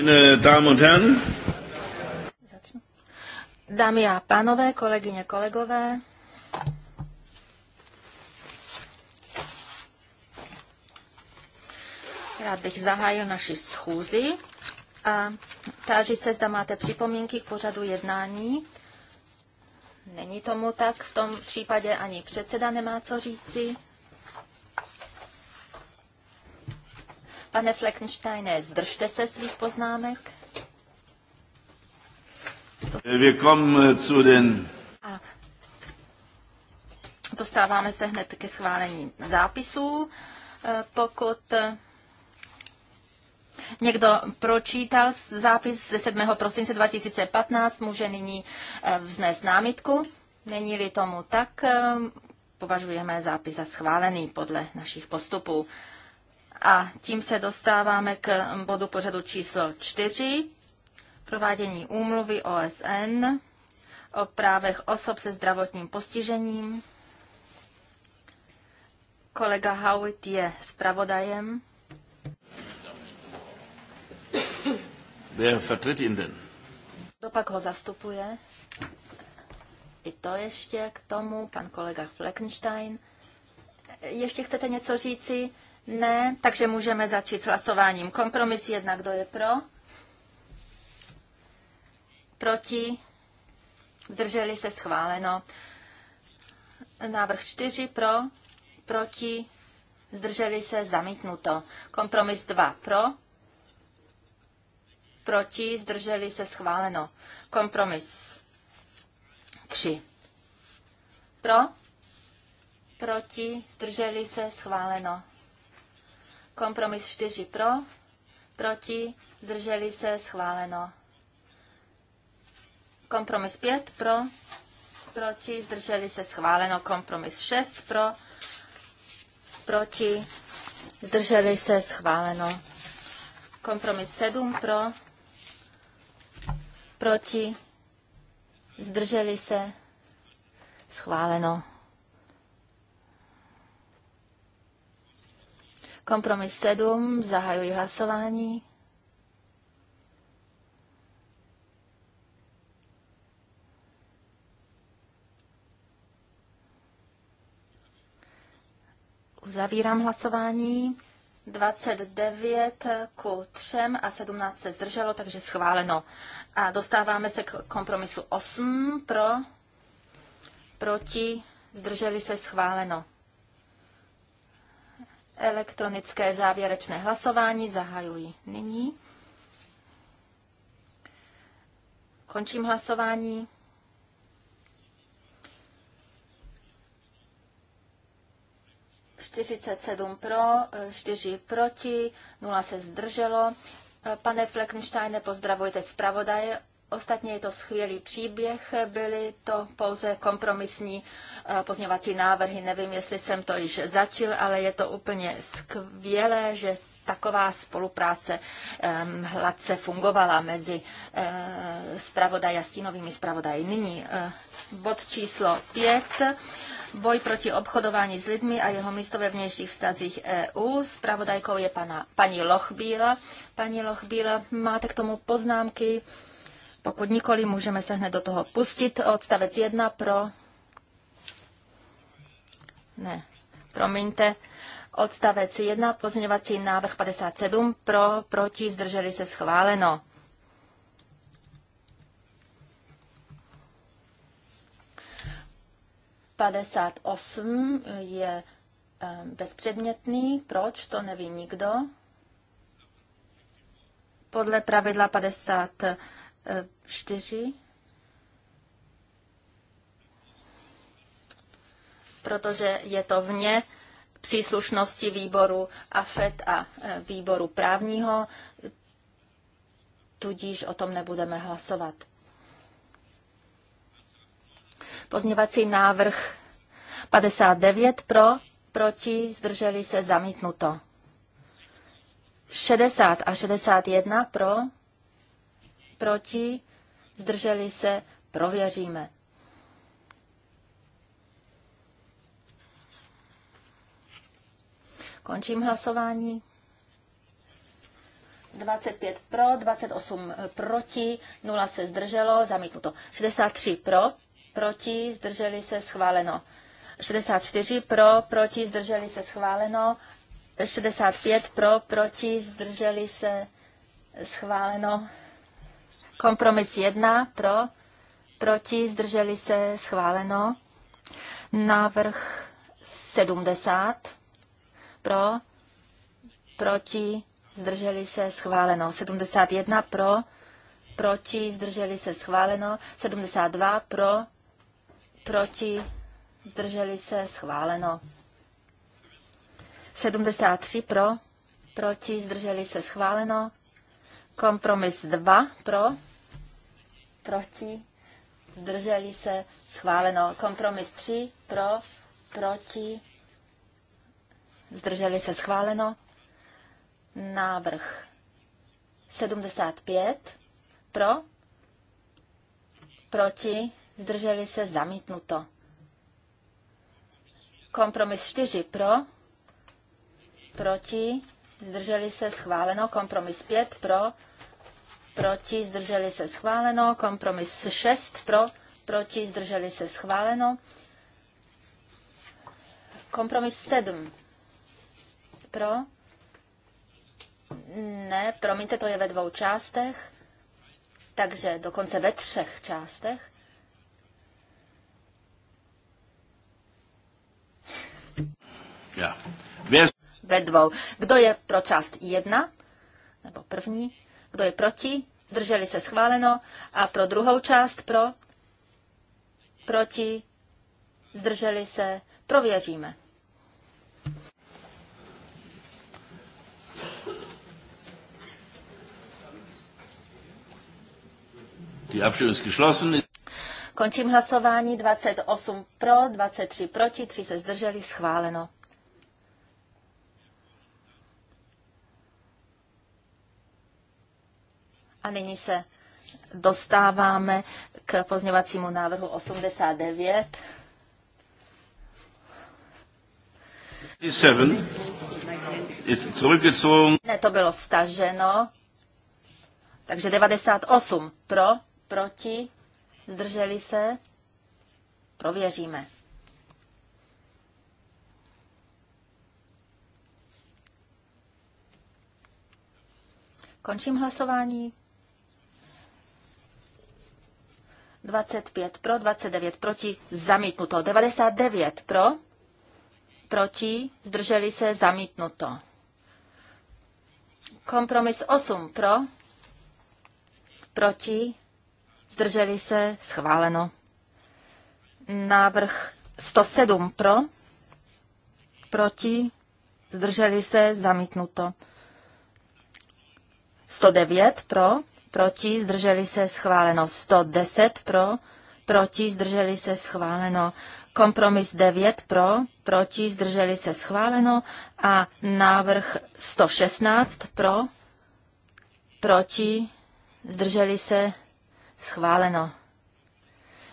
Meine Damen und Herren. Dámy a pánové, kolegyně, kolegové. Rád bych zahájil naši schůzi a táží se, zda máte připomínky k pořadu jednání. Není tomu tak, v tom případě ani předseda nemá co říci. Pane Fleckensteine, zdržte se svých poznámek. Äh, A dostáváme se hned ke schválení zápisů. E, pokud e, Někdo pročítal zápis ze 7. prosince 2015, může nyní e, vznést námitku. Není-li tomu tak, považujeme zápis za schválený podle našich postupů. A tím se dostáváme k bodu pořadu číslo 4, provádění úmluvy OSN o právech osob se zdravotním postižením. Kolega Howitt je zpravodajem. Wer vertritt ihn denn? Kdo pak ho zastupuje? I to ještě k tomu, pan kolega Fleckenstein. Ještě chcete něco říci? Ne, takže můžeme začít s hlasováním. Kompromis jedna, kdo je pro? Proti? Zdrželi se schváleno. Návrh čtyři pro, proti, zdrželi se zamítnuto. Kompromis 2 pro, proti, zdrželi se schváleno. Kompromis 3 pro, proti, zdrželi se schváleno. Kompromis 4 pro, proti, zdrželi se, schváleno. Kompromis 5 pro, proti, zdrželi se, schváleno. Kompromis 6 pro, proti, zdrželi se, schváleno. Kompromis 7 pro, proti, zdrželi se, schváleno. Kompromis 7, zahajuji hlasování. Uzavírám hlasování. 29 ku 3 a 17 se zdrželo, takže schváleno. A dostáváme se k kompromisu 8 pro, proti, zdrželi se schváleno. Elektronické závěrečné hlasování zahajuji nyní. Končím hlasování. Čtyřicet sedm pro, čtyři proti, nula se zdrželo. Pane Fleckensteine, pozdravujte zpravodaje. Ostatně je to skvělý příběh, byly to pouze kompromisní pozměňovací návrhy. Nevím, jestli jsem to již začal, ale je to úplně skvělé, že taková spolupráce um, hladce fungovala mezi uh, eh, spravodaj a stínovými zpravodaji. Nyní uh, bod číslo 5. Boj proti obchodování s lidmi a jeho místo ve vnějších vztazích EU. Spravodajkou je pana, paní Lochbíla. Paní Lochbíla, máte k tomu poznámky? Pokud nikoli, můžeme se hned do toho pustit. Odstavec 1 pro, ne, promiňte. Odstavec 1, pozměňovací návrh 57, pro, proti, zdrželi se schváleno. Padesát osm je eh, bezpředmětný. Proč? To neví nikdo. Podle pravidla 54 protože je to vně příslušnosti výboru AFET a e, výboru právního, tudíž o tom nebudeme hlasovat. Pozměvací návrh 59 pro, proti, zdrželi se zamítnuto. 60 a 61 pro, proti, zdrželi se, prověříme. Končím hlasování. 25 pro, 28 eh, proti, 0 se zdrželo, zamítnuto. 63 pro, proti, zdrželi se, schváleno. 64 pro, proti, zdrželi se, schváleno. 65 pro, proti, zdrželi se, schváleno. Kompromis 1 pro, proti, zdrželi se, schváleno. Návrh 70 pro, proti, zdrželi se, schváleno. 71 pro, proti, zdrželi se, schváleno. 72 pro, proti, zdrželi se, schváleno. 73 pro, proti, zdrželi se, schváleno. Kompromis 2 pro, proti, zdrželi se, schváleno. Kompromis 3 pro, proti, zdrželi se schváleno. Návrh 75 pro, proti, zdrželi se zamítnuto. Kompromis 4 pro, proti, zdrželi se schváleno. Kompromis 5 pro, proti, zdrželi se schváleno. Kompromis 6 pro, proti, zdrželi se schváleno. Kompromis 7 pro? Ne, promiňte, to je ve dvou částech, takže dokonce ve třech částech. Ja. Věř... Ve dvou. Kdo je pro část jedna, nebo první, kdo je proti, zdrželi se schváleno, a pro druhou část pro, proti, zdrželi se, prověříme. Končím hlasování 28 pro, 23 proti, 3 se zdrželi, schváleno. A nyní se dostáváme k pozněvacímu návrhu 89. 7. Ne, to bylo staženo. Takže 98 pro, Proti? Zdrželi se? Prověříme. Končím hlasování. 25 pro, 29 proti, zamítnuto. 99 pro, proti, zdrželi se, zamítnuto. Kompromis 8 pro, proti, zdrželi se, schváleno. Návrh 107 pro, proti, zdrželi se, zamítnuto. 109 pro, proti, zdrželi se, schváleno. 110 pro, proti, zdrželi se, schváleno. Kompromis 9 pro, proti, zdrželi se, schváleno. A návrh 116 pro, proti, zdrželi se, Schváleno.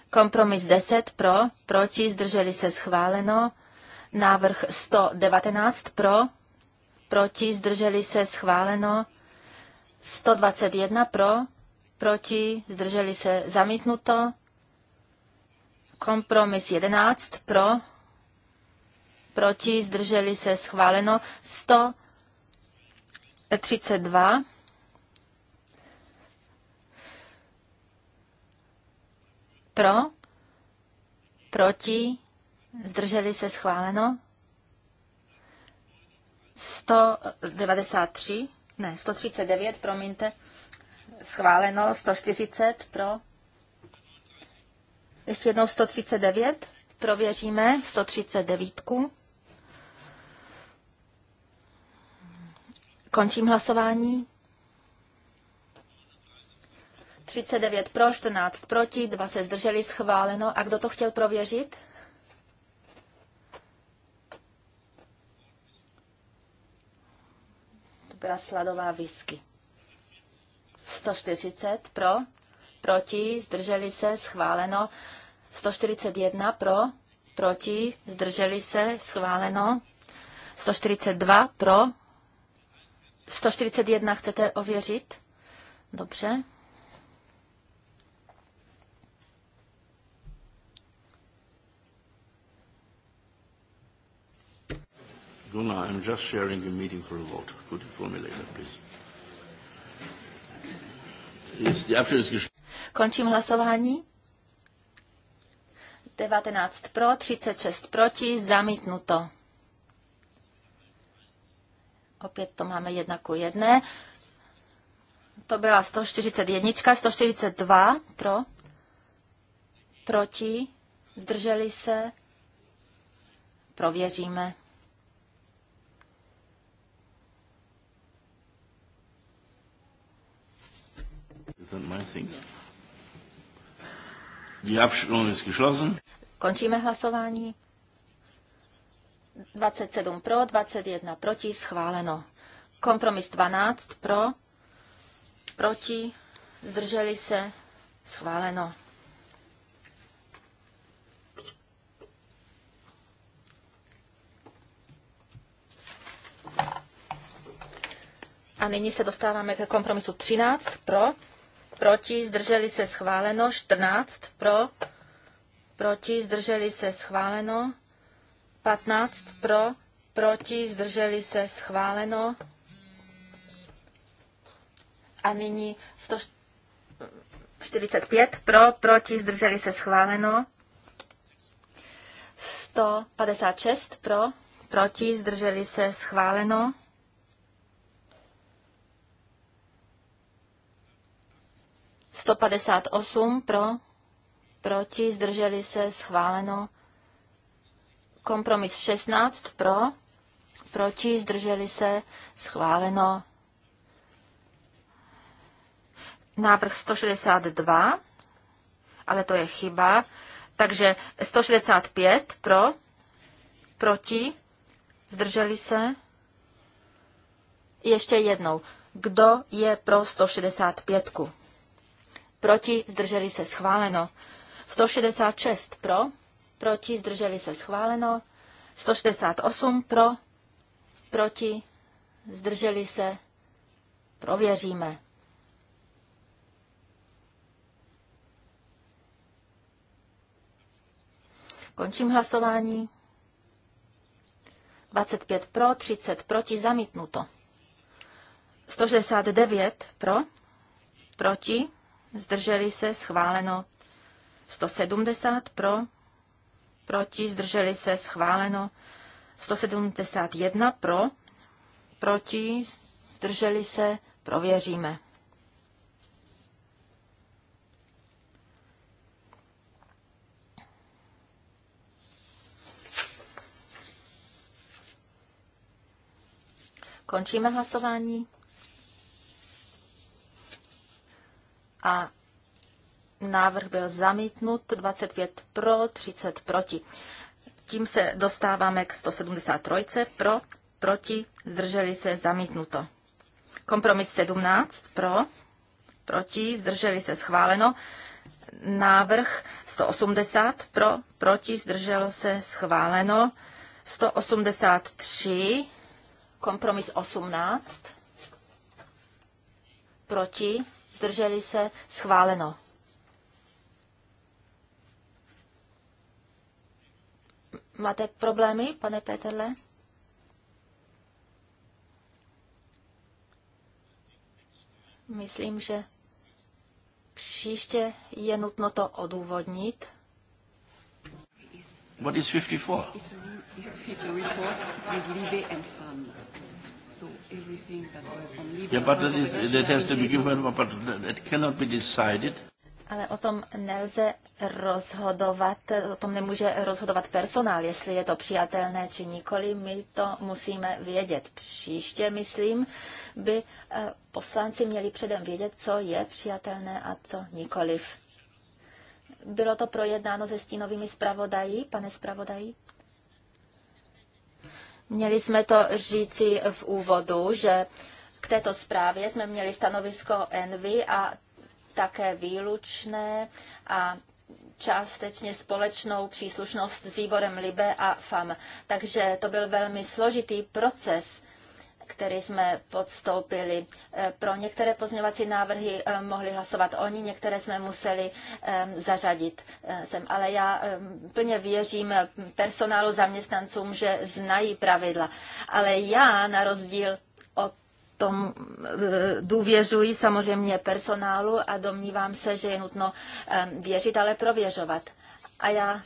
Kompromis 10 pro, proti, zdrželi se schváleno. Návrh 119 pro, proti, zdrželi se schváleno. 121 pro, proti, zdrželi se zamítnuto. Kompromis 11 pro, proti, zdrželi se schváleno. 132 Pro? Proti? Zdrželi se schváleno? 193, ne, 139, promiňte, schváleno, 140 pro, ještě jednou 139, prověříme 139. Končím hlasování. 39 pro, 14 proti, 2 se zdrželi, schváleno. A kdo to chtěl prověřit? To byla sladová whisky. 140 pro, proti, zdrželi se, schváleno. 141 pro, proti, zdrželi se, schváleno. 142 pro, 141 chcete ověřit? Dobře. Gunnar, I'm just sharing a meeting for a vote. Could you inform me later, please? Končím hlasování. 19 pro, 36 proti, zamítnuto. Opět to máme jedna ku jedné. To byla 141, 142 pro, proti, zdrželi se, prověříme. Končíme hlasování. 27 pro, 21 proti, schváleno. Kompromis 12 pro, proti, zdrželi se, schváleno. A nyní se dostáváme ke kompromisu 13 pro, proti, zdrželi se schváleno, 14 pro, proti, zdrželi se schváleno, 15 pro, proti, zdrželi se schváleno. A nyní 145 pro, proti, zdrželi se schváleno. 156 pro, proti, zdrželi se schváleno. 158 pro, proti, zdrželi se, schváleno. Kompromis 16 pro, proti, zdrželi se, schváleno. Návrh 162, ale to je chyba. Takže 165 pro, proti, zdrželi se. Ještě jednou, kdo je pro 165? -ku? proti, zdrželi se schváleno. 166 pro, proti, zdrželi se schváleno. 168 pro, proti, zdrželi se, prověříme. Končím hlasování. 25 pro, 30 proti, zamítnuto. 169 pro, proti, zdrželi se, schváleno. 170 pro, proti, zdrželi se, schváleno. 171 pro, proti, zdrželi se, prověříme. Končíme hlasování. a návrh byl zamítnut 25 pro, 30 proti. Tím se dostáváme k 173 pro, proti, zdrželi se zamítnuto. Kompromis 17 pro, proti, zdrželi se schváleno. Návrh 180 pro, proti, zdrželo se schváleno. 183, kompromis 18, proti, zdrželi se, schváleno. Máte problémy, pane Peterle? Myslím, že příště je nutno to odůvodnit. What is 54? It's a, it's a report with Libby and Fund so everything that was on Yeah, but that, is, that has to be given, but cannot be decided. Ale o tom nelze rozhodovat, o tom nemůže rozhodovat personál, jestli je to přijatelné či nikoli. My to musíme vědět. Příště, myslím, by eh, poslanci měli předem vědět, co je přijatelné a co nikoliv. Bylo to projednáno se stínovými zpravodají, pane zpravodají? Měli jsme to říci v úvodu, že k této zprávě jsme měli stanovisko Envy a také výlučné a částečně společnou příslušnost s výborem Libe a FAM. Takže to byl velmi složitý proces který jsme podstoupili. E, pro některé pozměňovací návrhy e, mohli hlasovat oni, některé jsme museli e, zařadit sem. Ale já plně věřím personálu zaměstnancům, že znají pravidla. Ale já na rozdíl od tom důvěřuji samozřejmě personálu a domnívám se, že je nutno věřit, ale prověřovat. A já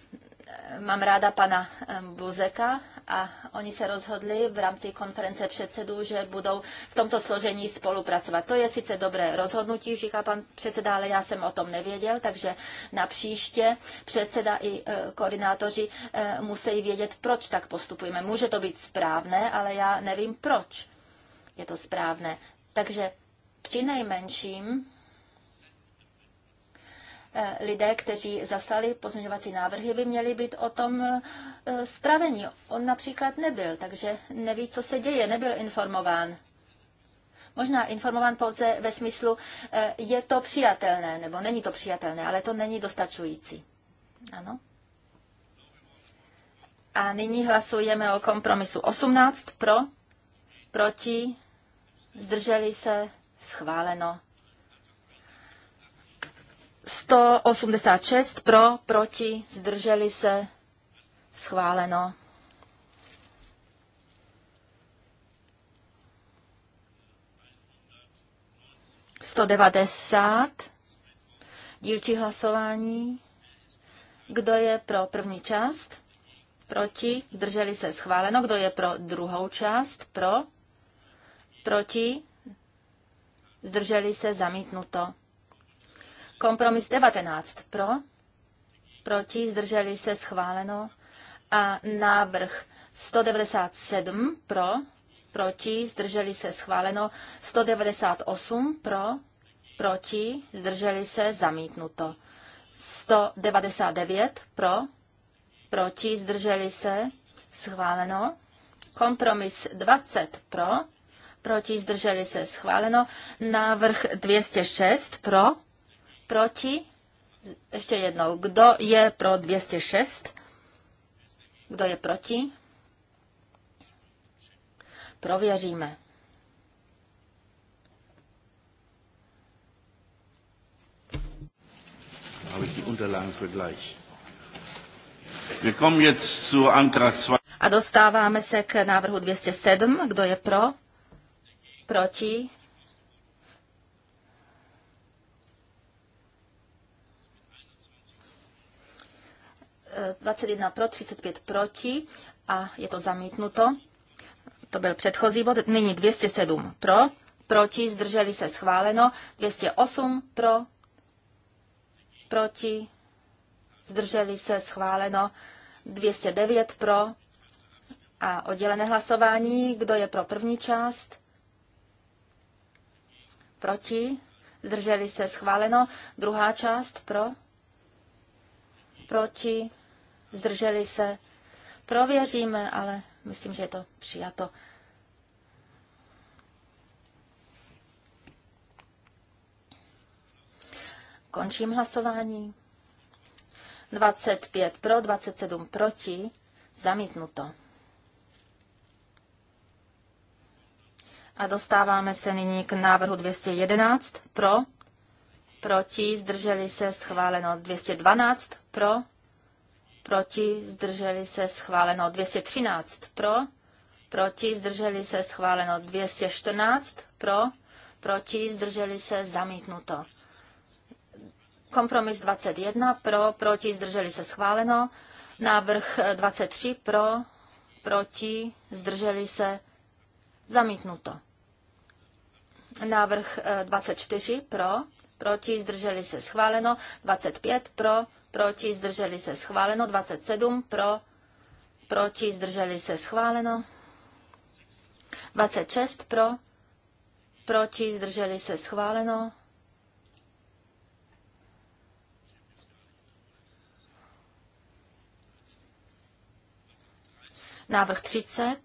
mám ráda pana Buzeka a oni se rozhodli v rámci konference předsedů, že budou v tomto složení spolupracovat. To je sice dobré rozhodnutí, říká pan předseda, ale já jsem o tom nevěděl, takže na příště předseda i e, koordinátoři e, musí vědět, proč tak postupujeme. Může to být správné, ale já nevím, proč je to správné. Takže při nejmenším Eh, lidé, kteří zaslali pozměňovací návrhy, by měli být o tom eh, spraveni. On například nebyl, takže neví, co se děje, nebyl informován. Možná informován pouze ve smyslu, eh, je to přijatelné, nebo není to přijatelné, ale to není dostačující. Ano? A nyní hlasujeme o kompromisu 18 pro, proti, zdrželi se, schváleno. 186 pro, proti, zdrželi se, schváleno. Sto devadesát, dílčí hlasování. Kdo je pro první část? Proti, zdrželi se, schváleno. Kdo je pro druhou část? Pro, proti, zdrželi se, zamítnuto. Kompromis 19 pro, proti, zdrželi se schváleno. A návrh 197 pro, proti, zdrželi se schváleno. 198 pro, proti, zdrželi se zamítnuto. 199 pro, proti, zdrželi se schváleno. Kompromis 20 pro, proti, zdrželi se schváleno. Návrh 206 pro, Proti? Ještě jednou. Kdo je pro 206? Kdo je proti? Prověříme. A dostáváme se k návrhu 207. Kdo je pro? Proti? 21 pro, 35 proti a je to zamítnuto. To byl předchozí bod. Nyní 207 pro, proti, zdrželi se schváleno. 208 pro, proti, zdrželi se schváleno. 209 pro a oddělené hlasování. Kdo je pro první část? Proti, zdrželi se schváleno. Druhá část pro, proti, zdrželi se, prověříme, ale myslím, že je to přijato. Končím hlasování. 25 pro, 27 proti, zamítnuto. A dostáváme se nyní k návrhu 211 pro, proti, zdrželi se schváleno 212 pro, proti, zdrželi se schváleno 213 pro, proti, zdrželi se schváleno 214 pro, proti, zdrželi se zamítnuto. Kompromis 21 pro, proti, zdrželi se schváleno. Návrh 23 pro, proti, zdrželi se zamítnuto. Návrh 24 pro, proti, zdrželi se schváleno. 25 pro, proti, zdrželi se schváleno, 27 pro, proti, zdrželi se schváleno, 26 pro, proti, zdrželi se schváleno, Návrh 30.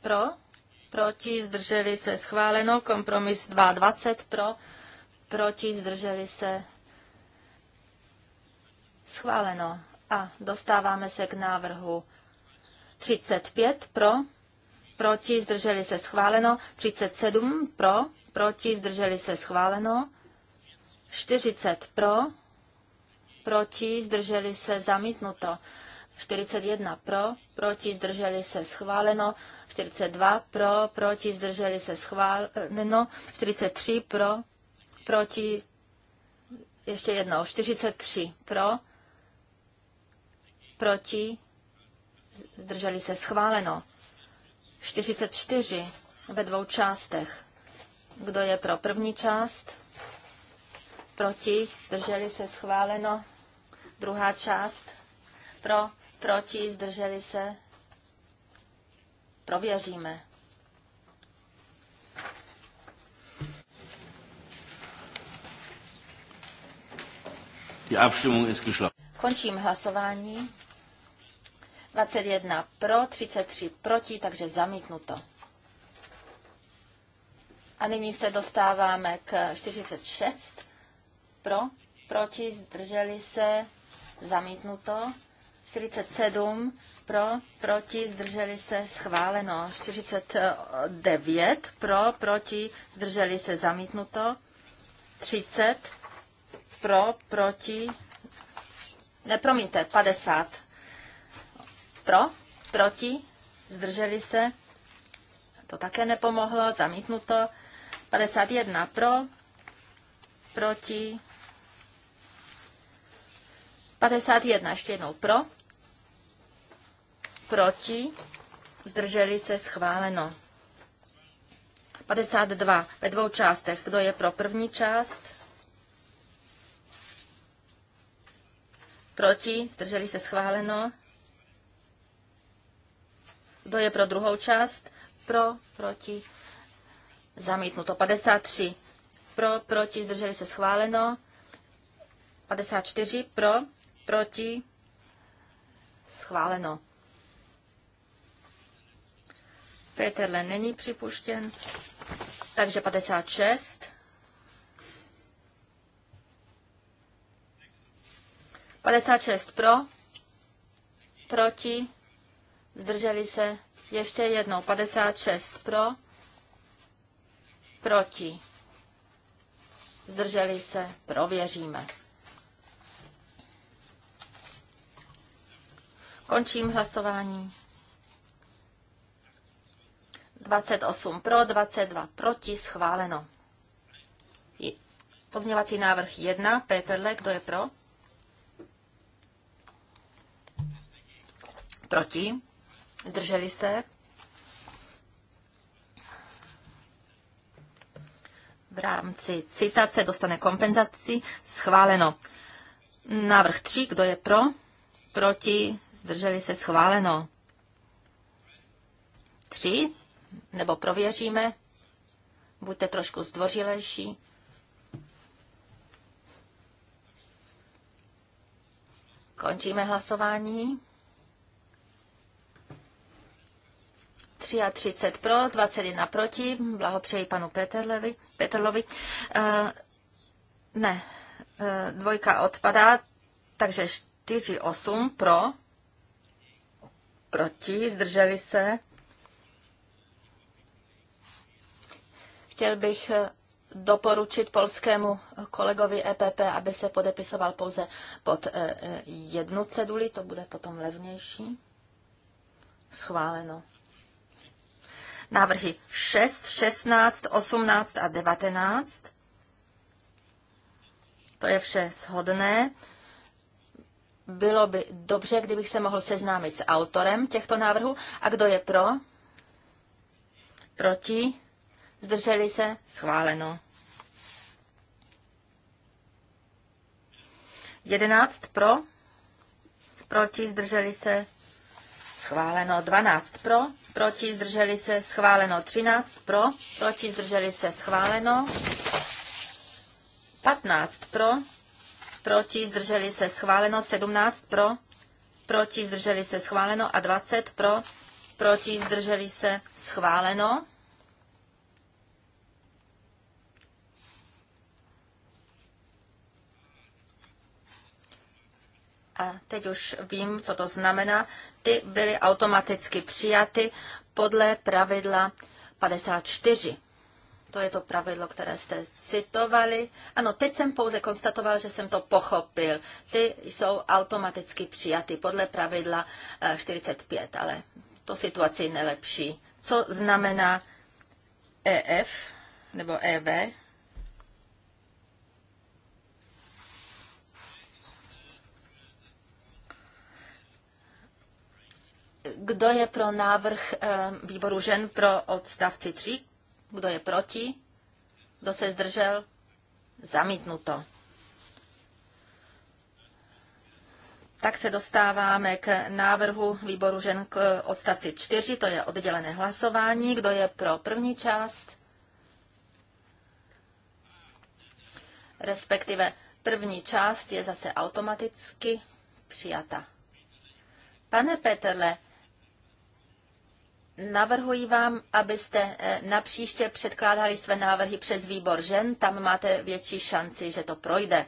Pro. Proti. Zdrželi se schváleno. Kompromis 22 pro proti, zdrželi se, schváleno. A dostáváme se k návrhu 35 pro, proti, zdrželi se, schváleno. 37 pro, proti, zdrželi se, schváleno. 40 pro, proti, zdrželi se, zamítnuto. 41 pro, proti, zdrželi se, schváleno. 42 pro, proti, zdrželi se, schváleno. 43 pro, proti, ještě jednou, 43 pro, proti, zdrželi se schváleno. 44 ve dvou částech. Kdo je pro první část? Proti, zdrželi se schváleno. Druhá část. Pro, proti, zdrželi se. Prověříme. Die Abstimmung ist geschlossen. Končím hlasování. 21 pro, 33 proti, takže zamítnuto. A nyní se dostáváme k 46 pro, proti, zdrželi se, zamítnuto. 47 pro, proti, zdrželi se, schváleno. 49 pro, proti, zdrželi se, zamítnuto. 30 pro, proti, ne, promiňte, 50 pro, proti, zdrželi se, to také nepomohlo, zamítnuto, 51 pro, proti, 51 ještě jednou pro, proti, zdrželi se, schváleno. 52 ve dvou částech. Kdo je pro první část? proti, zdrželi se schváleno. Kdo je pro druhou část? Pro, proti, zamítnuto. 53 pro, proti, zdrželi se schváleno. 54 pro, proti, schváleno. Peterle není připuštěn, takže 56 56 pro, proti, zdrželi se ještě jednou. 56 pro, proti, zdrželi se, prověříme. Končím hlasování. 28 pro, 22 proti, schváleno. Pozněvací návrh 1, Peterle, kdo je pro? Proti? Zdrželi se? V rámci citace dostane kompenzaci. Schváleno. Návrh 3. Kdo je pro? Proti? Zdrželi se? Schváleno. 3. Nebo prověříme. Buďte trošku zdvořilejší. Končíme hlasování. 33 pro, 21 proti. Blahopřeji panu Peterlevi, Peterlovi. Uh, eh, ne, uh, dvojka odpadá, takže 4, 8 pro, proti, zdrželi se. Chtěl bych eh, doporučit polskému kolegovi EPP, aby se podepisoval pouze pod jednu ceduli, to bude potom levnější. Schváleno návrhy 6, 16, 18 a 19. To je vše shodné. Bylo by dobře, kdybych se mohl seznámit s autorem těchto návrhů. A kdo je pro? Proti? Zdrželi se? Schváleno. 11 pro? Proti? Zdrželi se? schváleno 12 pro, proti zdrželi se schváleno 13 pro, proti zdrželi se schváleno 15 pro, proti zdrželi se schváleno 17 pro, proti zdrželi se schváleno a 20 pro, proti zdrželi se schváleno. a teď už vím, co to znamená, ty byly automaticky přijaty podle pravidla 54. To je to pravidlo, které jste citovali. Ano, teď jsem pouze konstatoval, že jsem to pochopil. Ty jsou automaticky přijaty podle pravidla 45, eh, ale to situaci nelepší. Co znamená EF nebo EV? Kdo je pro návrh eh, výboru žen pro odstavci 3? Kdo je proti? Kdo se zdržel? Zamítnuto. Tak se dostáváme k návrhu výboru žen k odstavci 4, to je oddělené hlasování. Kdo je pro první část? Respektive první část je zase automaticky přijata. Pane Petrle, Navrhuji vám, abyste eh, napříště předkládali své návrhy přes výbor žen, tam máte větší šanci, že to projde.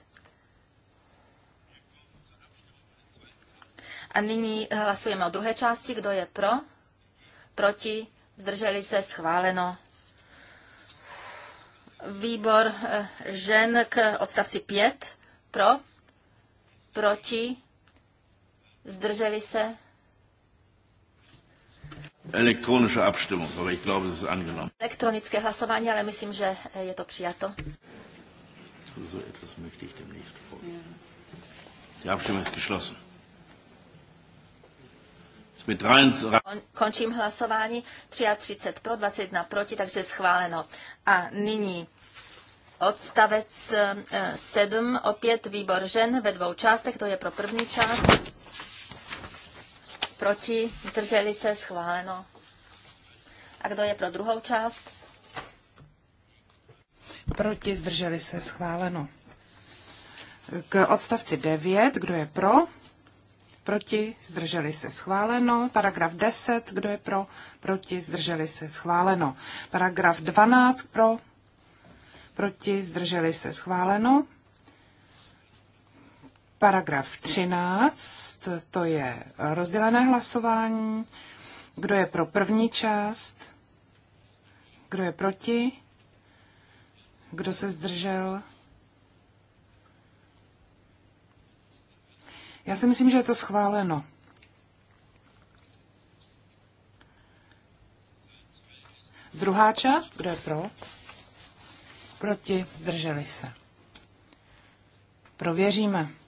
A nyní eh, hlasujeme o druhé části. Kdo je pro? Proti? Zdrželi se? Schváleno. Výbor eh, žen k odstavci 5. Pro? Proti? Zdrželi se? Elektronische Abstimmung, aber ich glaube, es ist angenommen. Elektronické hlasování, ale myslím, že eh, je to přijato. So etwas möchte ich demnächst vorlegen. Die Abstimmung ist geschlossen. Končím hlasování 33 pro, 21 proti, takže schváleno. A nyní odstavec 7, eh, opět výbor žen ve dvou částech, to je pro první část proti, zdrželi se, schváleno. A kdo je pro druhou část? Proti, zdrželi se, schváleno. K odstavci 9, kdo je pro? Proti, zdrželi se, schváleno. Paragraf 10, kdo je pro? Proti, zdrželi se, schváleno. Paragraf 12, pro? Proti, zdrželi se, schváleno. Paragraf 13, to je rozdělené hlasování. Kdo je pro první část? Kdo je proti? Kdo se zdržel? Já si myslím, že je to schváleno. Druhá část, kdo je pro? Proti, zdrželi se. Prověříme.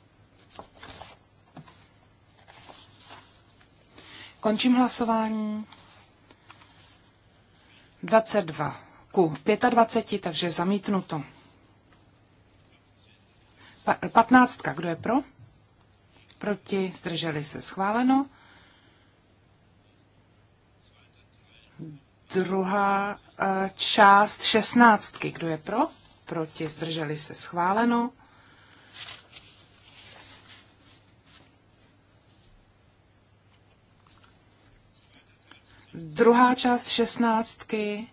Končím hlasování. 22 ku 25, takže zamítnuto. Pa, 15. Kdo je pro? Proti, zdrželi se, schváleno. Druhá eh, část 16. Kdo je pro? Proti, zdrželi se, schváleno. Druhá část šestnáctky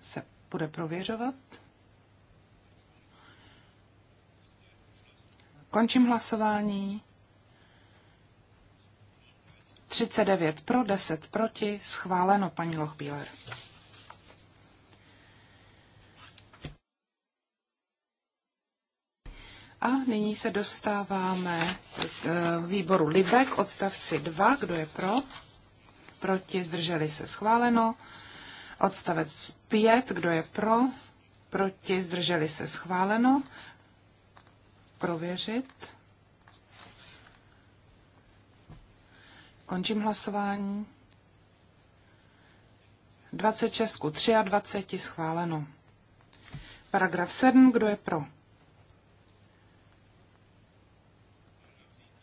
se bude prověřovat. Končím hlasování. 39 pro, 10 proti. Schváleno, paní Lochbíler. A nyní se dostáváme k eh, výboru Libek, odstavci 2. Kdo je pro? proti, zdrželi se schváleno. Odstavec 5, kdo je pro, proti, zdrželi se schváleno. Prověřit. Končím hlasování. 26 ku 23 schváleno. Paragraf 7, kdo je pro?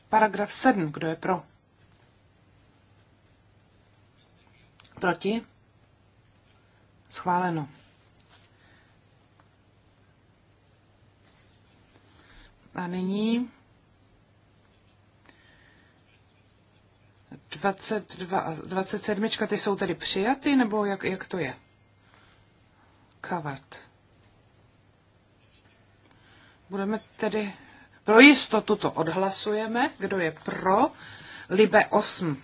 Paragraf 7, kdo je pro? Proti? Schváleno. A nyní 22 27, ty jsou tedy přijaty, nebo jak, jak to je? Covered. Budeme tedy pro jistotu to odhlasujeme. Kdo je pro? Libe 8.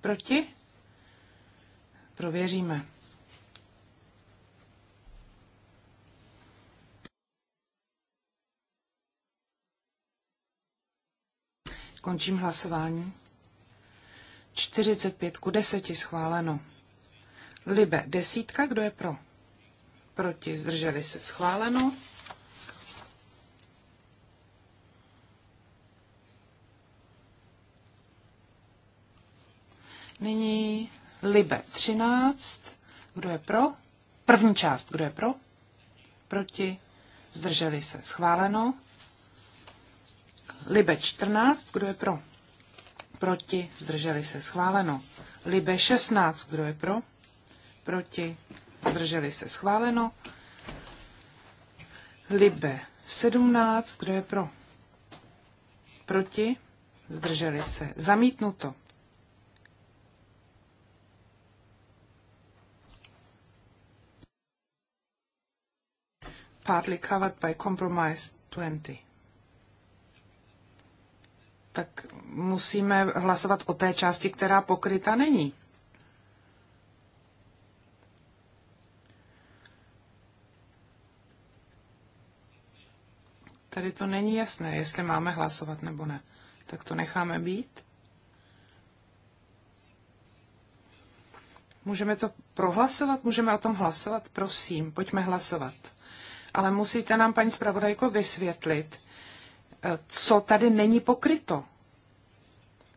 Proti? Prověříme. Končím hlasování. 45 ku 10 schváleno. Libe desítka, kdo je pro? Proti, zdrželi se schváleno. Nyní Libe 13. Kdo je pro? První část. Kdo je pro? Proti? Zdrželi se. Schváleno. Libe 14. Kdo je pro? Proti? Zdrželi se. Schváleno. Libe 16. Kdo je pro? Proti? Zdrželi se. Schváleno. Libe 17. Kdo je pro? Proti? Zdrželi se. Zamítnuto. partly covered by compromise 20. Tak musíme hlasovat o té části, která pokryta není. Tady to není jasné, jestli máme hlasovat nebo ne. Tak to necháme být. Můžeme to prohlasovat? Můžeme o tom hlasovat? Prosím, pojďme hlasovat ale musíte nám, paní zpravodajko, vysvětlit, eh, co tady není pokryto.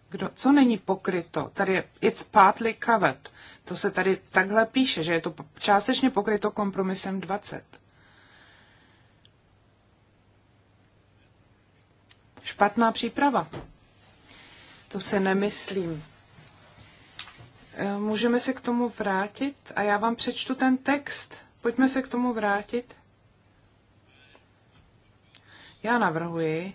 Kdo, co není pokryto? Tady je it's partly covered. To se tady takhle píše, že je to částečně pokryto kompromisem 20. Špatná příprava. To se nemyslím. Eh, můžeme se k tomu vrátit a já vám přečtu ten text. Pojďme se k tomu vrátit. Já navrhuji,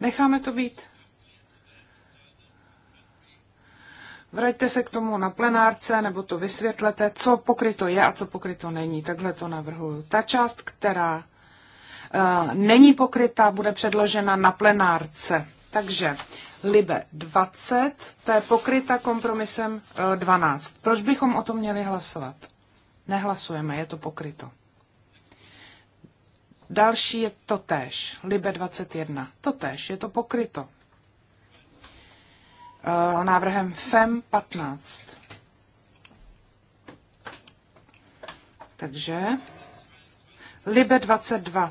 necháme to být. Vraťte se k tomu na plenárce, nebo to vysvětlete, co pokryto je a co pokryto není. Takhle to navrhuju. Ta část, která uh, není pokrytá, bude předložena na plenárce. Takže Libe 20, to je pokryta kompromisem uh, eh, 12. Proč bychom o tom měli hlasovat? Nehlasujeme, je to pokryto. Další je to též, Libe 21. To též, je to pokryto. Eh, návrhem FEM 15. Takže Libe 22.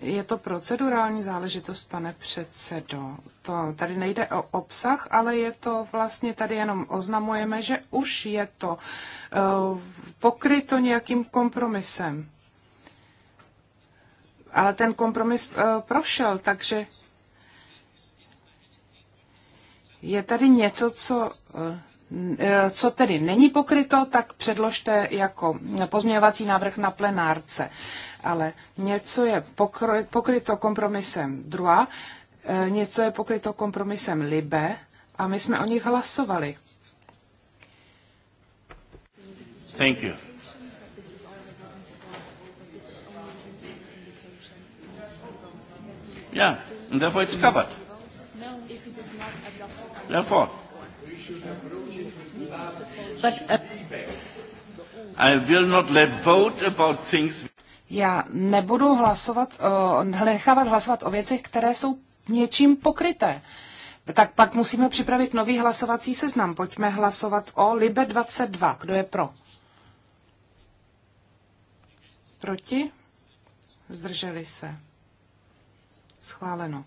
Je to procedurální záležitost, pane předsedo. To tady nejde o obsah, ale je to vlastně tady jenom oznamujeme, že už je to uh, pokryto nějakým kompromisem. Ale ten kompromis uh, prošel, takže je tady něco, co uh, co tedy není pokryto, tak předložte jako pozměňovací návrh na plenárce ale něco je pokryto kompromisem druhá, e, něco je pokryto kompromisem Libe a my jsme o nich hlasovali. Thank you. Yeah, and therefore it's covered. Therefore. But, uh, I will not let vote about things já nebudu hlasovat, nechávat hlasovat o věcech, které jsou něčím pokryté. Tak pak musíme připravit nový hlasovací seznam. Pojďme hlasovat o Libe 22. Kdo je pro? Proti? Zdrželi se. Schváleno.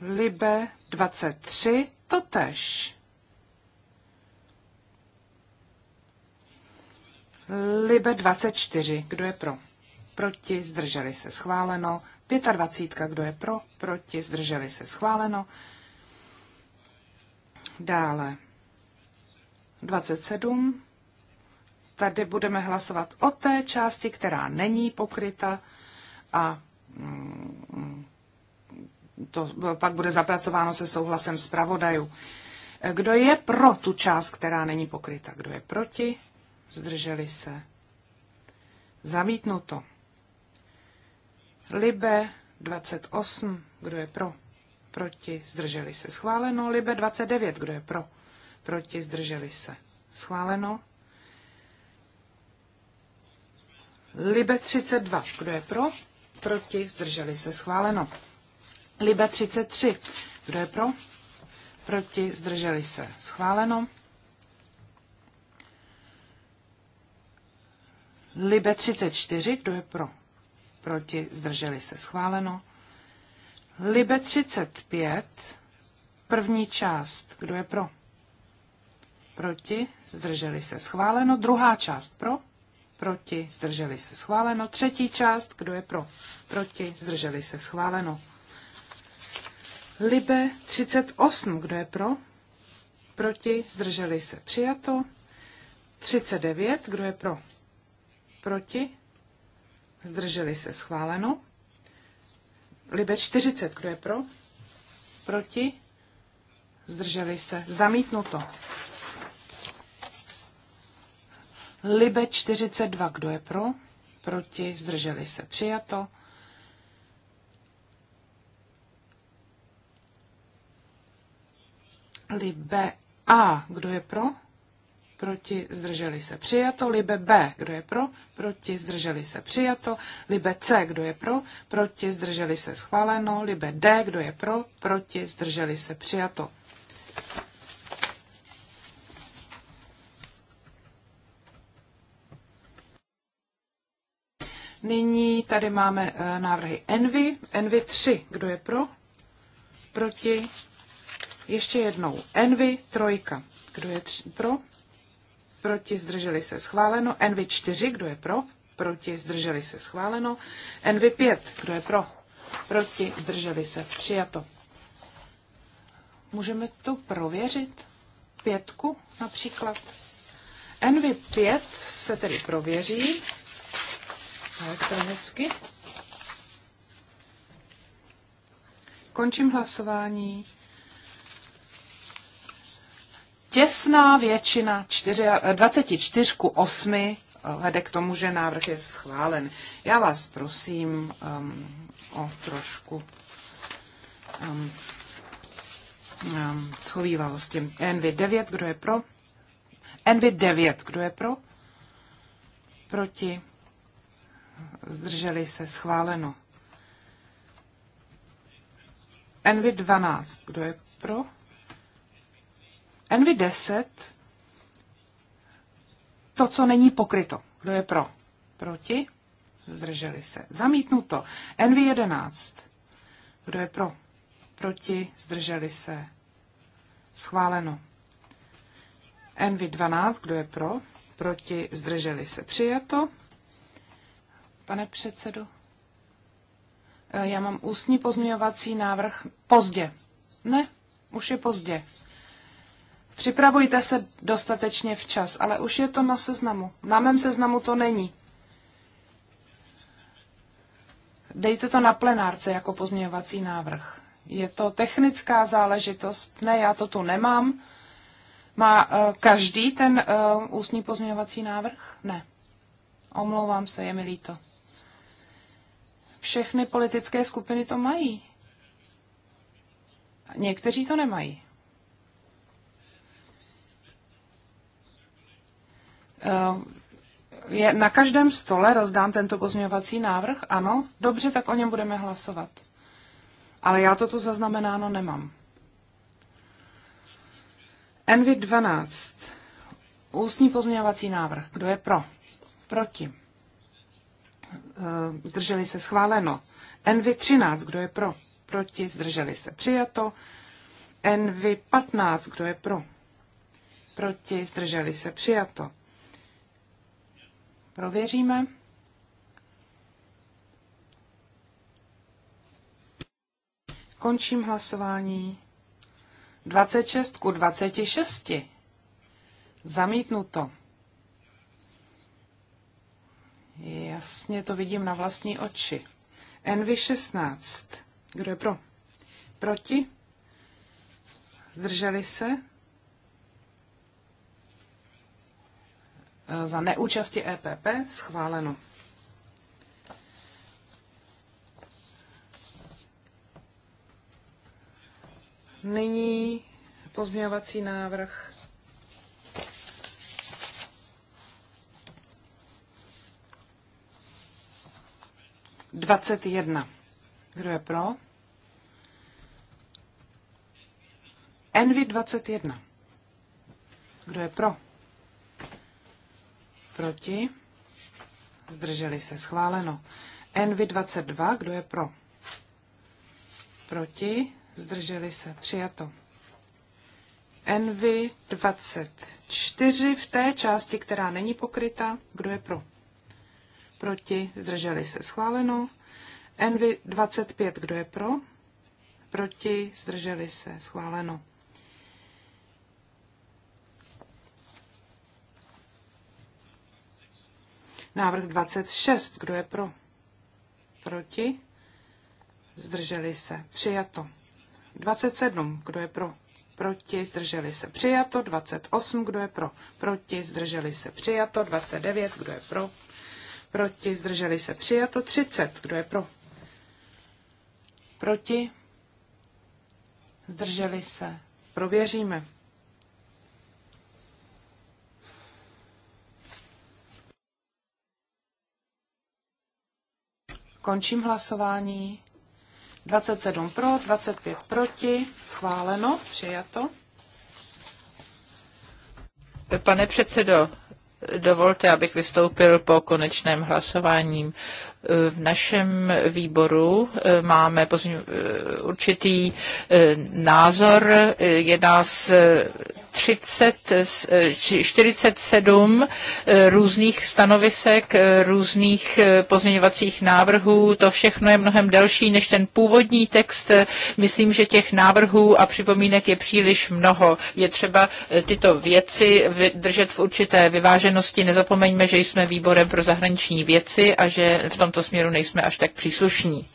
Libe 23. Totež. Libe 24, kdo je pro? Proti, zdrželi se, schváleno. 25, kdo je pro? Proti, zdrželi se, schváleno. Dále 27. Tady budeme hlasovat o té části, která není pokryta a mm, to pak bude zapracováno se souhlasem zpravodajů. Kdo je pro tu část, která není pokryta? Kdo je proti? zdrželi se. Zamítnuto. Libe 28, kdo je pro? Proti, zdrželi se. Schváleno. Libe 29, kdo je pro? Proti, zdrželi se. Schváleno. Libe 32, kdo je pro? Proti, zdrželi se. Schváleno. Libe 33, kdo je pro? Proti, zdrželi se. Schváleno. Libe 34, kdo je pro? Proti, zdrželi se, schváleno. Libe 35, první část, kdo je pro? Proti, zdrželi se, schváleno. Druhá část pro? Proti, zdrželi se, schváleno. Třetí část, kdo je pro? Proti, zdrželi se, schváleno. Libe 38, kdo je pro? Proti, zdrželi se, přijato. 39, kdo je pro? proti, zdrželi se schváleno. Libe 40, kdo je pro, proti, zdrželi se zamítnuto. Libe 42, kdo je pro, proti, zdrželi se přijato. Libe A, kdo je pro? proti, zdrželi se přijato, libe B, kdo je pro, proti, zdrželi se přijato, libe C, kdo je pro, proti, zdrželi se schváleno, libe D, kdo je pro, proti, zdrželi se přijato. Nyní tady máme eh, návrhy Envy, Envy 3, kdo je pro, proti, ještě jednou, Envy 3, kdo je tři, pro, proti, zdrželi se schváleno. NV4, kdo je pro, proti, zdrželi se schváleno. NV5, kdo je pro, proti, zdrželi se přijato. Můžeme to prověřit? Pětku například. NV5 se tedy prověří elektronicky. Končím hlasování těsná většina 24 ku 8 vede k tomu, že návrh je schválen. Já vás prosím um, o trošku um, um, schovývalosti. NV9, kdo je pro? NV9, kdo je pro? Proti? Zdrželi se, schváleno. NV12, kdo je pro? Envy 10, to, co není pokryto. Kdo je pro? Proti? Zdrželi se. Zamítnuto. NV 11. Kdo je pro? Proti? Zdrželi se. Schváleno. NV 12. Kdo je pro? Proti? Zdrželi se. Přijato. Pane předsedo. Eh, já mám ústní pozměňovací návrh pozdě. Ne, už je pozdě. Připravujte se dostatečně včas, ale už je to na seznamu. Na mém seznamu to není. Dejte to na plenárce jako pozměňovací návrh. Je to technická záležitost. Ne, já to tu nemám. Má uh, každý ten uh, ústní pozměňovací návrh? Ne. Omlouvám se, je mi líto. Všechny politické skupiny to mají. Někteří to nemají. Eh, je na každém stole rozdán tento pozměňovací návrh? Ano? Dobře, tak o něm budeme hlasovat. Ale já to tu zaznamenáno nemám. Envy 12. Ústní pozměňovací návrh. Kdo je pro? Proti. Eh, zdrželi se schváleno. Envy 13. Kdo je pro? Proti. Zdrželi se přijato. Envy 15. Kdo je pro? Proti. Zdrželi se přijato prověříme. Končím hlasování. 26 ku 26. Zamítnuto. Jasně to vidím na vlastní oči. Nv 16. Kdo je pro? Proti? Zdrželi se? za neúčasti EPP schváleno. Nyní pozměňovací návrh Dvacet jedna. Kdo je pro? Envy 21. Kdo je pro? Proti? Zdrželi se. Schváleno. NV22. Kdo je pro? Proti? Zdrželi se. Přijato. NV24 v té části, která není pokryta. Kdo je pro? Proti? Zdrželi se. Schváleno. NV25. Kdo je pro? Proti? Zdrželi se. Schváleno. Návrh 26. Kdo je pro? Proti? Zdrželi se. Přijato. 27. Kdo je pro? Proti? Zdrželi se. Přijato. 28. Kdo je pro? Proti? Zdrželi se. Přijato. 29. Kdo je pro? Proti? Zdrželi se. Přijato. 30. Kdo je pro? Proti? Zdrželi se. Prověříme. Končím hlasování. 27 pro, 25 proti. Schváleno, přijato. Pane předsedo, dovolte, abych vystoupil po konečném hlasování v našem výboru eh, máme eh, určitý eh, názor. Je nás 30, 47 různých stanovisek, různých pozměňovacích návrhů. To všechno je mnohem delší než ten původní text. Myslím, že těch návrhů a připomínek je příliš mnoho. Je třeba tyto věci držet v určité vyváženosti. Nezapomeňme, že jsme výborem pro zahraniční věci a že v tom tomto směru nejsme až tak příslušní.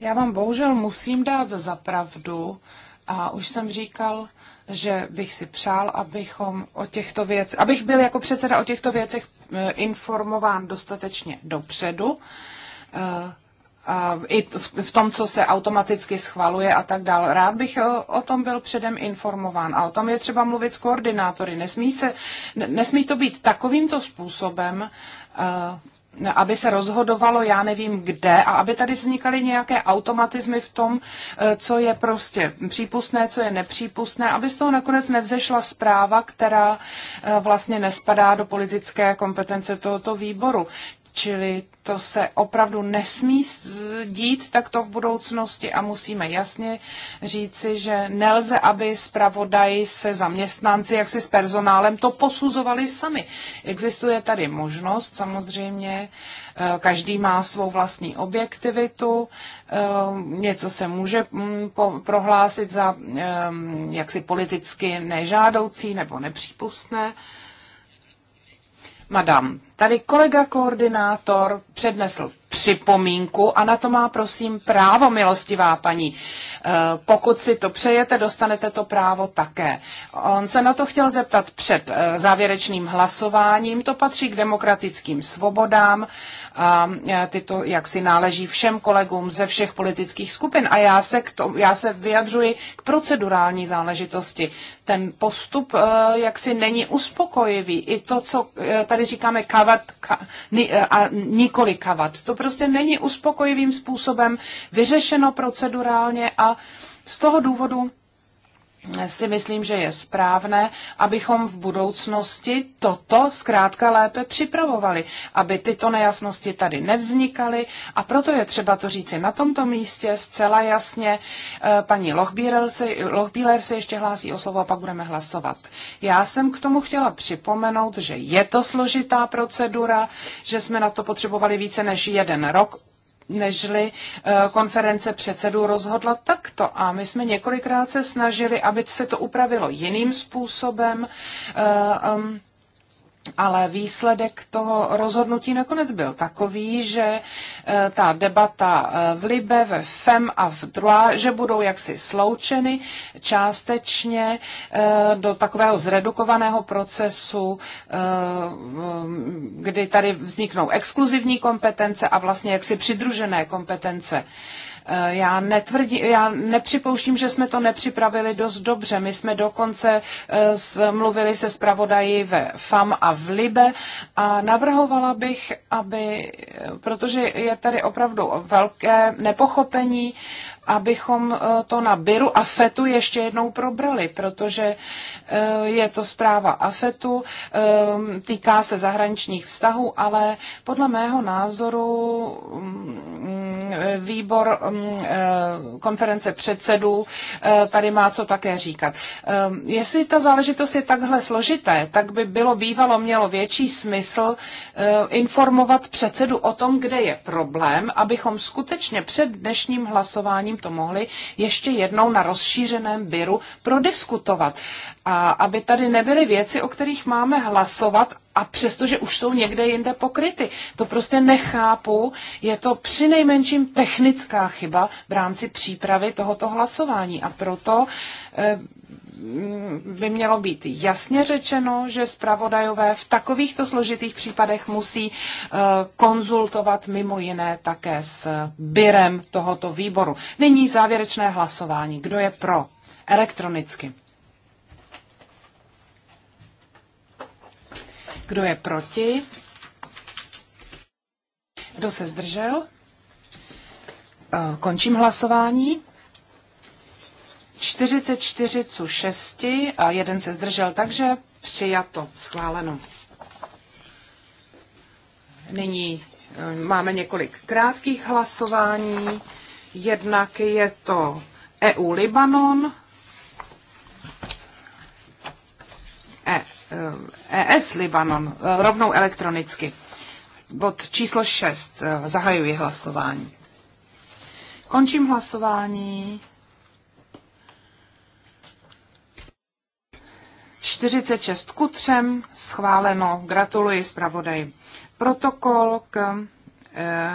Já vám bohužel musím dát za pravdu a už jsem říkal, že bych si přál, abychom o těchto věcech, abych byl jako předseda o těchto věcech eh, informován dostatečně dopředu. Eh, a i v tom, co se automaticky schvaluje a tak dále. Rád bych eh, o tom byl předem informován a o tom je třeba mluvit s koordinátory. Nesmí, se, nesmí to být takovýmto způsobem, aby se rozhodovalo, já nevím kde, a aby tady vznikaly nějaké automatizmy v tom, eh, co je prostě přípustné, co je nepřípustné, aby z toho nakonec nevzešla zpráva, která eh, vlastně nespadá do politické kompetence tohoto výboru. Čili to se opravdu nesmí dít takto v budoucnosti a musíme jasně říci, že nelze, aby zpravodaji se zaměstnanci, jak si s personálem, to posuzovali sami. Existuje tady možnost, samozřejmě, eh, každý má svou vlastní objektivitu, eh, něco se může mm, prohlásit za eh, jaksi politicky nežádoucí nebo nepřípustné, Madam, tady kolega koordinátor přednesl připomínku a na to má prosím právo, milostivá paní. Eh, pokud si to přejete, dostanete to právo také. On se na to chtěl zeptat před eh, závěrečným hlasováním. To patří k demokratickým svobodám a eh, tyto jaksi náleží všem kolegům ze všech politických skupin. A já se, k tomu, já se vyjadřuji k procedurální záležitosti. Ten postup jaksi není uspokojivý. I to, co tady říkáme kavat ka, a nikoli kavat, to prostě není uspokojivým způsobem vyřešeno procedurálně a z toho důvodu si myslím, že je správné, abychom v budoucnosti toto zkrátka lépe připravovali, aby tyto nejasnosti tady nevznikaly a proto je třeba to říci na tomto místě zcela jasně. Eh, paní Lochbíler se, ještě hlásí o slovo a pak budeme hlasovat. Já jsem k tomu chtěla připomenout, že je to složitá procedura, že jsme na to potřebovali více než jeden rok nežli eh, konference předsedů rozhodla takto. A my jsme několikrát se snažili, aby se to upravilo jiným způsobem. Eh, ale výsledek toho rozhodnutí nakonec byl takový, že eh, ta debata eh, v Libe, ve FEM a v DROA, že budou jaksi sloučeny částečně eh, do takového zredukovaného procesu, kdy tady vzniknou exkluzivní kompetence a vlastně jaksi přidružené kompetence. Eh, já, netvrdí, já nepřipouštím, že jsme to nepřipravili dost dobře. My jsme dokonce eh, mluvili se zpravodaji ve FAM a v LIBE a navrhovala bych, aby, protože je tady opravdu velké nepochopení, abychom eh, to na Biru a Fetu ještě jednou probrali, protože eh, je to zpráva AFETu, eh, týká se zahraničních vztahů, ale podle mého názoru mm, výbor mm, konference předsedů tady má co také říkat. Jestli ta záležitost je takhle složité, tak by bylo bývalo mělo větší smysl informovat předsedu o tom, kde je problém, abychom skutečně před dnešním hlasováním abychom to mohli ještě jednou na rozšířeném byru prodiskutovat. A aby tady nebyly věci, o kterých máme hlasovat a přestože už jsou někde jinde pokryty. To prostě nechápu. Je to při nejmenším technická chyba v rámci přípravy tohoto hlasování. A proto eh, by mělo být jasně řečeno, že zpravodajové v takovýchto složitých případech musí eh, konzultovat mimo jiné také s byrem tohoto výboru. Nyní závěrečné hlasování. Kdo je pro? Elektronicky. Kdo je proti? Kdo se zdržel? Eh, končím hlasování. 44 co 6 a jeden se zdržel, takže přijato, schváleno. Nyní eh, máme několik krátkých hlasování. Jednak je to EU Libanon, e, ES eh, e Libanon, eh, rovnou elektronicky. Bod číslo 6. Zahajuji hlasování. Končím hlasování. 46 ku 3, schváleno. Gratuluji zpravodaji. Protokol k eh,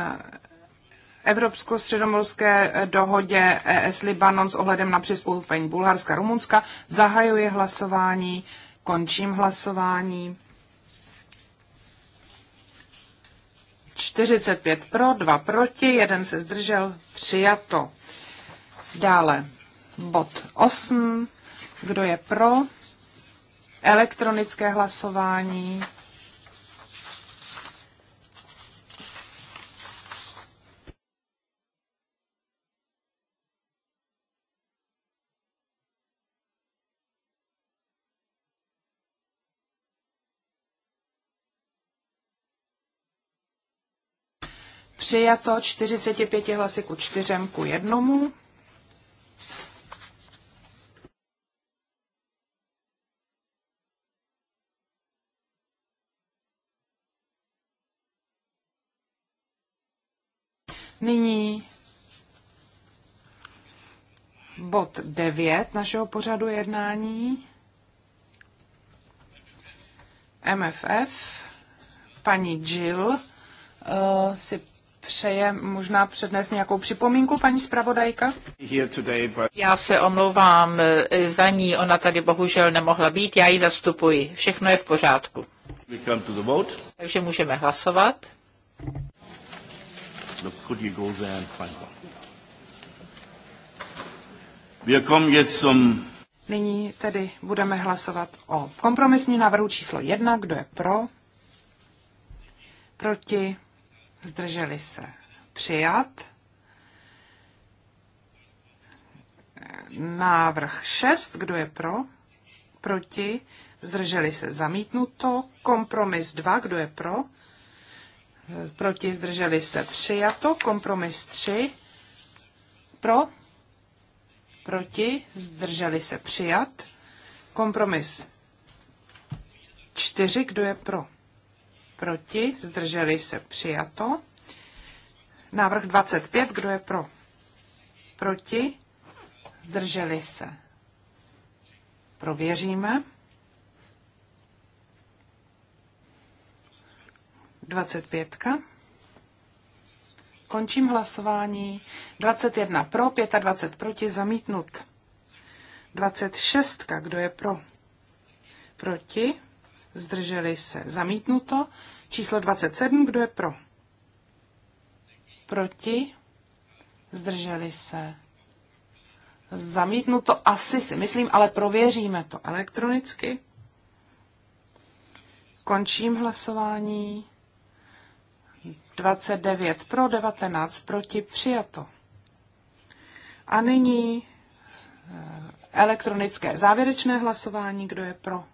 Evropsko-středomorské eh, dohodě ES Libanon s ohledem na přistoupení Bulharska Rumunska. zahajuje hlasování, končím hlasování. 45 pro, 2 proti, 1 se zdržel, přijato. Dále bod 8. Kdo je pro? elektronické hlasování. Přijato 45 hlasy ku 4 ku 1. Nyní bod 9 našeho pořadu jednání. MFF. Paní Jill eh, si přeje možná přednes nějakou připomínku, paní zpravodajka? Já se omlouvám eh, za ní, ona tady bohužel nemohla být, já ji zastupuji. Všechno je v pořádku. Takže můžeme hlasovat look, could you go there and find one? Wir kommen jetzt zum Nyní tedy budeme hlasovat o kompromisní návrhu číslo jedna. Kdo je pro? Proti? Zdrželi se. Přijat. Návrh 6. Kdo je pro? Proti? Zdrželi se. Zamítnuto. Kompromis 2. Kdo je pro? proti, zdrželi se přijato. Kompromis 3 pro, proti, zdrželi se přijat. Kompromis 4, kdo je pro, proti, zdrželi se přijato. Návrh 25, kdo je pro, proti, zdrželi se. Prověříme. 25. Končím hlasování. 21 pro, 25 proti, zamítnut. 26. Kdo je pro? Proti. Zdrželi se. Zamítnuto. Číslo 27. Kdo je pro? Proti. Zdrželi se. Zamítnuto asi si myslím, ale prověříme to elektronicky. Končím hlasování. 29 pro, 19 proti, přijato. A nyní eh, elektronické závěrečné hlasování, kdo je pro.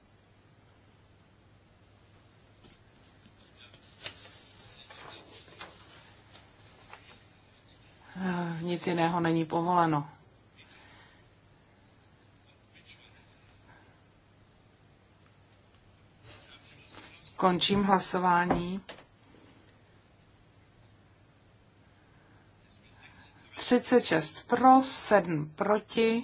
Eh, nic jiného není povoleno. Končím hlasování. 36 pro, 7 proti.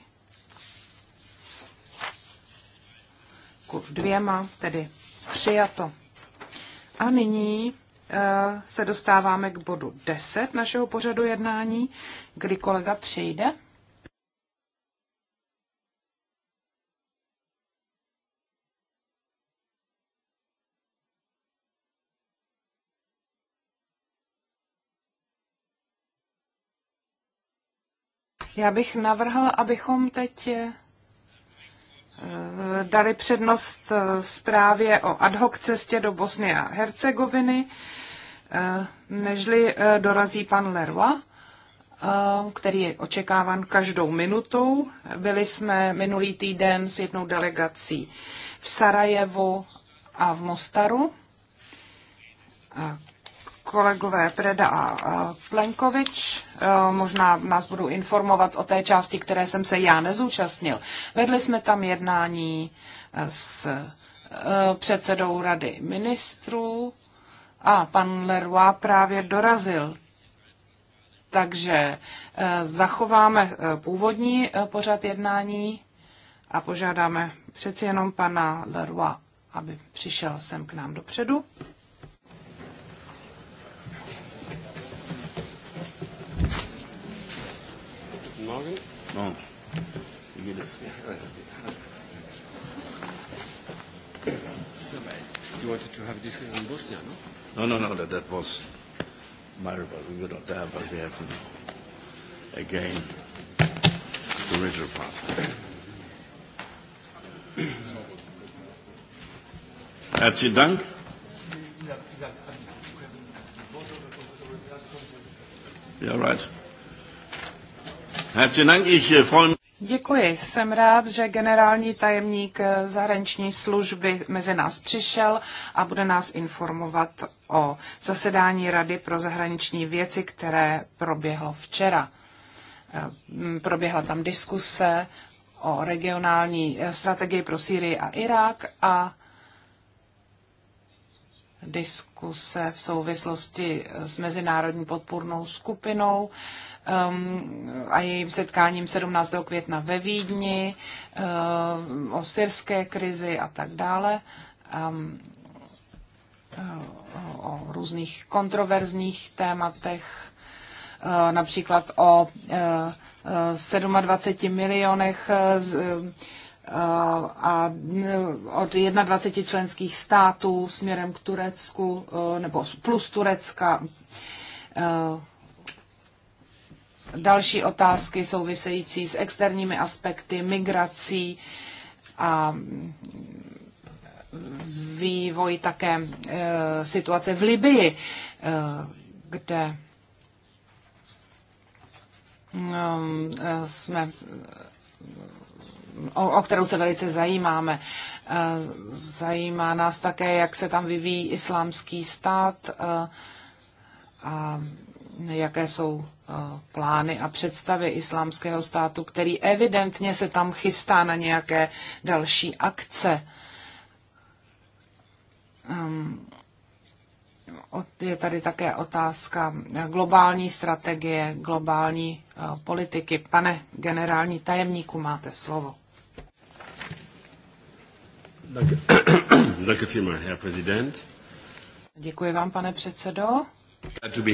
dvěma, tedy přijato. A nyní eh, se dostáváme k bodu 10 našeho pořadu jednání, kdy kolega přijde. Já bych navrhl, abychom teď eh, dali přednost eh, zprávě o ad hoc cestě do Bosny a Hercegoviny, eh, nežli dorazí pan Lerva, který je očekáván každou minutou. Byli jsme minulý týden s jednou delegací v Sarajevu a v Mostaru kolegové Preda a Plenkovič. E, možná nás budou informovat o té části, které jsem se já nezúčastnil. Vedli jsme tam jednání e, s e, předsedou rady ministrů a pan Leroy právě dorazil. Takže zachováme původní pořad jednání a požádáme přeci jenom pana Leroy, aby přišel sem k nám dopředu. Guten Morgen. Morgen. No. Wie geht es? You wanted to have a discussion in Bosnia, no? No, no, no, that, that was my report. We were not there, but we have to again the original part. Herzlichen Dank. Yeah, right. Äh, Děkuji. Jsem rád, že generální tajemník eh, zahraniční služby mezi nás přišel a bude nás informovat o zasedání Rady pro zahraniční věci, které proběhlo včera. Eh, proběhla tam diskuse o regionální eh, strategii pro Sýrii a Irák a diskuse v souvislosti s mezinárodní podpůrnou skupinou um, a jejím setkáním 17. května ve Vídni, uh, o syrské krizi a tak dále, um, uh, o různých kontroverzních tématech, uh, například o 27 milionech z Eh, a eh, od 21 členských států směrem k Turecku, eh, nebo plus Turecka. Další otázky související s externími aspekty, migrací a mm, vývoj také situace v Libii, kde mm, jsme o, o kterou se velice zajímáme. E, zajímá nás také, jak se tam vyvíjí islámský stát e, a jaké jsou e, plány a představy islámského státu, který evidentně se tam chystá na nějaké další akce. Ehm, je tady také otázka globální strategie, globální politiky. Pane generální tajemníku, máte slovo. Děkuji vám, pane předsedo. Uh,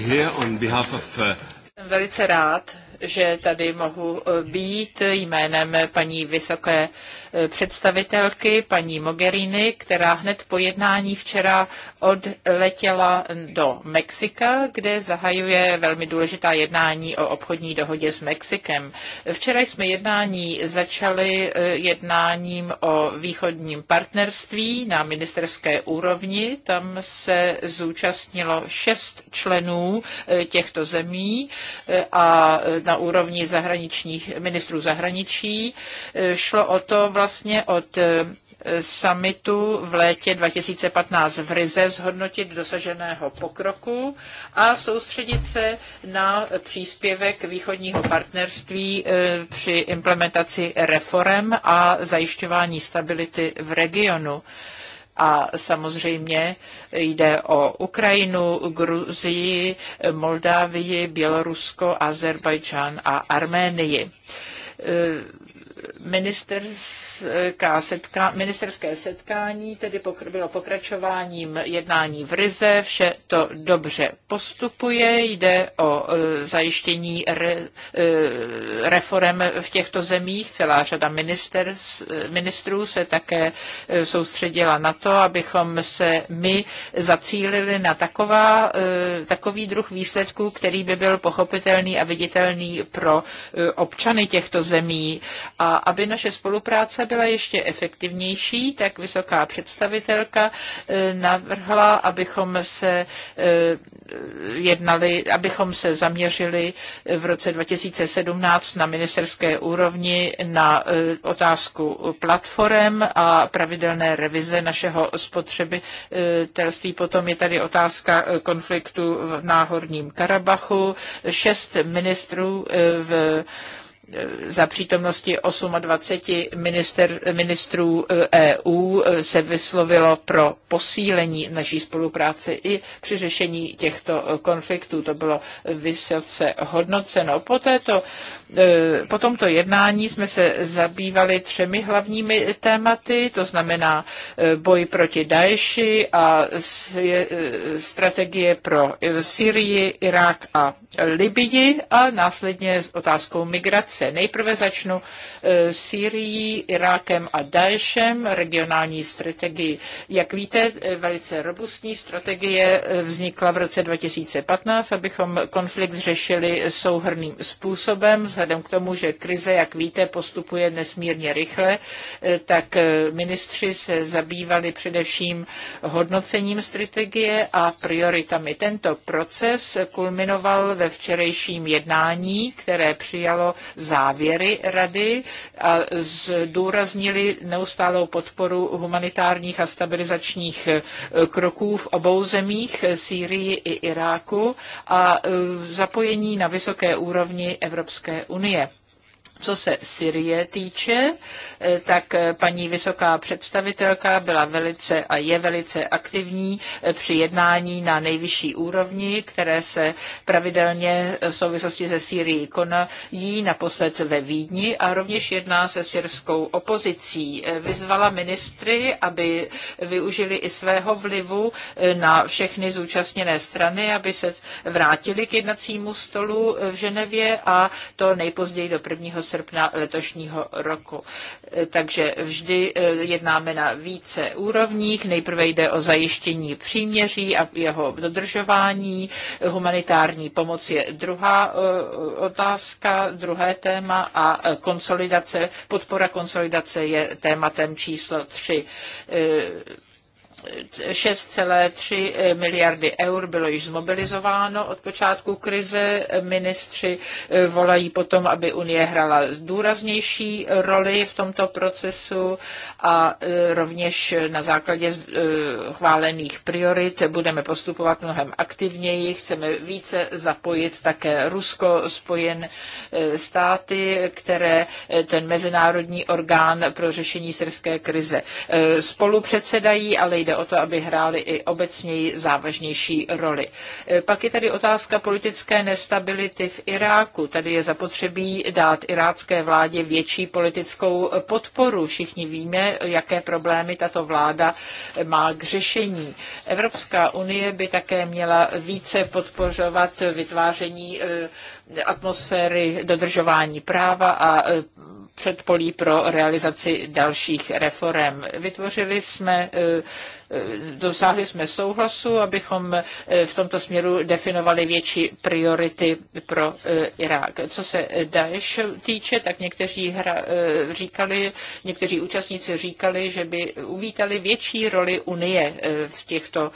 Jsem velice rád, že tady mohu eh, být jménem paní vysoké eh, představitelky, paní Mogherini, která hned po jednání včera odletěla do Mexika, kde zahajuje velmi důležitá jednání o obchodní dohodě s Mexikem. Včera jsme jednání začali eh, jednáním o východním partnerství na ministerské úrovni. Tam se zúčastnilo šest členů těchto zemí a na úrovni zahraničních, ministrů zahraničí. E, šlo o to vlastně od e, summitu v létě 2015 v Rize zhodnotit dosaženého pokroku a soustředit se na příspěvek východního partnerství e, při implementaci reform a zajišťování stability v regionu. A samozřejmě jde o Ukrajinu, Gruzii, Moldávii, Bělorusko, Azerbajdžán a Arménii ministerská setka, ministerské setkání, tedy pokr- bylo pokračováním jednání v Rize, vše to dobře postupuje, jde o e, zajištění re, e, reform v těchto zemích. Celá řada minister, ministrů se také e, soustředila na to, abychom se my zacílili na taková, e, takový druh výsledků, který by byl pochopitelný a viditelný pro e, občany těchto zemí. A a aby naše spolupráce byla ještě efektivnější, tak vysoká představitelka eh, navrhla, abychom se eh, jednali, abychom se zaměřili eh, v roce 2017 na ministerské úrovni na otázku platform a pravidelné revize našeho spotřebitelství. Potom je tady otázka konfliktu v Náhorním Karabachu. Šest ministrů v Eh, za přítomnosti 28 minister, ministrů EU eh, e eh, se vyslovilo pro posílení naší spolupráce i při řešení těchto konfliktů. To bylo vysoce hodnoceno. Po této E, po tomto jednání jsme se zabývali třemi hlavními tématy, to znamená e, boj proti Daeši a e, strategie pro Syrii, Irák a Libii a následně s otázkou migrace. Nejprve začnu Syrií, Irákem a Daešem, regionální strategii. Jak víte, velice robustní strategie vznikla v roce 2015, abychom konflikt řešili souhrným způsobem vzhledem k tomu, že krize, jak víte, postupuje nesmírně rychle, eh, tak eh, ministři se zabývali především hodnocením strategie a prioritami. Tento proces kulminoval ve včerejším jednání, které přijalo závěry rady a zdůraznili neustálou podporu humanitárních a stabilizačních eh, kroků v obou zemích, Sýrii i Iráku a zapojení na vysoké úrovni Evropské unie. Co se Syrie týče, eh, tak eh, paní vysoká představitelka byla velice a je velice aktivní eh, při jednání na nejvyšší úrovni, které se pravidelně v souvislosti se Syrií konají, naposled ve Vídni a rovněž jedná se syrskou opozicí. Vyzvala ministry, aby využili i svého vlivu na všechny zúčastněné strany, aby se vrátili k jednacímu stolu v Ženevě a to nejpozději do prvního srpna letošního roku. Eh, Takže vždy eh, jednáme na více úrovních. Nejprve jde o zajištění příměří a jeho dodržování. Humanitární pomoc je druhá eh, otázka, druhé téma a konsolidace, podpora konsolidace je tématem číslo tři 6,3 eh, miliardy eur bylo již zmobilizováno od počátku krize. Ministři eh, volají potom, aby Unie hrala důraznější roli v tomto procesu a eh, rovněž na základě chválených priorit budeme postupovat mnohem aktivněji. Chceme více zapojit také Rusko, spojen státy, které ten mezinárodní orgán pro řešení syrské krize spolupředsedají, ale jde o to, aby hrály i obecněji závažnější roli. E, pak je tady otázka politické nestability v Iráku. Tady je zapotřebí dát irácké vládě větší politickou podporu. Všichni víme, jaké problémy tato vláda má k řešení. Evropská unie by také měla více podporovat vytváření e, atmosféry dodržování práva a e, předpolí pro realizaci dalších reform. Vytvořili jsme Eh, dosáhli jsme souhlasu, abychom eh, v tomto směru definovali větší priority pro eh, Irák. Co se Daesh týče, tak někteří hra, říkali, někteří účastníci říkali, že by uvítali větší roli Unie v, těchto,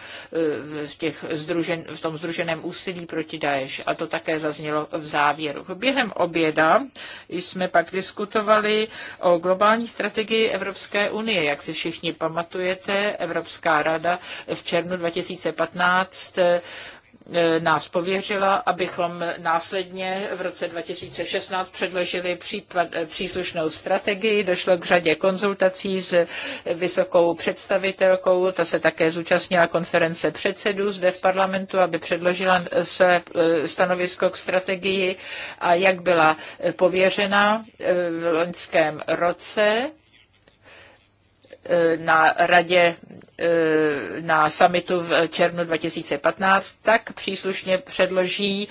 v, těch združen, v tom združeném úsilí proti Daesh. A to také zaznělo v závěru. Během oběda jsme pak diskutovali o globální strategii Evropské unie. Jak si všichni pamatujete, Evropská Evropská rada v červnu 2015 eh, nás pověřila, abychom následně v roce 2016 předložili případ, eh, příslušnou strategii. Došlo k řadě konzultací s vysokou představitelkou, ta se také zúčastnila konference předsedů zde v parlamentu, aby předložila eh, své stanovisko k strategii a jak byla pověřena v loňském roce E, na radě e, na summitu v červnu 2015, tak příslušně předloží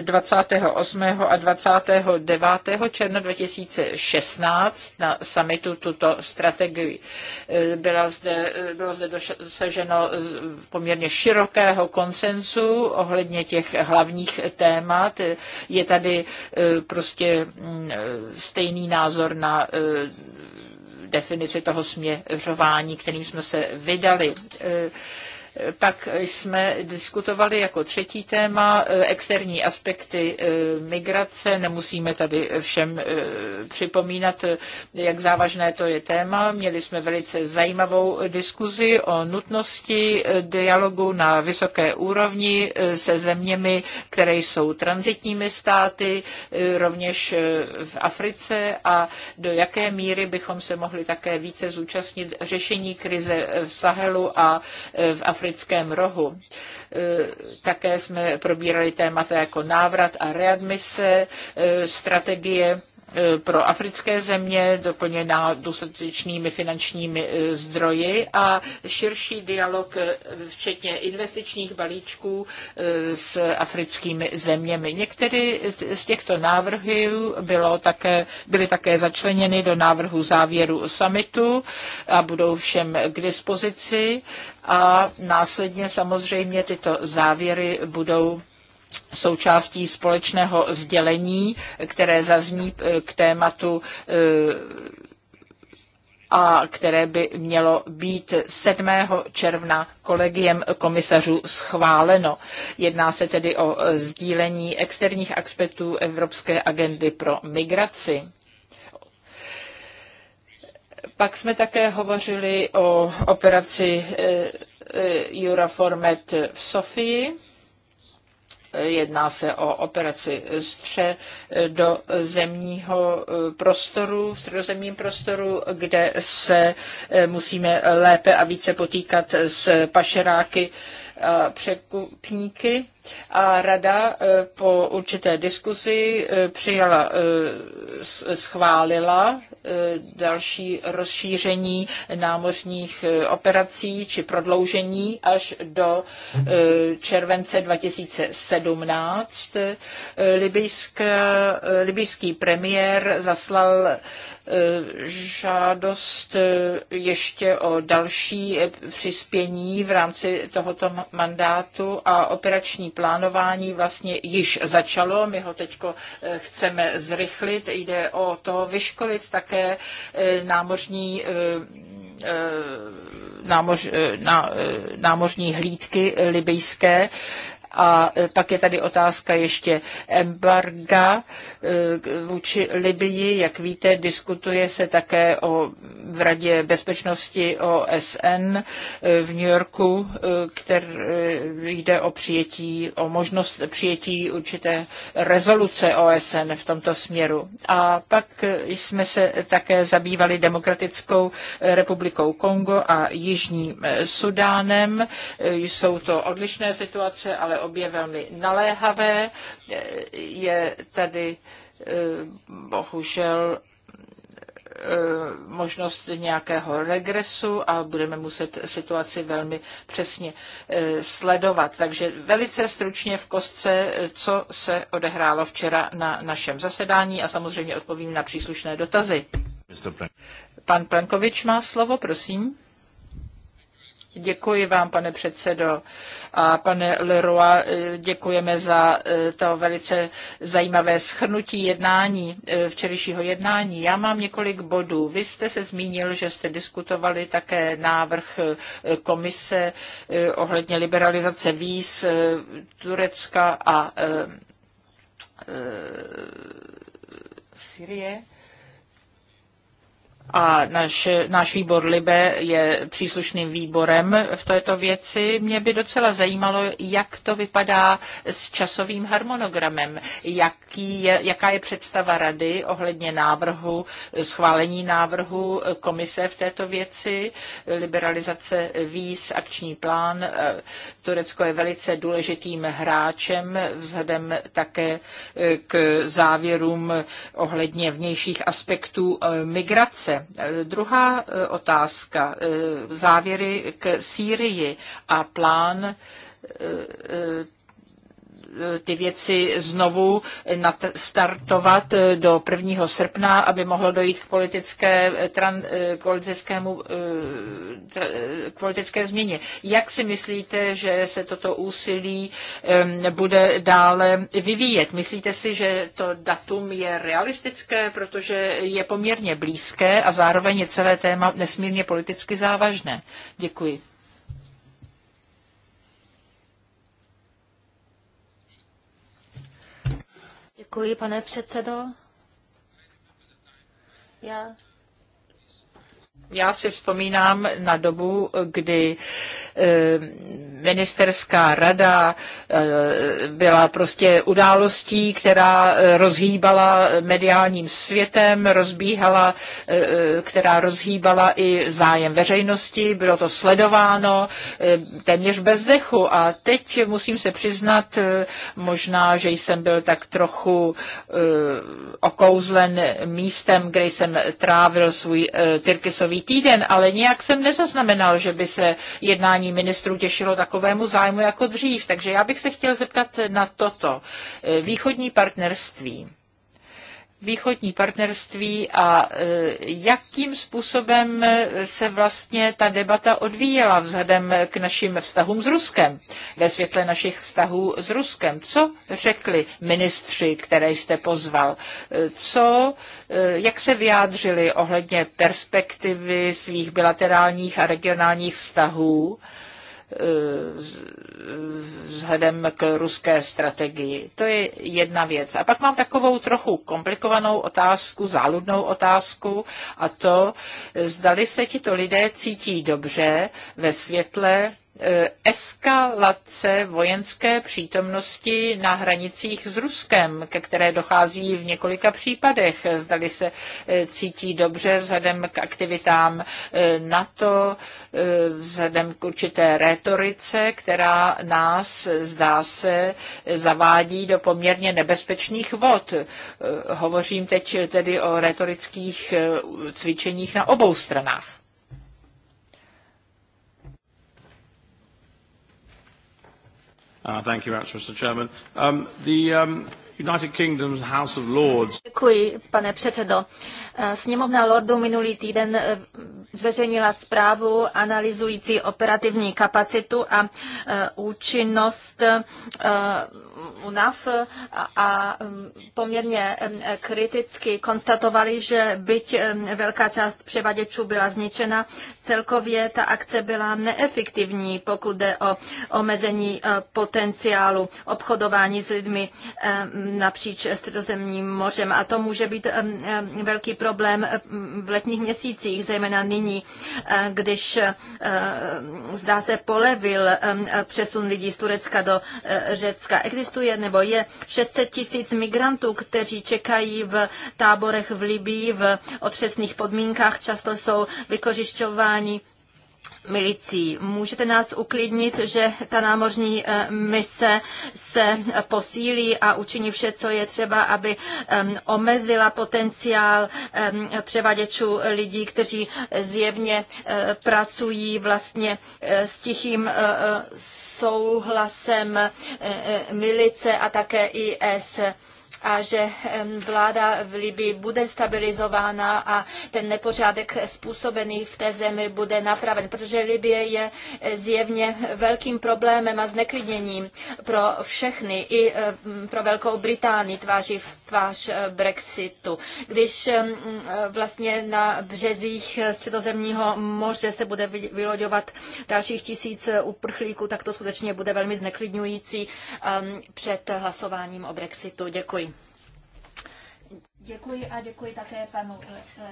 28. E, a 29. června 2016 na summitu tuto strategii. Byla zde, bylo zde dosaženo poměrně širokého konsenzu ohledně těch hlavních témat. Je tady prostě stejný názor na definici toho směřování, kterým jsme se vydali. Eh, pak jsme diskutovali jako třetí téma eh, externí aspekty eh, migrace. Nemusíme tady všem eh, připomínat, jak závažné to je téma. Měli jsme velice zajímavou diskuzi o nutnosti dialogu na vysoké úrovni se zeměmi, které jsou transitními státy, rovněž v Africe a do jaké míry bychom se mohli také více zúčastnit řešení krize v Sahelu a v Africe africkém rohu. E, také jsme probírali témata jako návrat a readmise, e, strategie e, pro africké země, doplněná dostatečnými finančními zdroji a širší dialog, včetně investičních balíčků s africkými zeměmi. Některé z těchto návrhů bylo také, byly také začleněny do návrhu závěru summitu a budou všem k dispozici a následně samozřejmě tyto závěry budou součástí společného sdělení, které zazní eh, k tématu eh, a které by mělo být 7. června kolegiem komisařů schváleno. Jedná se tedy o eh, sdílení externích aspektů Evropské agendy pro migraci. Pak jsme také hovořili o operaci eh, eh, Euroformat v Sofii. Jedná se o operaci stře eh, do zemního prostoru, v středozemním prostoru, kde se musíme lépe a více potýkat s pašeráky překupníky a rada e, po určité diskuzi e, přijala, e, schválila další rozšíření námořních operací či prodloužení až do července 2017. Libijská, libijský premiér zaslal žádost ještě o další přispění v rámci tohoto mandátu a operační plánování vlastně již začalo. My ho teď eh, chceme zrychlit. Jde o to vyškolit také eh, námořní eh, námoř, ná, námořní hlídky libejské a e, pak je tady otázka ještě embarga e, vůči Libii. Jak víte, diskutuje se také o, v Radě bezpečnosti OSN e, v New Yorku, který jde o přijetí, o možnost přijetí určité rezoluce OSN v tomto směru. A pak jsme se také zabývali Demokratickou republikou Kongo a Jižním Sudánem. Jsou to odlišné situace, ale obě velmi naléhavé. Je tady eh, bohužel eh, možnost nějakého regresu a budeme muset situaci velmi přesně eh, sledovat. Takže velice stručně v kostce, co se odehrálo včera na našem zasedání a samozřejmě odpovím na příslušné dotazy. Pan Plankovič má slovo, prosím. Děkuji vám, pane předsedo. A pane Leroy, děkujeme za e, to velice zajímavé schrnutí jednání, e, včerejšího jednání. Já mám několik bodů. Vy jste se zmínil, že jste diskutovali také návrh e, komise ohledně liberalizace víz Turecka a Syrie a naš, náš výbor Libe je příslušným výborem v této věci. Mě by docela zajímalo, jak to vypadá s časovým harmonogramem, jaký je, jaká je představa rady ohledně návrhu, schválení návrhu komise v této věci, liberalizace víz, akční plán. Turecko je velice důležitým hráčem vzhledem také k závěrům ohledně vnějších aspektů migrace Eh, druhá eh, otázka, eh, závěry k Sýrii a plán ty věci znovu startovat eh, do 1. srpna, aby mohlo dojít k, politické, eh, tran, eh, k, politickému, k politické změně. Jak si myslíte, že se toto úsilí bude dále vyvíjet? Myslíte si, že to datum je realistické, protože je poměrně blízké a zároveň je celé téma nesmírně politicky závažné? Děkuji. Děkuji, pane předsedo. Já já si vzpomínám na dobu, kdy eh, ministerská rada eh, byla prostě událostí, která eh, rozhýbala mediálním světem, rozbíhala, která rozhýbala i zájem veřejnosti, bylo to sledováno téměř bez dechu. A teď musím se přiznat, možná, že jsem byl tak trochu okouzlen místem, kde jsem trávil svůj Tyrkisový minulý týden, ale nijak jsem nezaznamenal, že by se jednání ministrů těšilo takovému zájmu jako dřív. Takže já bych se chtěl zeptat na toto. Eh, východní partnerství východní partnerství a e, jakým způsobem se vlastně ta debata odvíjela vzhledem k našim vztahům s Ruskem, ve světle našich vztahů s Ruskem. Co řekli ministři, které jste pozval? E, co, e, jak se vyjádřili ohledně perspektivy svých bilaterálních a regionálních vztahů? Eh, vzhledem k ruské strategii. To je jedna věc. A pak mám takovou trochu komplikovanou otázku, záludnou otázku a to, zdali se tito lidé cítí dobře ve světle E, eskalace vojenské přítomnosti na hranicích s Ruskem, ke které dochází v několika případech. Zdali se e, cítí dobře vzhledem k aktivitám e, NATO, vzhledem k určité retorice, která nás, zdá se, zavádí do poměrně nebezpečných vod. Hovořím teď tedy o retorických cvičeních na obou stranách. Uh, thank you much, Mr. Chairman. Um, the um, United Kingdom's House of Lords. Děkuji, pane předsedo. Uh, Sněmovna Lordu minulý týden eh, zveřejnila zprávu analyzující operativní kapacitu a eh, účinnost eh, UNAF a mm, poměrně mm, kriticky konstatovali, že byť mm, velká část převaděčů byla zničena, celkově ta akce byla neefektivní, pokud jde o omezení potenciálu obchodování s lidmi napříč středozemním mořem. A to může být velký problém problém eh, v letních měsících, zejména nyní, eh, když eh, zdá se polevil přesun lidí z Turecka do Řecka. Existuje nebo je 600 tisíc migrantů, kteří čekají v táborech v Libii v otřesných podmínkách, často jsou vykořišťováni milicí. Můžete nás uklidnit, že ta námořní eh, mise se posílí a učiní vše, co je třeba, aby omezila potenciál převaděčů lidí, kteří zjevně eh, pracují vlastně eh, s tichým souhlasem milice a také i IS a že vláda v Libii bude stabilizována a ten nepořádek způsobený v té zemi bude napraven, protože Libie je eh, zjevně velkým problémem a zneklidněním pro všechny, i pro Velkou Británii tváří v tvář eh, Brexitu. Když eh, vlastně na březích Středozemního moře se bude vyloďovat dalších tisíc uprchlíků, tak to skutečně bude velmi zneklidňující před hlasováním o Brexitu. Děkuji. Děkuji a děkuji také panu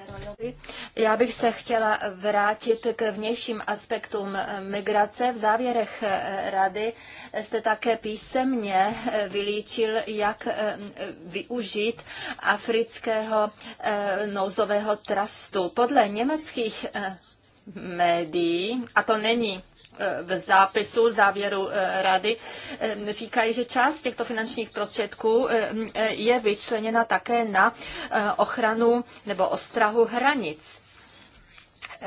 Rojovi. Já bych se chtěla vrátit k vnějším aspektům migrace. V závěrech rady jste také písemně vylíčil, jak využít afrického nouzového trastu. Podle německých médií, a to není v zápisu závěru eh, rady eh, říkají, že část těchto finančních prostředků eh, je vyčleněna také na ochranu nebo ostrahu hranic.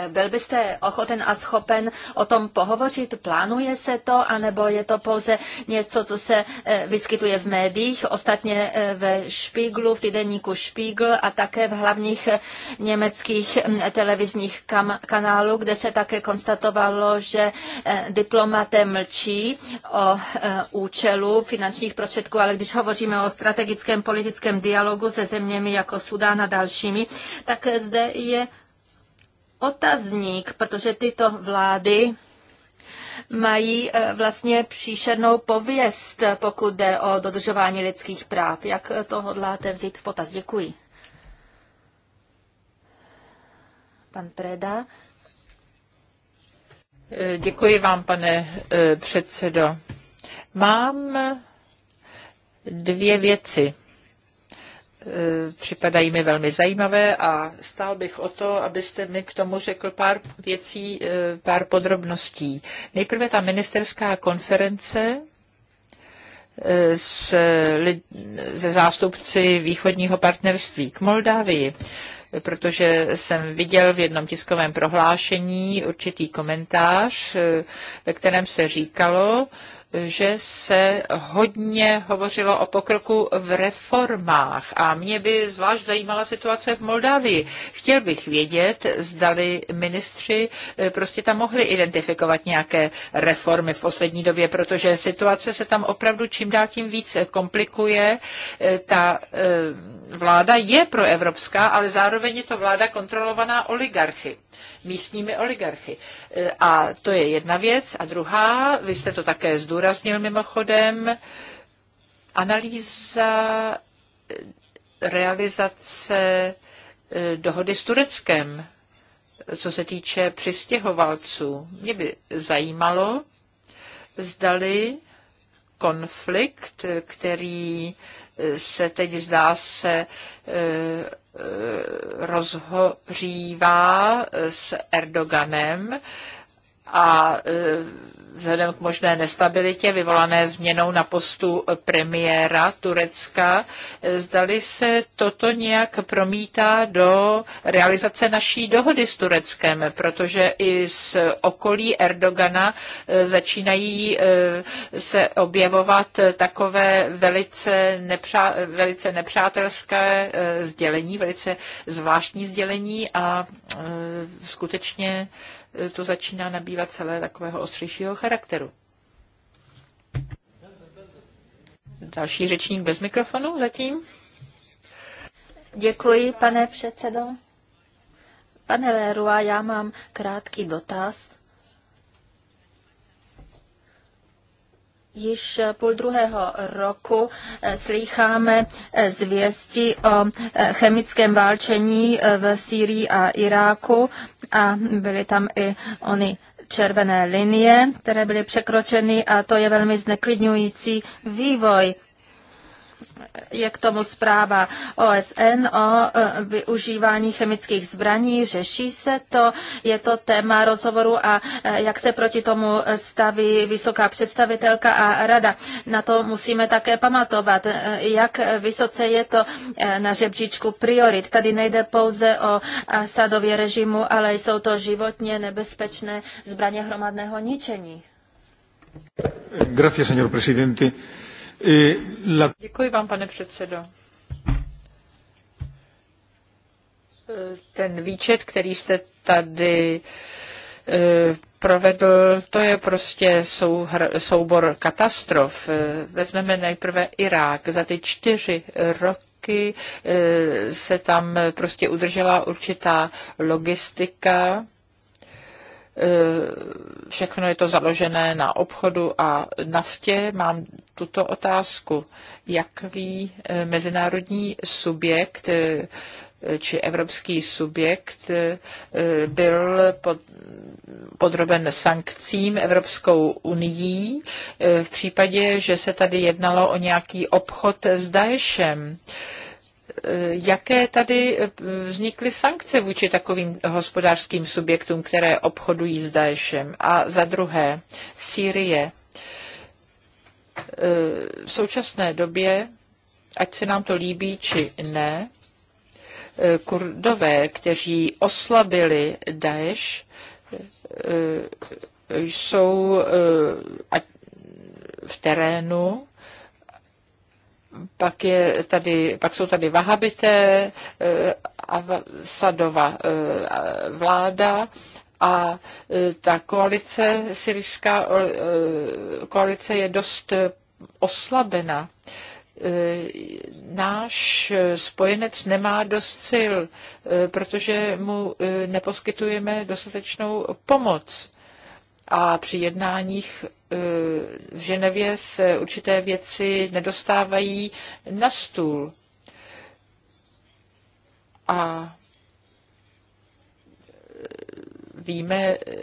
Byl byste ochoten a schopen o tom pohovořit? Plánuje se to, anebo je to pouze něco, co se eh, vyskytuje v médiích, ostatně eh, ve Špíglu, v týdenníku Špígl a také v hlavních eh, německých mm, televizních kanálů, kde se také konstatovalo, že diplomaté mlčí o účelu finančních prostředků, ale když hovoříme o strategickém politickém dialogu se zeměmi jako Sudán a dalšími, tak zde je otazník, protože tyto vlády mají eh, vlastně příšernou pověst, pokud jde o dodržování lidských práv. Jak to hodláte vzít v potaz? Děkuji. Pan Preda. Eh, děkuji vám, pane eh, předsedo. Mám dvě věci. E, připadají mi velmi zajímavé a stál bych o to, abyste mi k tomu řekl pár věcí, e, pár podrobností. Nejprve ta ministerská konference e, s, ze zástupci východního partnerství k Moldávii protože jsem viděl v jednom tiskovém prohlášení určitý komentář, ve kterém se říkalo, že se hodně hovořilo o pokroku v reformách a mě by zvlášť zajímala situace v Moldávii. Chtěl bych vědět, zdali ministři eh, prostě tam mohli identifikovat nějaké reformy v poslední době, protože situace se tam opravdu čím dál tím víc komplikuje. Eh, Ta eh, vláda je proevropská, ale zároveň je to vláda kontrolovaná oligarchy, místními oligarchy. E, a to je jedna věc. A druhá, vy jste to také zdůraznil mimochodem, analýza e, realizace e, dohody s Tureckem, co se týče přistěhovalců. Mě by zajímalo, zdali konflikt, který se teď zdá se e, e, rozhořívá s Erdoganem a e, vzhledem k možné nestabilitě vyvolané změnou na postu premiéra Turecka. E, zdali se toto nějak promítá do realizace naší dohody s Tureckem, protože i z okolí Erdogana e, začínají se objevovat takové velice, nepřá, velice nepřátelské sdělení, velice zvláštní sdělení a skutečně to začíná nabývat celé takového ostřejšího charakteru. Další řečník bez mikrofonu zatím. Děkuji, pane předsedo. Pane Lérua, já mám krátký dotaz Již eh, půl druhého roku eh, slýcháme eh, zvěsti o chemickém válčení v Sýrii a Iráku a byly tam i oni červené linie, které byly překročeny a to je velmi zneklidňující vývoj je k tomu zpráva OSN o e, využívání chemických zbraní. Řeší se to, je to téma rozhovoru a e, jak se proti tomu staví vysoká představitelka a rada. Na to musíme také pamatovat, e, jak vysoce je to na žebříčku priorit. Tady nejde pouze o sadově režimu, ale jsou to životně nebezpečné zbraně hromadného ničení. Gracias, señor presidente. Eh, Děkuji vám, pane předsedo. Ten výčet, který jste tady eh, provedl, to je prostě souhr, soubor katastrof. Eh, vezmeme nejprve Irák. Za ty čtyři roky se tam prostě udržela určitá logistika Eh, všechno je to založené na obchodu a naftě. Mám tuto otázku. Jaký eh, mezinárodní subjekt eh, či evropský subjekt byl pod, podroben sankcím Evropskou unii v případě, že se tady jednalo o nějaký obchod s Daešem jaké tady eh, vznikly sankce vůči takovým hospodářským subjektům, které obchodují s Daešem? A za druhé, Sýrie. Eh, v současné době, ať se nám to líbí či ne, eh, kurdové, kteří oslabili Daeš, jsou v terénu pak, je tady, pak jsou tady Vahabité, eh, sadová eh, vláda a eh, ta koalice, syrijská koalice je dost oslabena. Náš spojenec nemá dost sil, protože mu neposkytujeme dostatečnou pomoc a při jednáních eh, v Ženevě se určité věci nedostávají na stůl. A eh, víme, eh,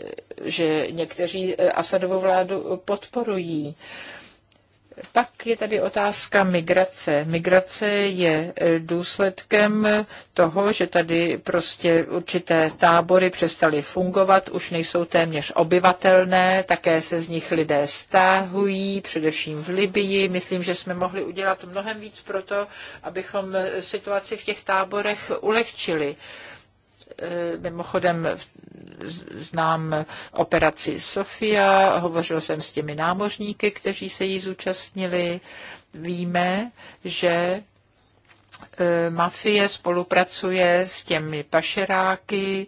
že někteří asadovou vládu podporují. Pak je tady otázka migrace. Migrace je e, důsledkem toho, že tady prostě určité tábory přestaly fungovat, už nejsou téměř obyvatelné, také se z nich lidé stáhují, především v Libii. Myslím, že jsme mohli udělat mnohem víc pro to, abychom e, situaci v těch táborech ulehčili. Eh, mimochodem znám operaci Sofia, hovořil jsem s těmi námořníky, kteří se jí zúčastnili. Víme, že eh, mafie spolupracuje s těmi pašeráky,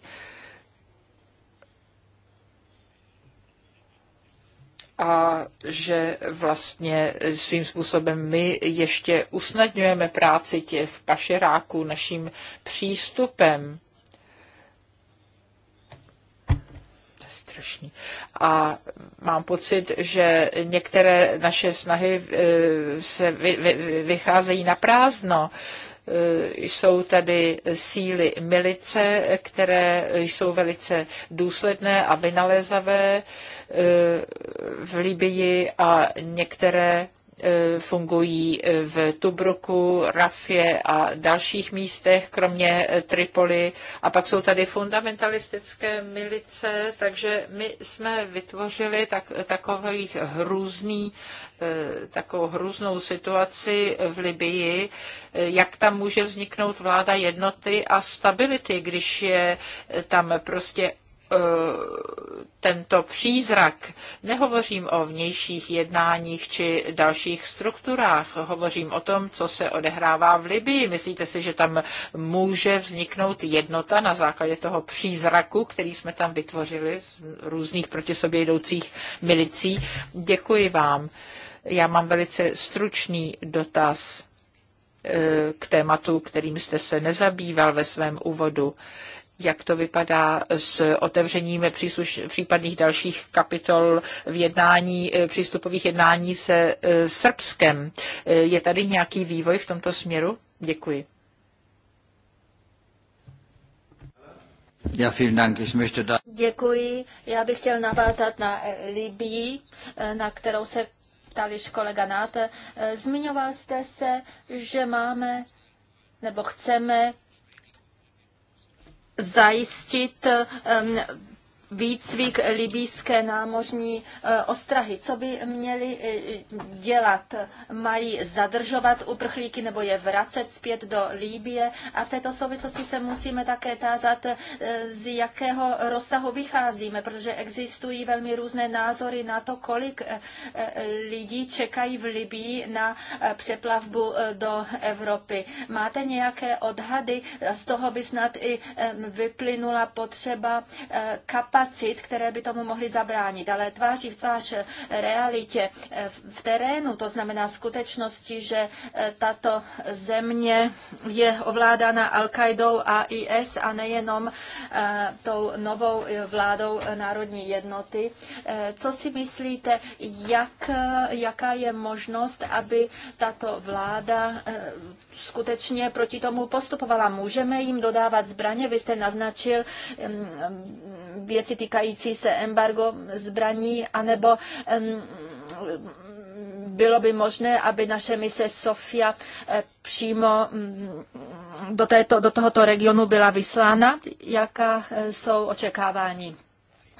a že vlastně svým způsobem my ještě usnadňujeme práci těch pašeráků naším přístupem. příslušní. A mám pocit, že některé naše snahy eh, se vycházejí na prázdno eh, jsou tady síly milice, které jsou velice důsledné a vynalézavé eh, v Libii a některé E, fungují e, v Tubruku, Rafie a dalších místech, kromě e, Tripoli. A pak jsou tady fundamentalistické milice, takže my jsme vytvořili tak, takových hrůzný, takovou hrůznou situaci v Libii, jak tam může vzniknout vláda jednoty a stability, když je tam prostě Eh, tento přízrak. Nehovořím o vnějších jednáních či dalších strukturách, hovořím o tom, co se odehrává v Libii. Myslíte si, že tam může vzniknout jednota na základě toho přízraku, který jsme tam vytvořili z různých proti sobě jdoucích milicí? Děkuji vám. Já mám velice stručný dotaz eh, k tématu, kterým jste se nezabýval ve svém úvodu jak to vypadá s otevřením přísluš, případných dalších kapitol v jednání, eh, přístupových jednání se eh, Srbskem. Eh, je tady nějaký vývoj v tomto směru? Děkuji. Děkuji. Já bych chtěl navázat na Libii, na kterou se ptališ kolega Nát. Zmiňoval jste se, že máme nebo chceme zajistit eh, výcvik libijské námořní e, ostrahy. Co by měli e, dělat? Mají zadržovat uprchlíky nebo je vracet zpět do Líbie? A v této souvislosti se musíme také tázat, e, z jakého rozsahu vycházíme, protože existují velmi různé názory na to, kolik lidí čekají v Libii na přeplavbu do Evropy. Máte nějaké odhady? Z toho by snad i vyplynula potřeba kapacity kapacit, které by tomu mohly zabránit. Ale tváří v tvář realitě eh, v terénu, to znamená skutečnosti, že eh, tato země je ovládána Al-Qaidou a IS a nejenom eh, tou novou vládou Národní jednoty. Co si myslíte, jak, jaká je možnost, aby tato vláda skutečně proti tomu postupovala? Můžeme jim dodávat zbraně? Vy jste naznačil mm, mm, věc, věci týkající se embargo zbraní, anebo bylo by možné, aby naše mise Sofia eh, přímo mm, do, této, do tohoto regionu byla vyslána? Jaká eh, jsou očekávání?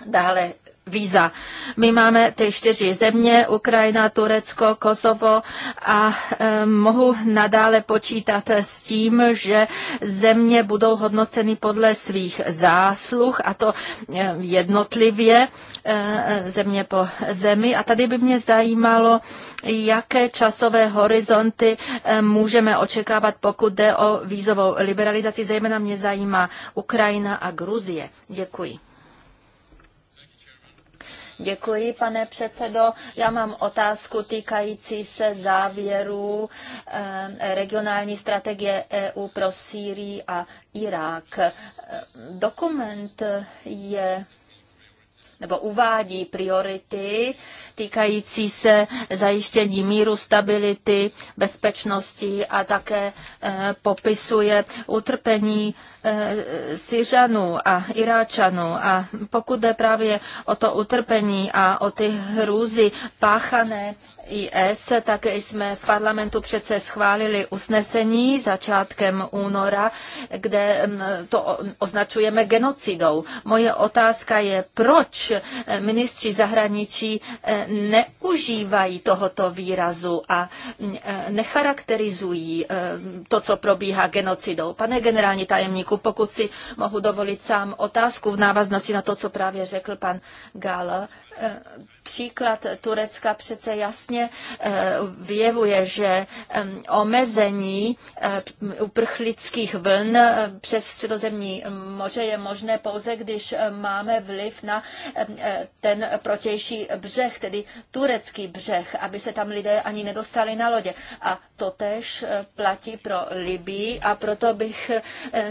Dále víza. My máme ty čtyři země, Ukrajina, Turecko, Kosovo a e, mohu nadále počítat s tím, že země budou hodnoceny podle svých zásluh a to eh, jednotlivě e, země po zemi. A tady by mě zajímalo, jaké časové horizonty e, můžeme očekávat, pokud jde o vízovou liberalizaci. Zejména mě zajímá Ukrajina a Gruzie. Děkuji. Děkuji, pane předsedo. Já mám otázku týkající se závěrů eh, regionální strategie EU pro Sýrii a Irák. Eh, dokument je nebo uvádí priority týkající se zajištění míru, stability, bezpečnosti a také eh, popisuje utrpení eh, Syřanů a Iráčanů. A pokud jde právě o to utrpení a o ty hrůzy páchané IS, tak jsme v parlamentu přece schválili usnesení začátkem února, kde mm, to označujeme genocidou. Moje otázka je, proč ministři zahraničí eh, neužívají tohoto výrazu a mm, eh, necharakterizují eh, to, co probíhá genocidou. Pane generální tajemníku, pokud si mohu dovolit sám otázku v návaznosti na to, co právě řekl pan Gala, příklad Turecka přece jasně eh, vyjevuje, že omezení eh, uprchlických vln eh, přes středozemní moře je možné pouze, když máme vliv na ten protější břeh, tedy turecký břeh, aby se tam lidé ani nedostali na lodě. A to tež platí pro Libii a proto bych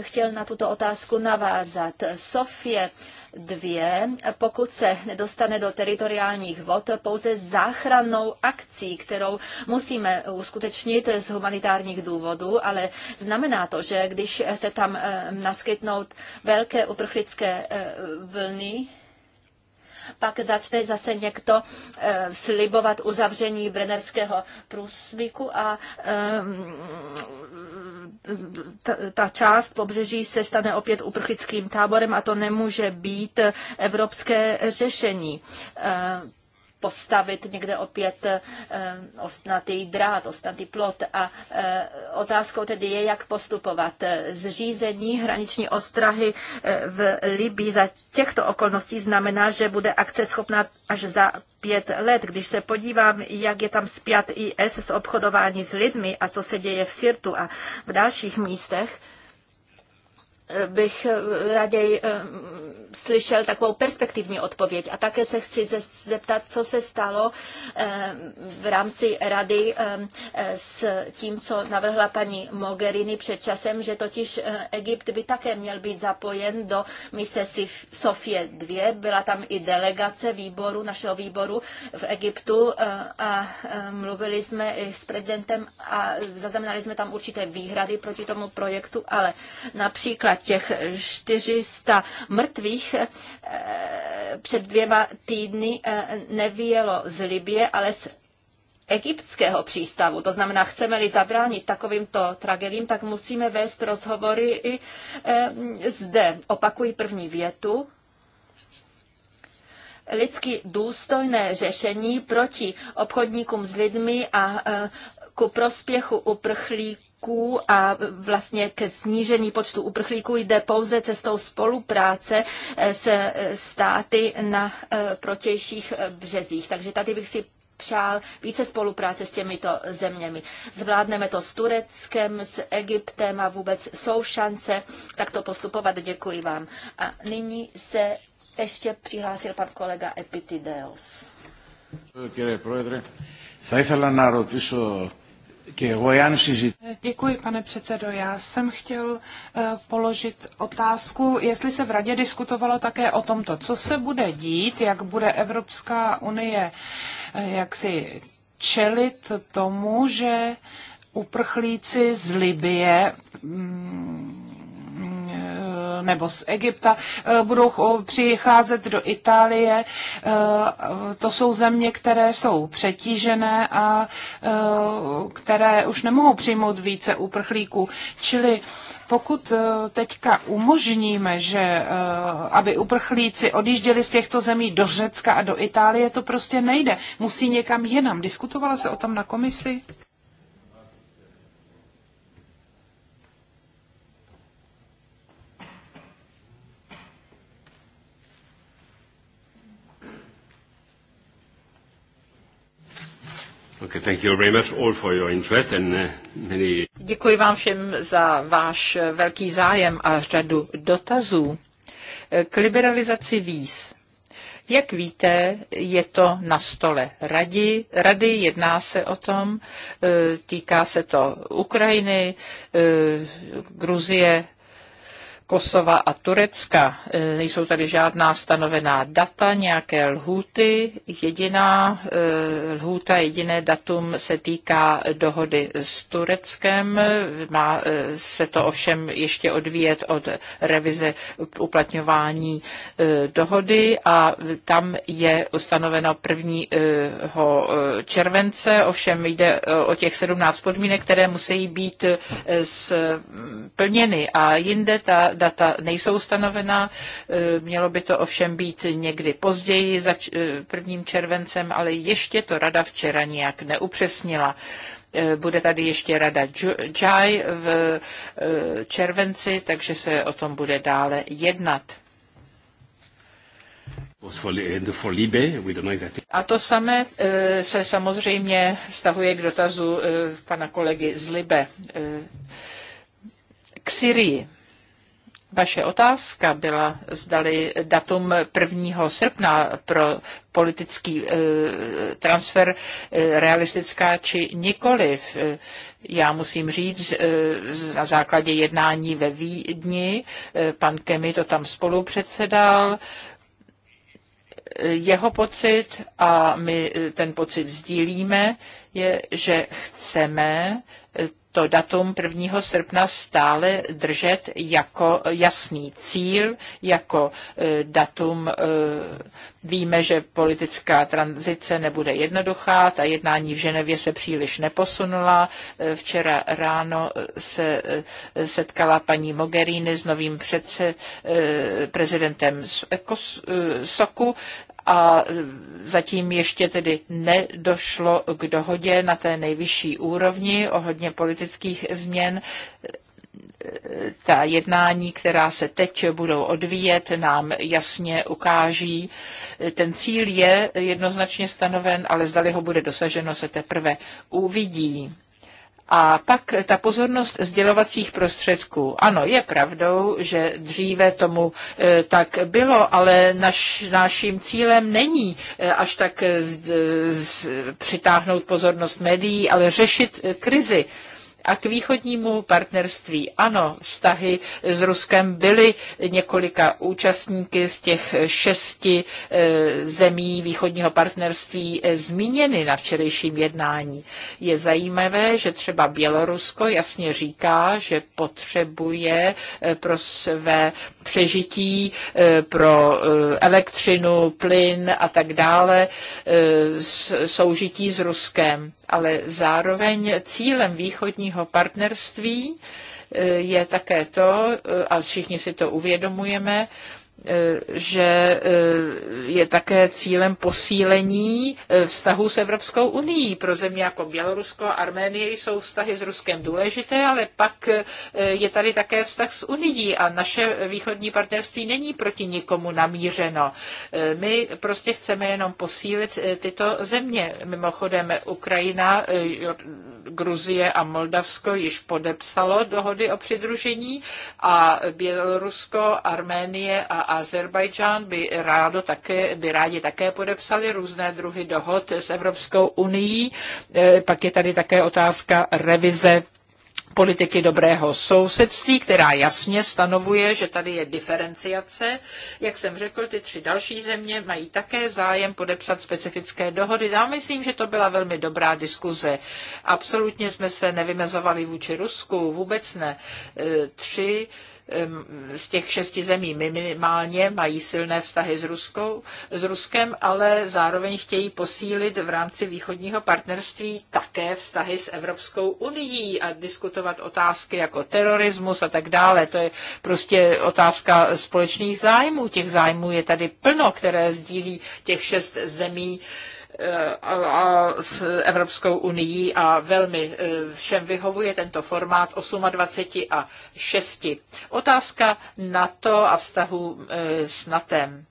chtěl na tuto otázku navázat. Sofie 2, pokud se nedostane do teritoriálních vod pouze záchrannou akcí, kterou musíme uskutečnit z humanitárních důvodů, ale znamená to, že když se tam eh, naskytnou velké uprchlické eh, vlny, pak začne zase někdo eh, slibovat uzavření brenerského průsmyku a ehm, ta část pobřeží se stane opět uprchlickým táborem a to nemůže být evropské řešení. Eh, postavit někde opět eh, ostnatý drát, ostnatý plot. A eh, otázkou tedy je, jak postupovat. Zřízení hraniční ostrahy eh, v Libii za těchto okolností znamená, že bude akce schopná až za pět let. Když se podívám, jak je tam spjat IS s obchodování s lidmi a co se děje v Sirtu a v dalších místech, bych raději eh, slyšel takovou perspektivní odpověď. A také se chci zeptat, co se stalo eh, v rámci rady eh, s tím, co navrhla paní Mogherini před časem, že totiž Egypt by také měl být zapojen do mise Sofie 2. Byla tam i delegace výboru, našeho výboru v Egyptu a mluvili jsme i s prezidentem a zaznamenali jsme tam určité výhrady proti tomu projektu, ale například těch 400 mrtvých eh, před dvěma týdny eh, nevíjelo z Libie, ale z egyptského přístavu. To znamená, chceme-li zabránit takovýmto tragédiím, tak musíme vést rozhovory i eh, zde. Opakuji první větu lidsky důstojné řešení proti obchodníkům s lidmi a ku prospěchu uprchlíků uprchlíků a vlastně ke snížení počtu uprchlíků jde pouze cestou spolupráce eh, se eh, státy na eh, protějších březích. Takže tady bych si přál více spolupráce s těmito zeměmi. Zvládneme to s Tureckem, s Egyptem a vůbec jsou šance takto postupovat. Děkuji vám. A nyní se ještě přihlásil pan kolega Epitideos. Κύριε Děkuji, pane předsedo. Já jsem chtěl eh, položit otázku, jestli se v Radě diskutovalo také o tomto, co se bude dít, jak bude Evropská unie eh, jaksi čelit tomu, že uprchlíci z Libie mm, nebo z Egypta eh, budou přicházet do Itálie. Eh, to jsou země, které jsou přetížené a eh, které už nemohou přijmout více uprchlíků. Čili pokud teďka umožníme, že aby uprchlíci odjížděli z těchto zemí do Řecka a do Itálie, to prostě nejde. Musí někam jinam. Diskutovala se o tom na komisi? Děkuji vám všem za váš eh, velký zájem a řadu dotazů eh, k liberalizaci víz. Jak víte, je to na stole rady, rady jedná se o tom, eh, týká se to Ukrajiny, Gruzie, Kosova a Turecka. E, nejsou tady žádná stanovená data, nějaké lhůty. Jediná e, lhůta, jediné datum se týká dohody s Tureckem. Má e, se to ovšem ještě odvíjet od revize uplatňování dohody a tam je ustanoveno 1. července. Ovšem jde o těch 17 podmínek, které musí být splněny a jinde ta data nejsou stanovená. Eh, mělo by to ovšem být někdy později, za eh, prvním červencem, ale ještě to rada včera nijak neupřesnila. Eh, bude tady ještě rada JAI v červenci, takže se o tom bude dále jednat. A to samé se samozřejmě stahuje k dotazu pana kolegy z Libe k Syrii. Vaše otázka byla, zdali datum 1. srpna pro politický eh, transfer eh, realistická či nikoliv. Eh, já musím říct, na základě jednání ve Vídni, pan Kemi to tam spolu předsedal, jeho pocit, a my ten pocit sdílíme, je, že chceme to datum 1. srpna stále držet jako jasný cíl, jako e, datum. E, víme, že politická tranzice nebude jednoduchá, ta jednání v Ženevě se příliš neposunula. E, včera ráno se setkala paní Mogherini s novým předse, prezidentem Soku a zatím ještě tedy nedošlo k dohodě na té nejvyšší úrovni ohledně politických změn ta jednání, která se teď budou odvíjet, nám jasně ukáží. Ten cíl je jednoznačně stanoven, ale zdali ho bude dosaženo, se teprve uvidí. A pak ta pozornost sdělovacích prostředků. Ano, je pravdou, že dříve tomu eh, tak bylo, ale naš, naším cílem není eh, až tak z, z, přitáhnout pozornost médií, ale řešit eh, krizi. A k východnímu partnerství, ano, vztahy s Ruskem byly několika účastníky z těch šesti e, zemí východního partnerství e, zmíněny na včerejším jednání. Je zajímavé, že třeba Bělorusko jasně říká, že potřebuje e, pro své přežití eh, pro eh, elektřinu, plyn a tak dále, eh, soužití s Ruskem. Ale zároveň cílem východního partnerství je také to, a všichni si to uvědomujeme, E, že e, je také cílem posílení e, vztahů s Evropskou unii. Pro země jako Bělorusko a Arménie jsou vztahy s Ruskem důležité, ale pak je tady také vztah s Unií a naše východní partnerství není proti nikomu namířeno. My prostě chceme jenom posílit tyto země. Mimochodem Ukrajina, Gruzie a Moldavsko již podepsalo dohody o přidružení a Bělorusko, Arménie a Azerbajdžán by, rádo také, by rádi také podepsali různé druhy dohod s Evropskou unii. E, pak je tady také otázka revize politiky dobrého sousedství, která jasně stanovuje, že tady je diferenciace. Jak jsem řekl, ty tři další země mají také zájem podepsat specifické dohody. Já myslím, že to byla velmi dobrá diskuze. Absolutně jsme se nevymezovali vůči Rusku, vůbec ne. E, tři z těch šesti zemí minimálně mají silné vztahy s, Ruskou, s Ruskem, ale zároveň chtějí posílit v rámci východního partnerství také vztahy s Evropskou unii a diskutovat otázky jako terorismus a tak dále. To je prostě otázka společných zájmů. Těch zájmů je tady plno, které sdílí těch šest zemí a s Evropskou unii a velmi e, všem vyhovuje tento formát 28 a 6. Otázka NATO a vztahu e, s NATEM.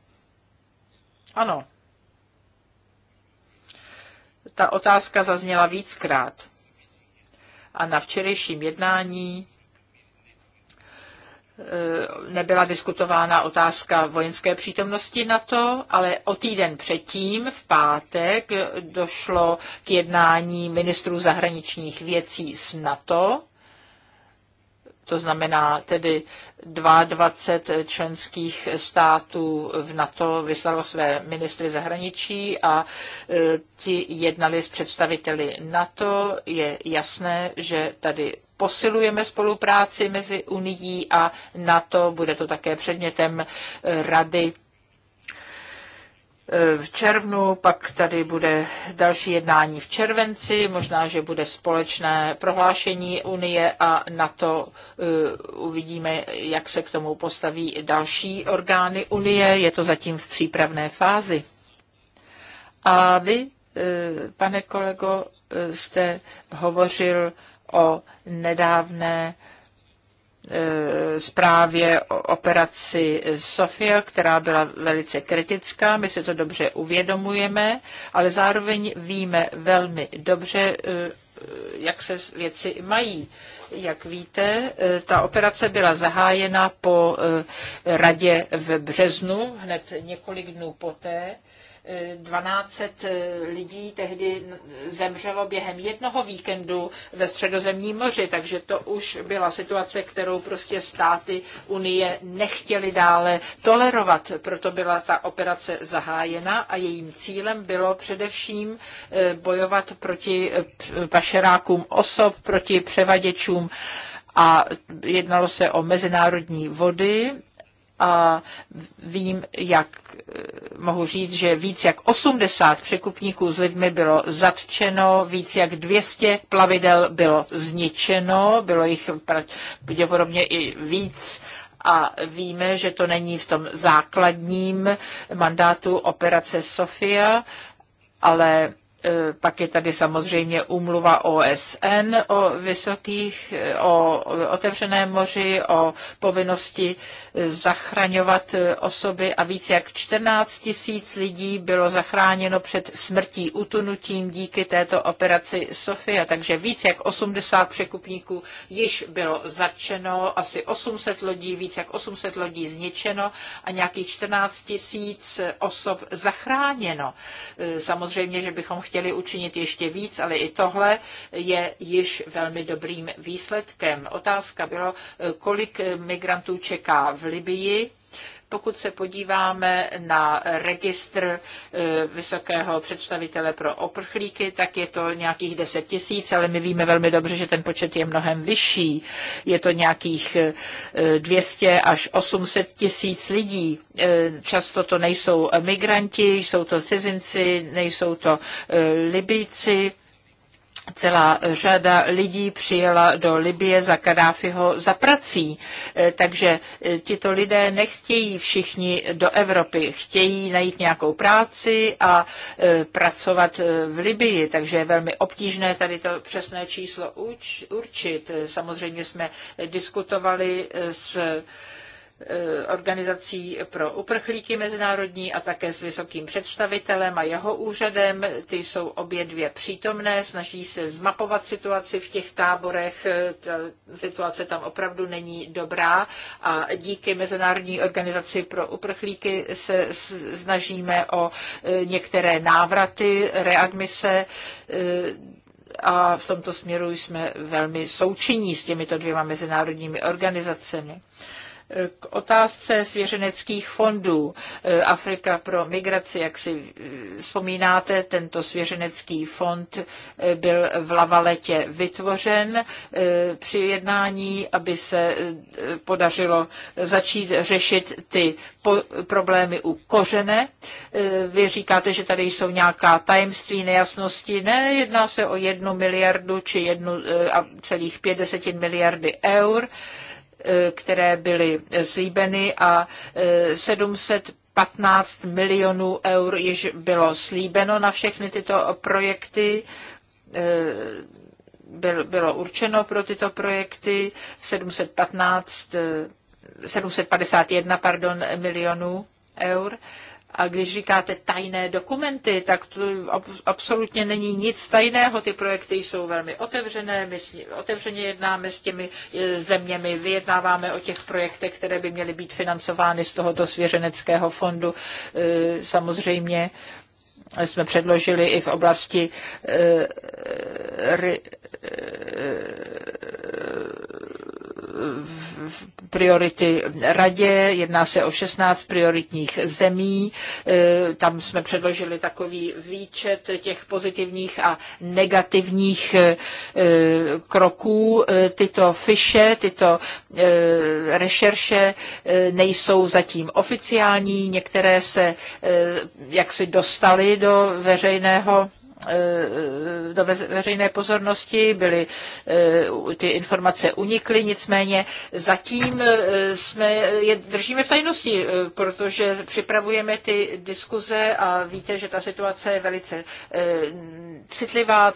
Ano. Ta otázka zazněla víckrát. A na včerejším jednání Eh, nebyla diskutována otázka vojenské přítomnosti NATO, ale o týden předtím, v pátek, došlo k jednání ministrů zahraničních věcí s NATO to znamená tedy 22 členských států v NATO vyslalo své ministry zahraničí a e, ti jednali s představiteli NATO. Je jasné, že tady posilujeme spolupráci mezi Unií a NATO. Bude to také předmětem e, Rady E, v červnu, pak tady bude další jednání v červenci, možná, že bude společné prohlášení Unie a na to e, Uvidíme, jak se k tomu postaví další orgány Unie. Je to zatím v přípravné fázi. A vy, e, pane kolego, jste hovořil o nedávné Eh, zprávě o operaci Sofia, která byla velice kritická. My si to dobře uvědomujeme, ale zároveň víme velmi dobře, eh, jak se věci mají. Jak víte, eh, ta operace byla zahájena po radě v březnu, hned několik dnů poté, 1200 eh, lidí tehdy zemřelo během jednoho víkendu ve středozemním moři, takže to už byla situace, kterou prostě státy Unie nechtěly dále tolerovat. Proto byla ta operace zahájena a jejím cílem bylo především eh, bojovat proti eh, pašerákům osob, proti převaděčům a jednalo se o mezinárodní vody a vím, jak eh, mohu říct, že víc jak 80 překupníků s lidmi bylo zatčeno, víc jak 200 plavidel bylo zničeno, bylo jich pravděpodobně i víc a víme, že to není v tom základním mandátu operace Sofia, ale E, pak je tady samozřejmě umluva OSN o vysokých, e, o otevřeném moři, o povinnosti e, zachraňovat osoby a více jak 14 tisíc lidí bylo zachráněno před smrtí utunutím díky této operaci Sofia, takže více jak 80 překupníků již bylo zatčeno, asi 800 lodí, více jak 800 lodí zničeno a nějakých 14 tisíc osob zachráněno. Samozřejmě, že bychom chtěli chtěli učinit ještě víc, ale i tohle je již velmi dobrým výsledkem. Otázka bylo, kolik migrantů čeká v Libii pokud se podíváme na registr eh, vysokého představitele pro oprchlíky, tak je to nějakých 10 tisíc, ale my víme velmi dobře, že ten počet je mnohem vyšší. Je to nějakých 200 eh, až 800 tisíc lidí. Eh, často to nejsou migranti, jsou to cizinci, nejsou to Libíci celá řada lidí přijela do Libie za Kadáfiho za prací. E, takže e, tito lidé nechtějí všichni do Evropy, chtějí najít nějakou práci a e, pracovat v Libii, takže je velmi obtížné tady to přesné číslo určit. Samozřejmě jsme diskutovali s Eh, organizací pro uprchlíky mezinárodní a také s vysokým představitelem a jeho úřadem. Ty jsou obě dvě přítomné, snaží se zmapovat situaci v těch táborech. Eh, ta situace tam opravdu není dobrá a díky Mezinárodní organizaci pro uprchlíky se snažíme o eh, některé návraty, readmise a v tomto směru jsme velmi součinní s těmito dvěma mezinárodními organizacemi. K otázce svěřeneckých fondů Afrika pro migraci, jak si eh, vzpomínáte, tento svěřenecký fond eh, byl v Lavaletě vytvořen eh, při jednání, aby se podařilo začít řešit ty problémy u kořene. Vy říkáte, že tady jsou nějaká tajemství, nejasnosti. Ne, jedná se o jednu miliardu či jednu celých pět desetin miliardy eur které byly slíbeny a 700 e, 15 milionů eur již bylo slíbeno na všechny tyto projekty e, bylo určeno pro tyto projekty 715, 751 e, pardon, milionů eur. A když říkáte tajné dokumenty, tak to absolutně není nic tajného. Ty projekty jsou velmi otevřené, my otevřeně jednáme s těmi e, zeměmi, vyjednáváme o těch projektech, které by měly být financovány z tohoto svěřeneckého fondu. E, samozřejmě jsme předložili i v oblasti e, priority radě, jedná se o 16 prioritních zemí. E, tam jsme předložili takový výčet těch pozitivních a negativních e, kroků. E, tyto fiše, tyto rešerše nejsou zatím oficiální, některé se jaksi dostaly do veřejného Eh, do veřejné pozornosti, byly, eh, ty informace unikly, nicméně zatím eh, jsme je držíme v tajnosti, protože připravujeme ty diskuze a víte, že ta situace je velice citlivá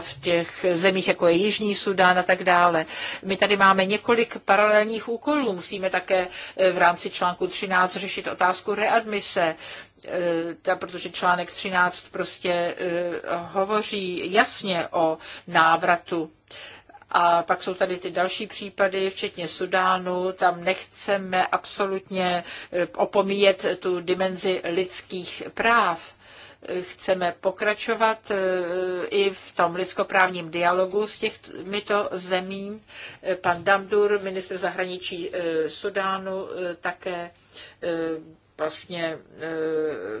v těch zemích, jako je Jižní Sudán a tak dále. My tady máme několik paralelních úkolů. Musíme také v rámci článku 13 řešit otázku readmise. Eh, ta, protože článek 13 prostě eh, hovoří jasně o návratu. A pak jsou tady ty další případy, včetně Sudánu. Tam nechceme absolutně eh, opomíjet tu dimenzi lidských práv chceme pokračovat i v tom lidskoprávním dialogu s těmito zemí. Pan Damdur, ministr zahraničí Sudánu, také vlastně e,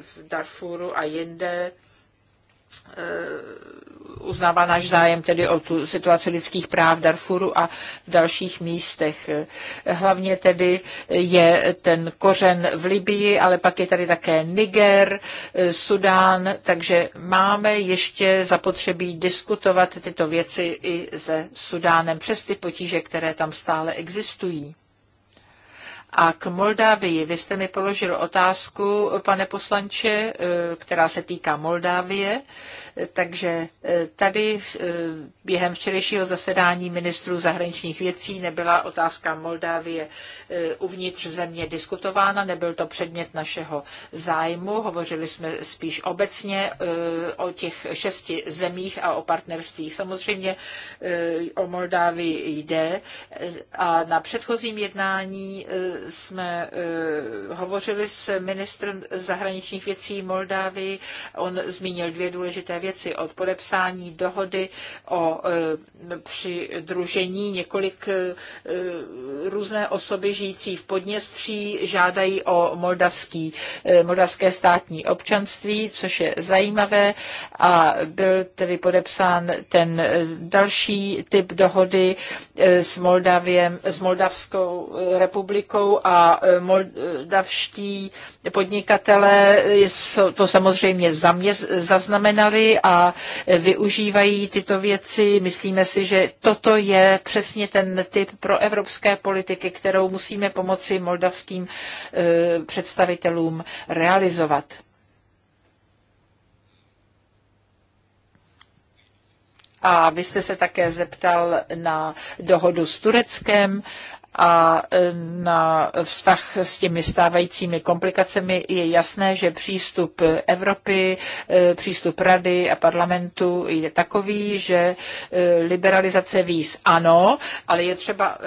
v Darfuru a jinde e, uznává náš zájem tedy o tu situaci lidských práv Darfuru a v dalších místech. Hlavně tedy je ten kořen v Libii, ale pak je tady také Niger, e, Sudán, takže máme ještě zapotřebí diskutovat tyto věci i se Sudánem přes ty potíže, které tam stále existují. A k Moldávii, vy jste mi položil otázku, pane poslanče, eh, která se týká Moldávie. Takže eh, tady eh, během včerejšího zasedání ministrů zahraničních věcí nebyla otázka Moldávie eh, uvnitř země diskutována, nebyl to předmět našeho zájmu. Hovořili jsme spíš obecně o těch šesti zemích a o partnerství. Samozřejmě o Moldávii jde a na předchozím jednání jsme hovořili s ministrem zahraničních věcí Moldávii. On zmínil dvě důležité věci věci od podepsání dohody o e, přidružení. Několik e, e, různé osoby žijící v Podněstří žádají o moldavský, moldavské státní občanství, což je zajímavé a byl tedy podepsán ten další typ dohody s, Moldaviem, s Moldavskou republikou a moldavští podnikatelé to samozřejmě zaměz, zaznamenali a využívají tyto věci. Myslíme si, že toto je přesně ten typ pro evropské politiky, kterou musíme pomoci moldavským eh, představitelům realizovat. A vy jste se také zeptal na dohodu s Tureckem a e, na vztah s těmi stávajícími komplikacemi je jasné, že přístup Evropy, e, přístup Rady a parlamentu je takový, že e, liberalizace víz ano, ale je třeba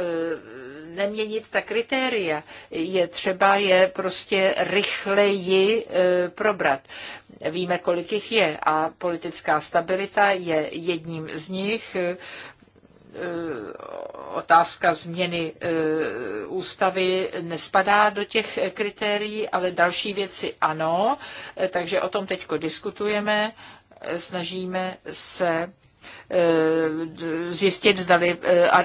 neměnit ta kritéria. Je třeba je prostě rychleji probrat. Víme, kolik jich je a politická stabilita je jedním z nich. Eh, otázka změny eh, ústavy nespadá do těch kritérií, ale další věci ano, eh, takže o tom teď diskutujeme, snažíme se zjistit, zda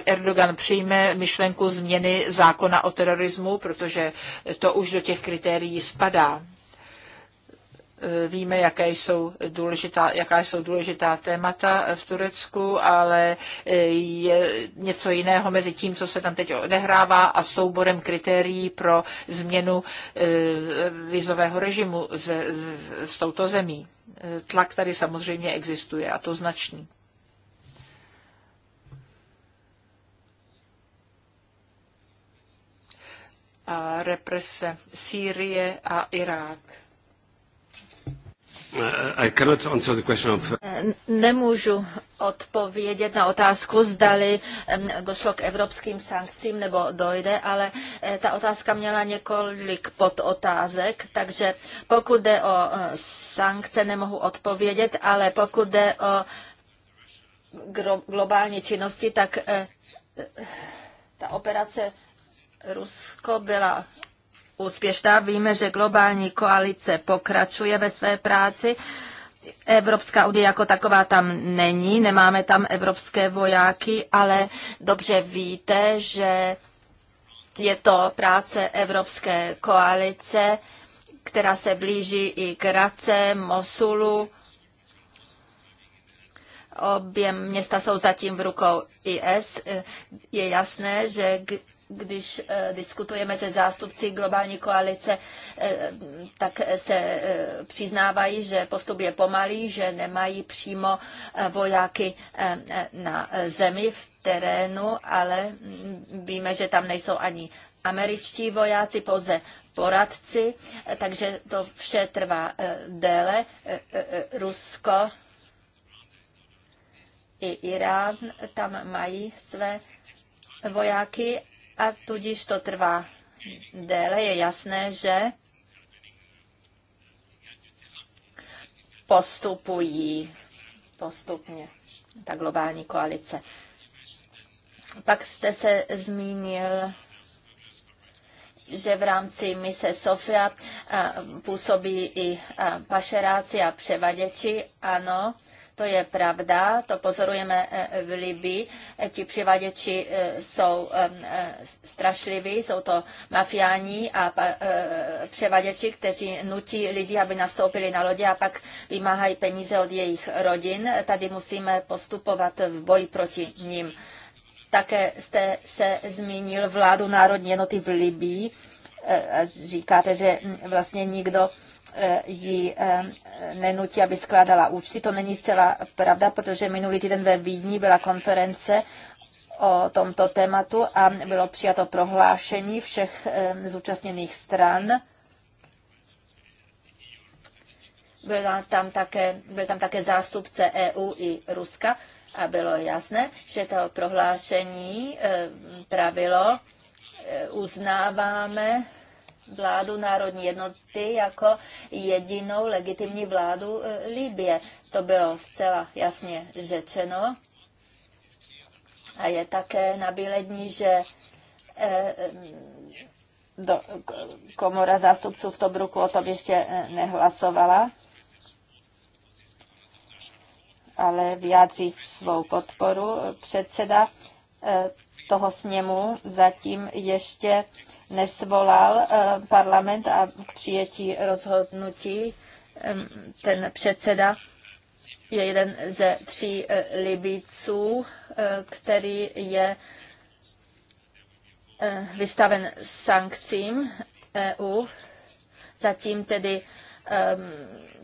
Erdogan přijme myšlenku změny zákona o terorismu, protože to už do těch kritérií spadá. Eh, víme, jaké jsou důležitá, jaká jsou důležitá témata eh, v Turecku, ale eh, je něco jiného mezi tím, co se tam teď odehrává a souborem kritérií pro změnu vizového režimu s, s, s touto zemí. Tlak tady samozřejmě existuje a to značný. a represe Sýrie a Irák. Uh, uh, nemůžu odpovědět na otázku, zdali um, došlo k evropským sankcím nebo dojde, ale eh, ta otázka měla několik podotázek, takže pokud jde o eh, sankce, nemohu odpovědět, ale pokud jde o globální činnosti, tak eh, ta operace Rusko byla úspěšná. Víme, že globální koalice pokračuje ve své práci. Evropská unie jako taková tam není, nemáme tam evropské vojáky, ale dobře víte, že je to práce Evropské koalice, která se blíží i k Race, Mosulu. Obě města jsou zatím v rukou IS. Je jasné, že když eh, diskutujeme se zástupci globální koalice, eh, tak se eh, přiznávají, že postup je pomalý, že nemají přímo vojáky na zemi v terénu, ale mm, víme, že tam nejsou ani američtí vojáci, pouze poradci, takže to vše trvá déle. Rusko i Irán tam mají své vojáky a tudíž to trvá déle. Je jasné, že postupují postupně ta globální koalice. Pak jste se zmínil, že v rámci mise Sofia eh, působí i eh, pašeráci a převaděči. Ano, to je pravda, to pozorujeme eh, eh, v Libii. Eh, ti přivaděči jsou strašliví, jsou to mafiáni a převaděči, kteří nutí lidi, aby nastoupili na lodě a pak vymáhají peníze od jejich rodin. Tady musíme postupovat v boji proti nim. Také jste se zmínil vládu Národní jednoty v Libii. Říkáte, že hm, vlastně nikdo ji eh, nenutí, aby skládala účty. To není zcela pravda, protože minulý týden ve Vídni byla konference o tomto tématu a bylo přijato prohlášení všech eh, zúčastněných stran. Byl tam také, byl tam také zástupce EU i Ruska a bylo jasné, že to prohlášení eh, pravilo, uznáváme vládu národní jednoty jako jedinou legitimní vládu e, Libie. To bylo zcela jasně řečeno. A je také na že e, e, do, komora zástupců v Tobruku o tom ještě nehlasovala, ale vyjádří svou podporu. Předseda toho sněmu zatím ještě nesvolal eh, parlament a k přijetí rozhodnutí ten předseda je jeden ze tří eh, Libíců, eh, který je vystaven sankcím EU. Zatím tedy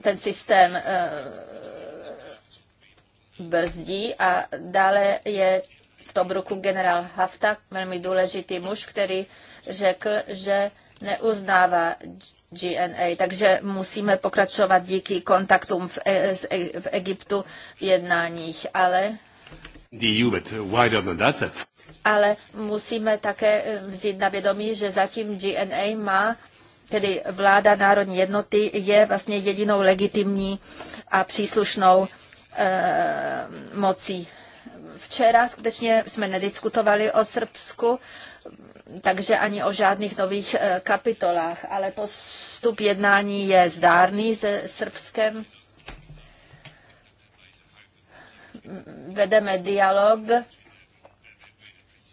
ten systém brzdí a dále je v Tobruku generál Hafta, velmi důležitý muž, který řekl, že neuznává GNA, takže musíme pokračovat díky kontaktům v, e-, e- v Egyptu v jednáních, ale... E ale musíme také eh, vzít na vědomí, že zatím GNA má tedy vláda národní jednoty je vlastně jedinou legitimní a příslušnou e, mocí Včera skutečně jsme nediskutovali o Srbsku, takže ani o žádných nových eh, kapitolách, ale postup jednání je zdárný se Srbskem. Vedeme dialog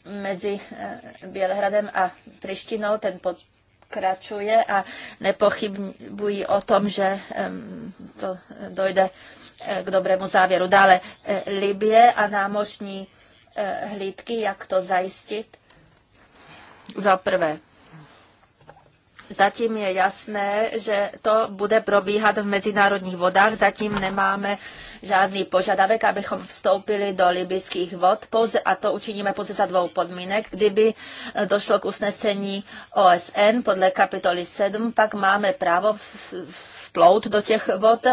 mezi eh, Bělehradem a Prištinou, ten pokračuje a nepochybují o tom, že to dojde k dobrému závěru. Dále eh, Libie a námořní eh, hlídky, jak to zajistit? Za prvé, zatím je jasné, že to bude probíhat v mezinárodních vodách. Zatím nemáme žádný požadavek, abychom vstoupili do libyských vod pouze, a to učiníme pouze za dvou podmínek. Kdyby eh, došlo k usnesení OSN podle kapitoly 7, pak máme právo vplout do těch vod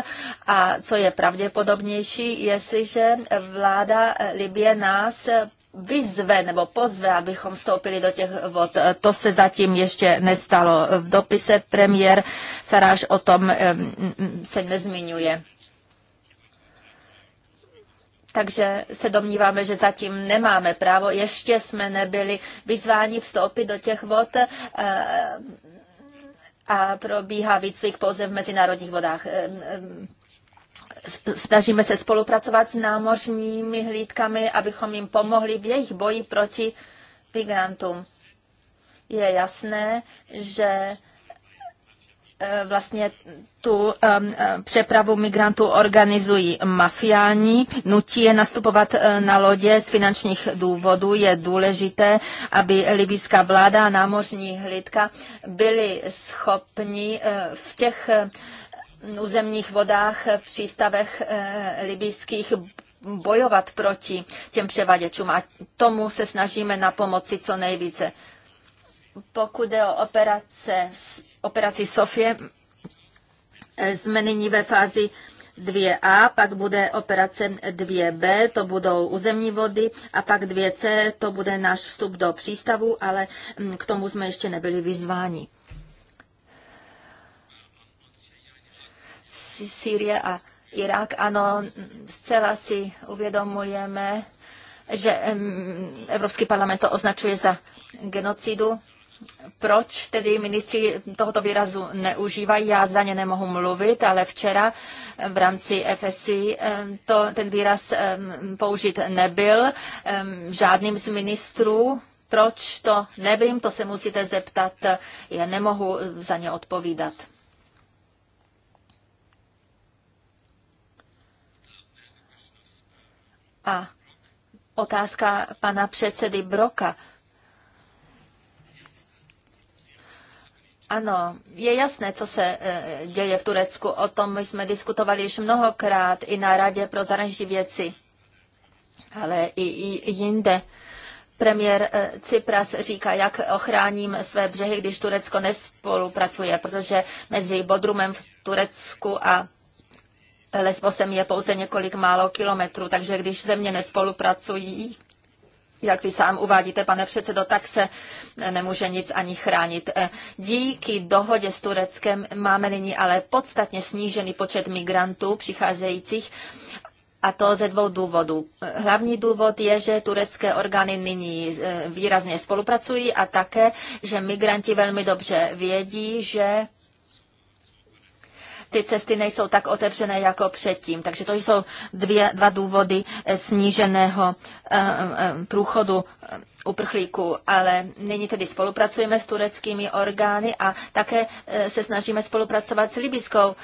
a co je pravděpodobnější, jestliže vláda Libie nás vyzve nebo pozve, abychom vstoupili do těch vod. To se zatím ještě nestalo. V dopise premiér Saráš o tom se nezmiňuje. Takže se domníváme, že zatím nemáme právo, ještě jsme nebyli vyzváni vstoupit do těch vod a probíhá výcvik pouze v mezinárodních vodách snažíme se spolupracovat s námořními hlídkami, abychom jim pomohli v jejich boji proti migrantům. Je jasné, že e, vlastně tu um, eh, přepravu migrantů organizují mafiáni, nutí je nastupovat eh, na lodě z finančních důvodů. Je důležité, aby libyská vláda a námořní hlídka byly schopni eh, v těch územních vodách, přístavech libyských bojovat proti těm převaděčům a tomu se snažíme na pomoci co nejvíce. Pokud je o operace, operaci Sofie, jsme nyní ve fázi 2A, pak bude operace 2B, to budou územní vody, a pak 2C, to bude náš vstup do přístavu, ale mm, k tomu jsme ještě nebyli vyzváni. Sýrie a Irák, ano, zcela si uvědomujeme, že mm, Evropský parlament to označuje za genocidu proč tedy ministři tohoto výrazu neužívají. Já za ně nemohu mluvit, ale včera eh, v rámci FSI eh, to, ten výraz eh, použit nebyl žádným z ministrů. Proč to nevím, to se musíte zeptat. Já nemohu za ně odpovídat. A otázka pana předsedy Broka Ano, je jasné, co se eh, děje v Turecku. O tom jsme diskutovali již mnohokrát i na Radě pro zahraniční věci, ale i, i jinde. Premiér Cypras eh, říká, jak ochráním své břehy, když Turecko nespolupracuje, protože mezi Bodrumem v Turecku a Lesbosem je pouze několik málo kilometrů, takže když země nespolupracují, jak vy sám uvádíte, pane předsedo, tak se nemůže nic ani chránit. Eh, díky dohodě s Tureckem máme nyní ale podstatně snížený počet migrantů přicházejících a to ze dvou důvodů. Hlavní důvod je, že turecké orgány nyní eh, výrazně spolupracují a také, že migranti velmi dobře vědí, že ty cesty nejsou tak otevřené jako předtím. Takže to jsou dvě, dva důvody sníženého eh, eh, průchodu eh, uprchlíků, ale nyní tedy spolupracujeme s tureckými orgány a také se snažíme spolupracovat s libyskou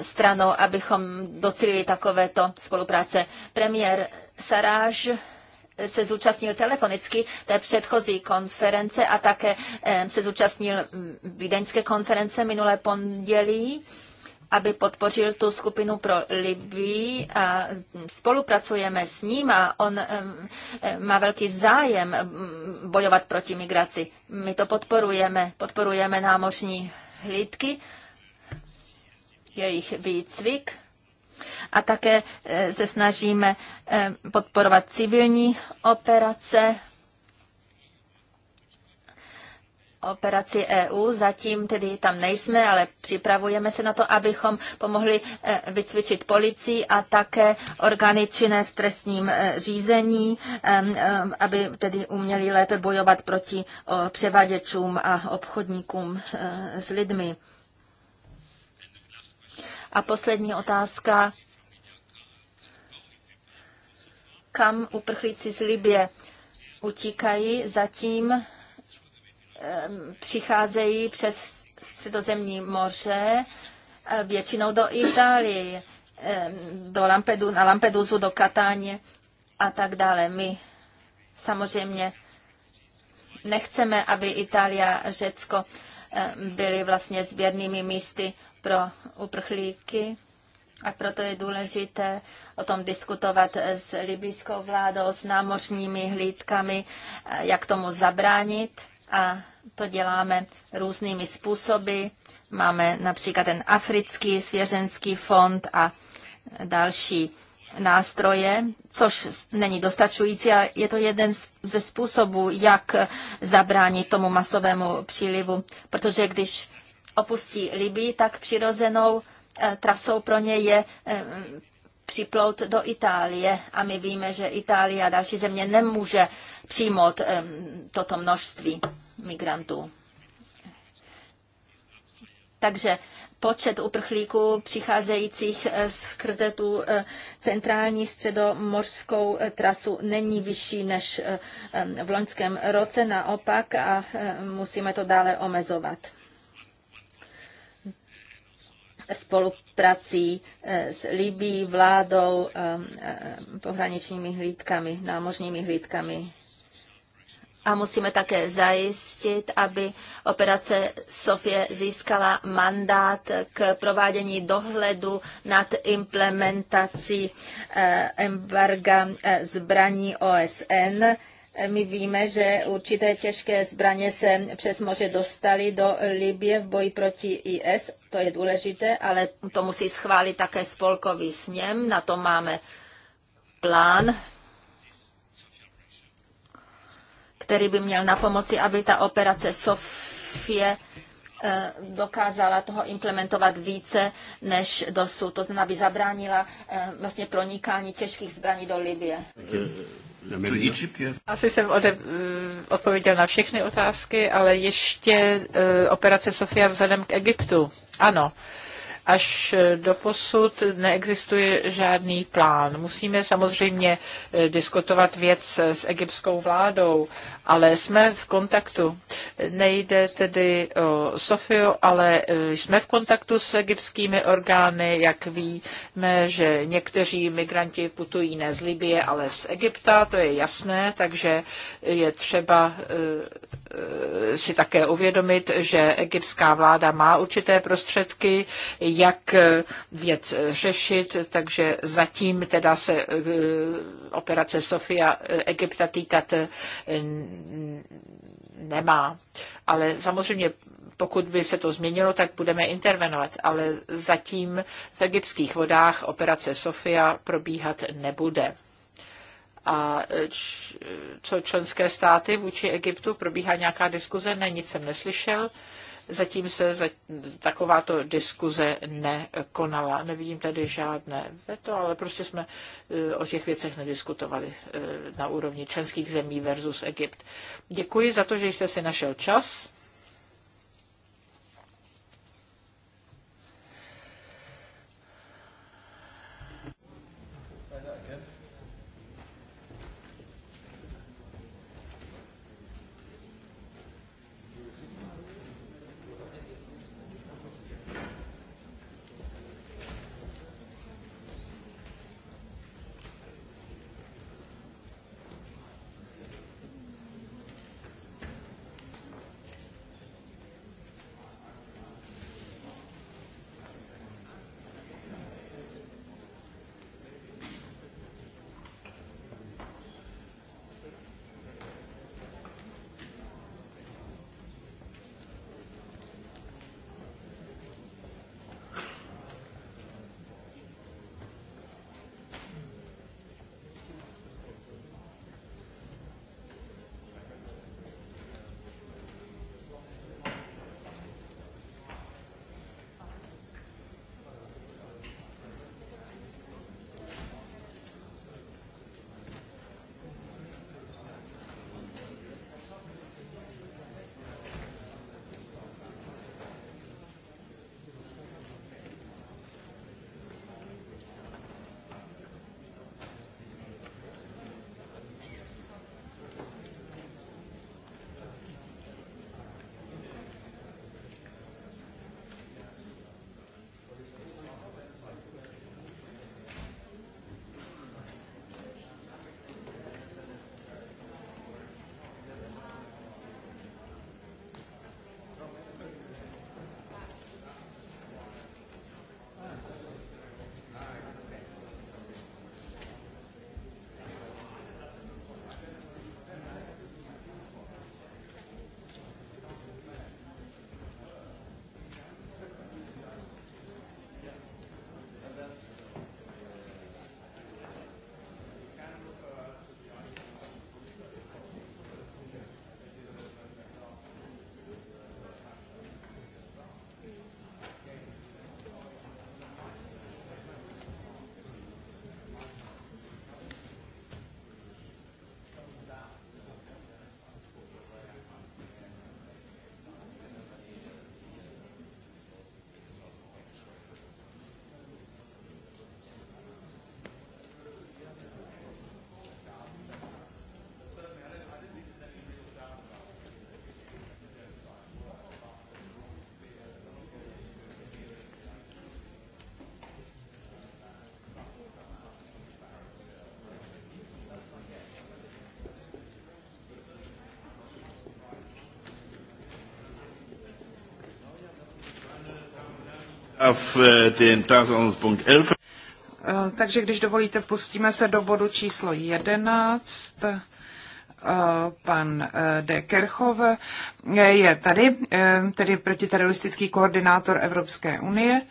stranou, abychom docílili takovéto spolupráce. Premiér Saráž se zúčastnil telefonicky té předchozí konference a také se zúčastnil mm, vídeňské konference minulé pondělí aby podpořil tu skupinu pro Libii a spolupracujeme s ním a on eh, eh, má velký zájem mm, bojovat proti migraci. My to podporujeme, podporujeme námořní hlídky, jejich výcvik a také eh, se snažíme podporovat civilní operace operaci EU. Zatím tedy tam nejsme, ale připravujeme se na to, abychom pomohli eh, vycvičit policii a také orgány činné v trestním eh, řízení, aby tedy uměli lépe bojovat proti převaděčům a obchodníkům eh, s lidmi. A poslední otázka. Kam uprchlíci z Libie utíkají? Zatím Ehm, přicházejí přes středozemní moře eh, většinou do Itálie, ehm, do Lampedu, na Lampeduzu, do Katáně a tak dále. My samozřejmě nechceme, aby Itálie a Řecko ehm, byly vlastně sběrnými místy pro uprchlíky. A proto je důležité o tom diskutovat s libijskou vládou, s námořními hlídkami, eh, jak tomu zabránit a to děláme různými způsoby. Máme například ten africký svěřenský fond a další nástroje, což není dostačující a je to jeden ze způsobů, jak zabránit tomu masovému přílivu, protože když opustí Libii, tak přirozenou eh, trasou pro ně je eh, připlout do Itálie a my víme, že Itálie a další země nemůže přijmout eh, toto množství migrantů. Takže počet uprchlíků přicházejících eh, skrze tu eh, centrální středomořskou eh, trasu není vyšší než v loňském roce, naopak a musíme to dále omezovat spoluprací s Libí, vládou, pohraničními hlídkami, námořními hlídkami a musíme také zajistit, aby operace Sofie získala mandát k provádění dohledu nad implementací eh, embarga eh, zbraní OSN. My víme, že určité těžké zbraně se přes moře dostaly do Libie v boji proti IS, to je důležité, ale to musí schválit také spolkový sněm, na to máme plán který by měl na pomoci, aby ta operace Sofie eh, dokázala toho implementovat více než dosud. To znamená, aby zabránila eh, vlastně pronikání těžkých zbraní do Libie. Asi jsem ode, eh, odpověděl na všechny otázky, ale ještě operace Sofia vzhledem k Egyptu. Ano, až do posud neexistuje žádný plán. Musíme samozřejmě diskutovat věc s egyptskou vládou ale jsme v kontaktu. Nejde tedy o Sofiu, ale eh, jsme v kontaktu s egyptskými orgány, jak víme, že někteří migranti putují ne z Libie, ale z Egypta, to je jasné, takže je třeba eh, Eh, si také uvědomit, že egyptská vláda má určité prostředky, jak eh, věc eh, řešit, takže zatím teda se operace Sofia Egypta týkat nemá. Ale samozřejmě, pokud by se to změnilo, tak budeme intervenovat. Ale zatím v egyptských vodách operace Sofia probíhat nebude a e, co členské státy vůči Egyptu, probíhá nějaká diskuze, ne, nic jsem neslyšel. Zatím se za, takováto diskuze nekonala. Nevidím tady žádné veto, ale prostě jsme e, o těch věcech nediskutovali e, na úrovni členských zemí versus Egypt. Děkuji za to, že jste si našel čas. Äh, äh, takže když dovolíte, pustíme se do bodu číslo 11 äh, pan de Kerchov je tady, tedy protiteroristický koordinátor Evropské unie.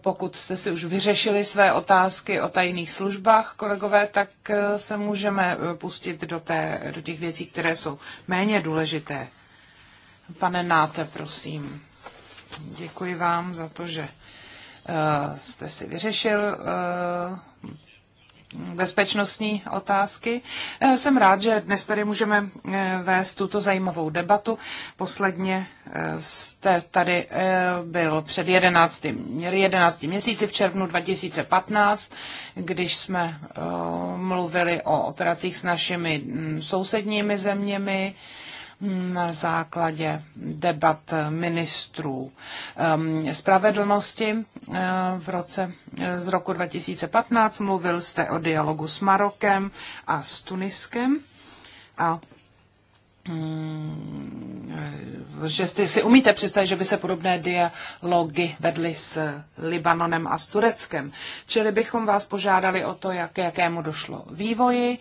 Pokud jste si už vyřešili své otázky o tajných službách, kolegové, tak se můžeme pustit do, té, do těch věcí, které jsou méně důležité. Pane Náte, prosím. Děkuji vám za to, že eh, jste si vyřešil eh, bezpečnostní otázky. Eh, jsem rád, že dnes tady můžeme vést tuto zajímavou debatu. Posledně jste tady byl před 11, 11 měsíci v červnu 2015, když jsme mluvili o operacích s našimi mm, sousedními zeměmi na základě debat ministrů ehm, spravedlnosti eh, v roce eh, z roku 2015. Mluvil jste o dialogu s Marokem a s Tuniskem a mm, eh, že jste si umíte představit, že by se podobné dialogy vedly s Libanonem a s Tureckem. Čili bychom vás požádali o to, jak, jakému došlo vývoji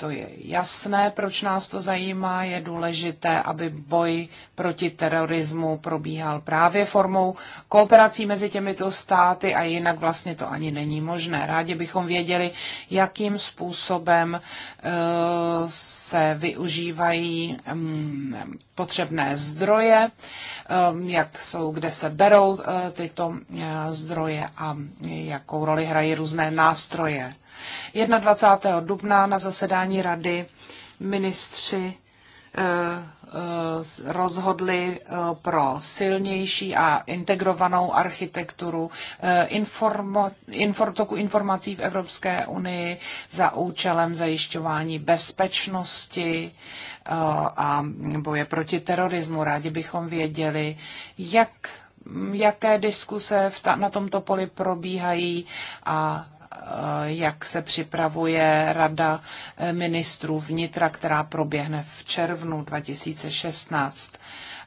to je jasné, proč nás to zajímá. Je důležité, aby boj proti terorismu probíhal právě formou kooperací mezi těmito státy a jinak vlastně to ani není možné. Rádi bychom věděli, jakým způsobem eh, se využívají mm, potřebné zdroje, eh, jak jsou, kde se berou eh, tyto zdroje a jakou roli hrají různé nástroje. 21. dubna na zasedání rady ministři eh, eh, rozhodli eh, pro silnější a integrovanou architekturu informo, inform, toku informací v Evropské unii za účelem zajišťování bezpečnosti a boje proti terorismu. Rádi bychom věděli, jak, jaké diskuse v ta, na tomto poli probíhají a Eh, jak se připravuje Rada eh, ministrů vnitra, která proběhne v červnu 2016.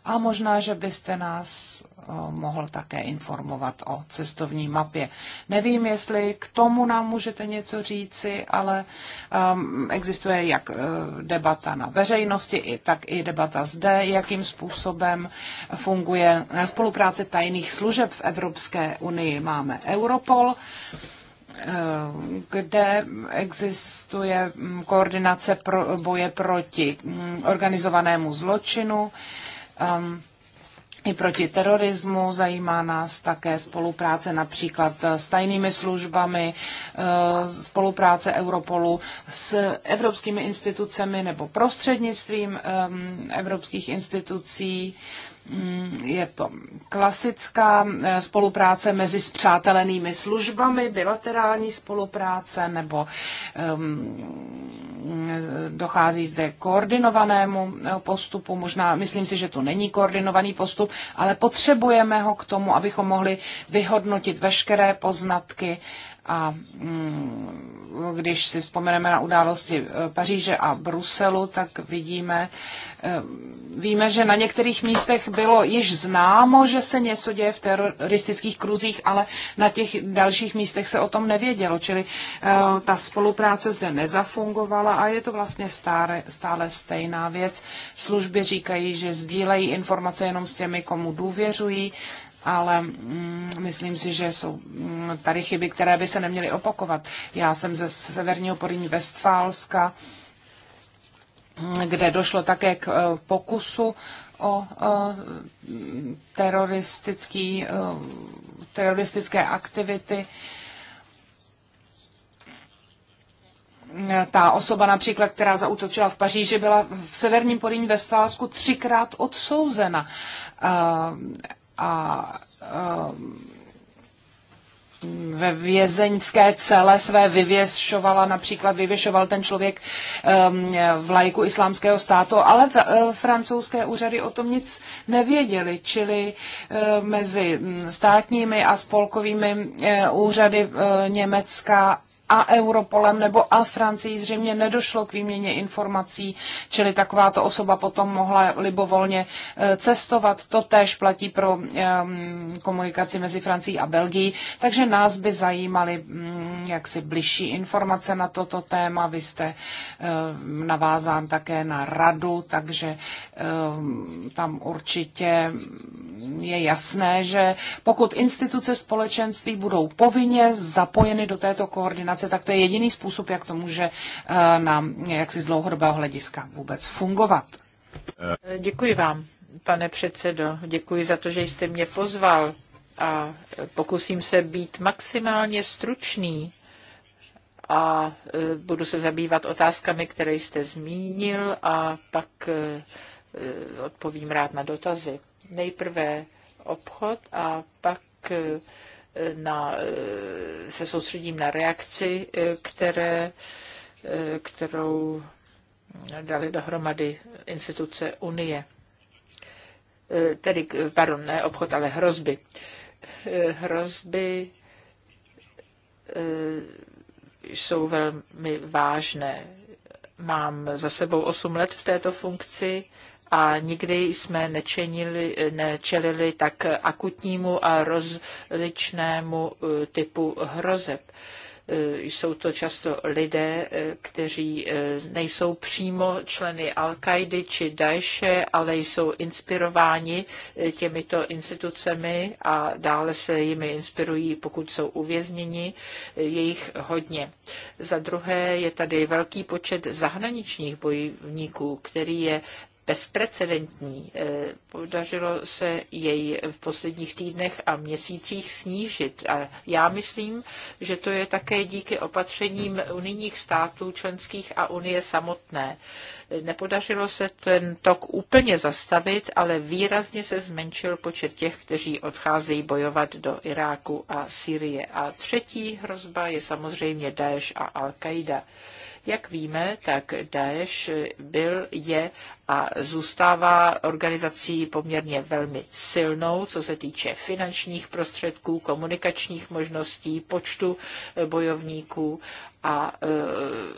A možná, že byste nás eh, mohl také informovat o cestovní mapě. Nevím, jestli k tomu nám můžete něco říci, ale um, existuje jak debata na veřejnosti, i, tak i debata zde, jakým způsobem funguje spolupráce tajných služeb v Evropské unii. Máme Europol. Uh, kde existuje mm, koordinace pro, boje proti mm, organizovanému zločinu um, i proti terorismu. Zajímá nás také spolupráce například s tajnými službami, uh, spolupráce Europolu s evropskými institucemi nebo prostřednictvím um, evropských institucí. Mm, je to klasická eh, spolupráce mezi spřátelenými službami, bilaterální spolupráce, nebo um, dochází zde koordinovanému eh, postupu. Možná, myslím si, že to není koordinovaný postup, ale potřebujeme ho k tomu, abychom mohli vyhodnotit veškeré poznatky a mm, když si vzpomeneme na události eh, Paříže a Bruselu, tak vidíme, eh, víme, že na některých místech bylo již známo, že se něco děje v teroristických kruzích, ale na těch dalších místech se o tom nevědělo, čili eh, ta spolupráce zde nezafungovala a je to vlastně stále, stále stejná věc. Služby říkají, že sdílejí informace jenom s těmi, komu důvěřují ale mm, myslím si, že jsou mm, tady chyby, které by se neměly opakovat. Já jsem ze severního Porýní Westfálska, mm, kde došlo také k e, pokusu o, e, teroristický, e, teroristické aktivity. Ta osoba například, která zautočila v Paříži, byla v severním Porýní Vestfálsku třikrát odsouzena a um, ve vězeňské celé své vyvěšovala, například vyvěšoval ten člověk um, vlajku islámského státu, ale v, uh, francouzské úřady o tom nic nevěděli, čili uh, mezi mm, státními a spolkovými uh, úřady uh, Německa a Europolem nebo a Francii zřejmě nedošlo k výměně informací, čili takováto osoba potom mohla libovolně eh, cestovat. To též platí pro ehm, komunikaci mezi Francií a Belgií, takže nás by zajímaly mm, jaksi bližší informace na toto téma. Vy jste ehm, navázán také na radu, takže ehm, tam určitě je jasné, že pokud instituce společenství budou povinně zapojeny do této koordinace, situace, tak to je jediný způsob, jak to může eh, nám jaksi z dlouhodobého hlediska vůbec fungovat. Eh, děkuji vám, pane předsedo. Děkuji za to, že jste mě pozval a pokusím se být maximálně stručný a eh, budu se zabývat otázkami, které jste zmínil a pak odpovím rád na dotazy. Nejprve obchod a pak na, se soustředím na reakci, které, kterou dali dohromady instituce Unie. Tedy, pardon, ne obchod, ale hrozby. Hrozby eh, jsou velmi vážné. Mám za sebou 8 let v této funkci a nikdy jsme nečenili, nečelili tak akutnímu a rozličnému eh, typu hrozeb eh, jsou to často lidé, eh, kteří nejsou přímo členy Al-Kaidy či Daeše, ale jsou inspirováni těmito institucemi a dále se jimi inspirují, pokud jsou uvězněni, jejich hodně. Za druhé je tady velký počet zahraničních bojovníků, který je bezprecedentní. Eh, podařilo se jej v posledních týdnech a měsících snížit. A já myslím, že to je také díky opatřením unijních států, členských a Unie samotné. Eh, nepodařilo se ten tok úplně zastavit, ale výrazně se zmenšil počet těch, kteří odcházejí bojovat do Iráku a Syrie. A třetí hrozba je samozřejmě Daesh a Al-Qaida. Jak víme, tak Daesh byl, je a zůstává organizací poměrně velmi silnou, co se týče finančních prostředků, komunikačních možností, počtu bojovníků a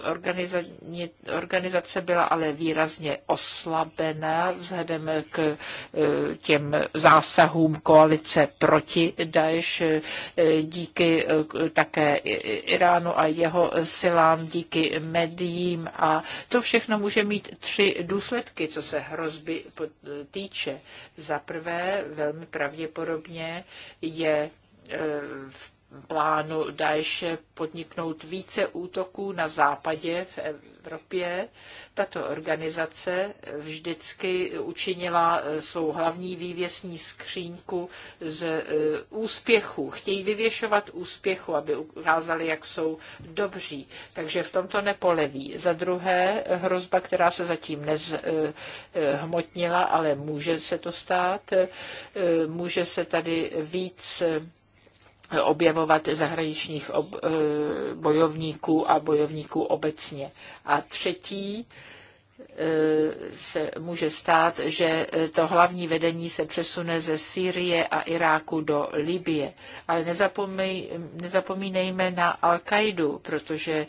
e, organizace byla ale výrazně oslabená vzhledem k e, těm zásahům koalice proti Daesh, e, díky také Iránu a jeho silám, díky médiím a to všechno může mít tři důsledky, co se hrozby týče. Za prvé, velmi pravděpodobně je v plánu Daeše podniknout více útoků na západě v Evropě. Tato organizace vždycky učinila eh, svou hlavní vývěsní skřínku z eh, úspěchu. Chtějí vyvěšovat úspěchu, aby ukázali, jak jsou dobří. Takže v tomto nepoleví. Za druhé, hrozba, která se zatím nezhmotnila, eh, ale může se to stát, může se tady víc objevovat zahraničních ob, eh, bojovníků a bojovníků obecně. A třetí, eh, se může stát, že eh, to hlavní vedení se přesune ze Sýrie a Iráku do Libie. Ale nezapomej, nezapomínejme na Al-Kaidu, protože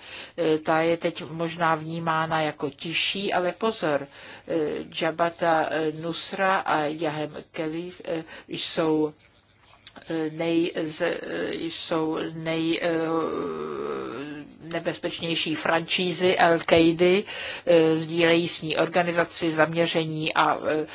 ta je teď možná vnímána jako tiší, ale pozor, Jabata Nusra a Jahem e, jsou nej, z, jsou nej eh, nebezpečnější francízy Al-Kaidy, eh, sdílejí s ní organizaci, zaměření a eh,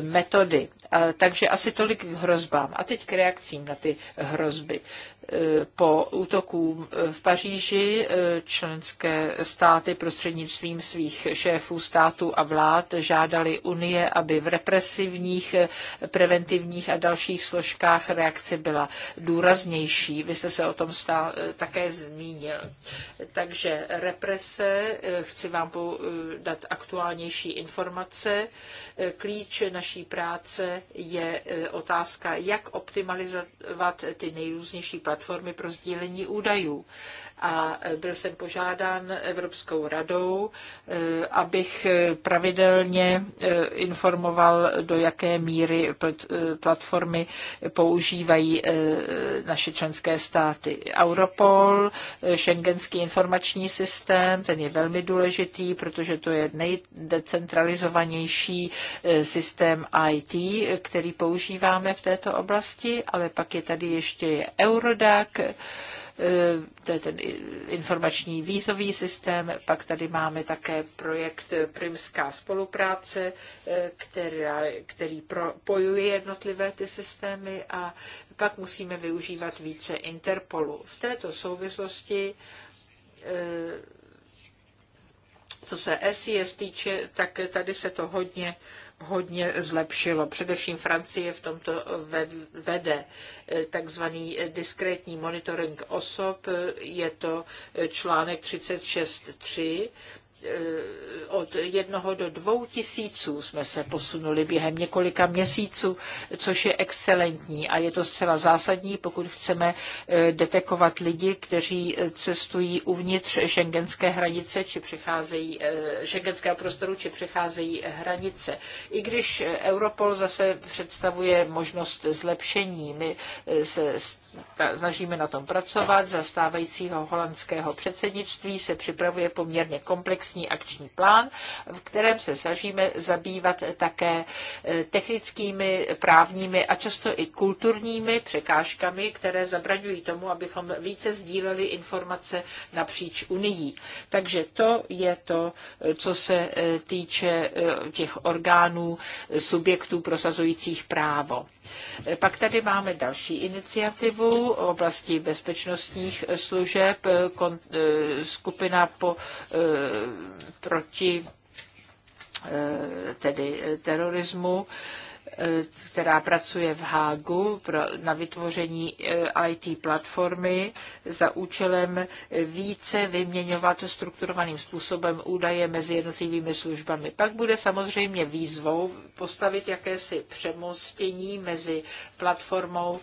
metody takže asi tolik k hrozbám. A teď k reakcím na ty hrozby. E, po útoku v Paříži e, členské státy prostřednictvím svých šéfů států a vlád žádali Unie, aby v represivních, e, preventivních a dalších složkách reakce byla důraznější. Vy jste se o tom stál, také zmínil. Takže represe, chci vám dát aktuálnější informace. Klíč naší práce je e, otázka, jak optimalizovat ty nejrůznější platformy pro sdílení údajů a byl jsem požádán Evropskou radou, eh, abych pravidelně eh, informoval, do jaké míry eh, platformy používají naše členské státy. Europol, Schengenský informační systém, ten je velmi důležitý, protože to je nejdecentralizovanější systém IT, který používáme v této oblasti, ale pak je tady ještě Eurodac, Eh, to je ten informační výzový systém, pak tady máme také projekt Primská spolupráce, eh, která, který propojuje jednotlivé ty systémy a pak musíme využívat více Interpolu. V této souvislosti eh, co se SIS týče, tak tady se to hodně hodně zlepšilo. Především Francie v tomto vede eh, takzvaný eh, diskrétní monitoring osob, eh, je to článek 36.3 Eh, od jednoho do dvou tisíců jsme se posunuli během několika měsíců, což je excelentní a je to zcela zásadní, pokud chceme eh, detekovat lidi, kteří eh, cestují uvnitř šengenské hranice či přecházejí šengenského prostoru či přecházejí hranice. I když Europol zase představuje možnost zlepšení, my se snažíme na tom pracovat, zastávajícího holandského předsednictví se připravuje poměrně komplexní komplexní akční plán, v kterém se snažíme zabývat také e, technickými, právními a často i kulturními překážkami, které zabraňují tomu, abychom více sdíleli informace napříč Unii. Takže to je to, e, co se e, týče těch orgánů subjektů prosazujících právo. Eh, pak tady máme další iniciativu v oblasti bezpečnostních služeb, eh, eh, skupina po, proti tedy terorismu která pracuje v Hágu pro, na vytvoření eh, IT platformy za účelem více vyměňovat strukturovaným způsobem údaje mezi jednotlivými službami. Pak bude samozřejmě výzvou postavit jakési přemostění mezi platformou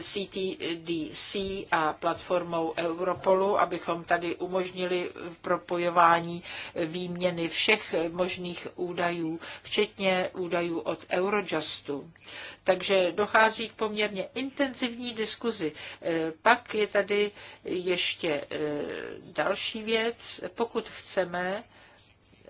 CTDC eh, a platformou Europolu, abychom tady umožnili propojování výměny všech možných údajů, včetně údajů od od Eurojustu. Takže dochází k poměrně intenzivní diskuzi. Eh, pak je tady ještě eh, další věc. Pokud chceme,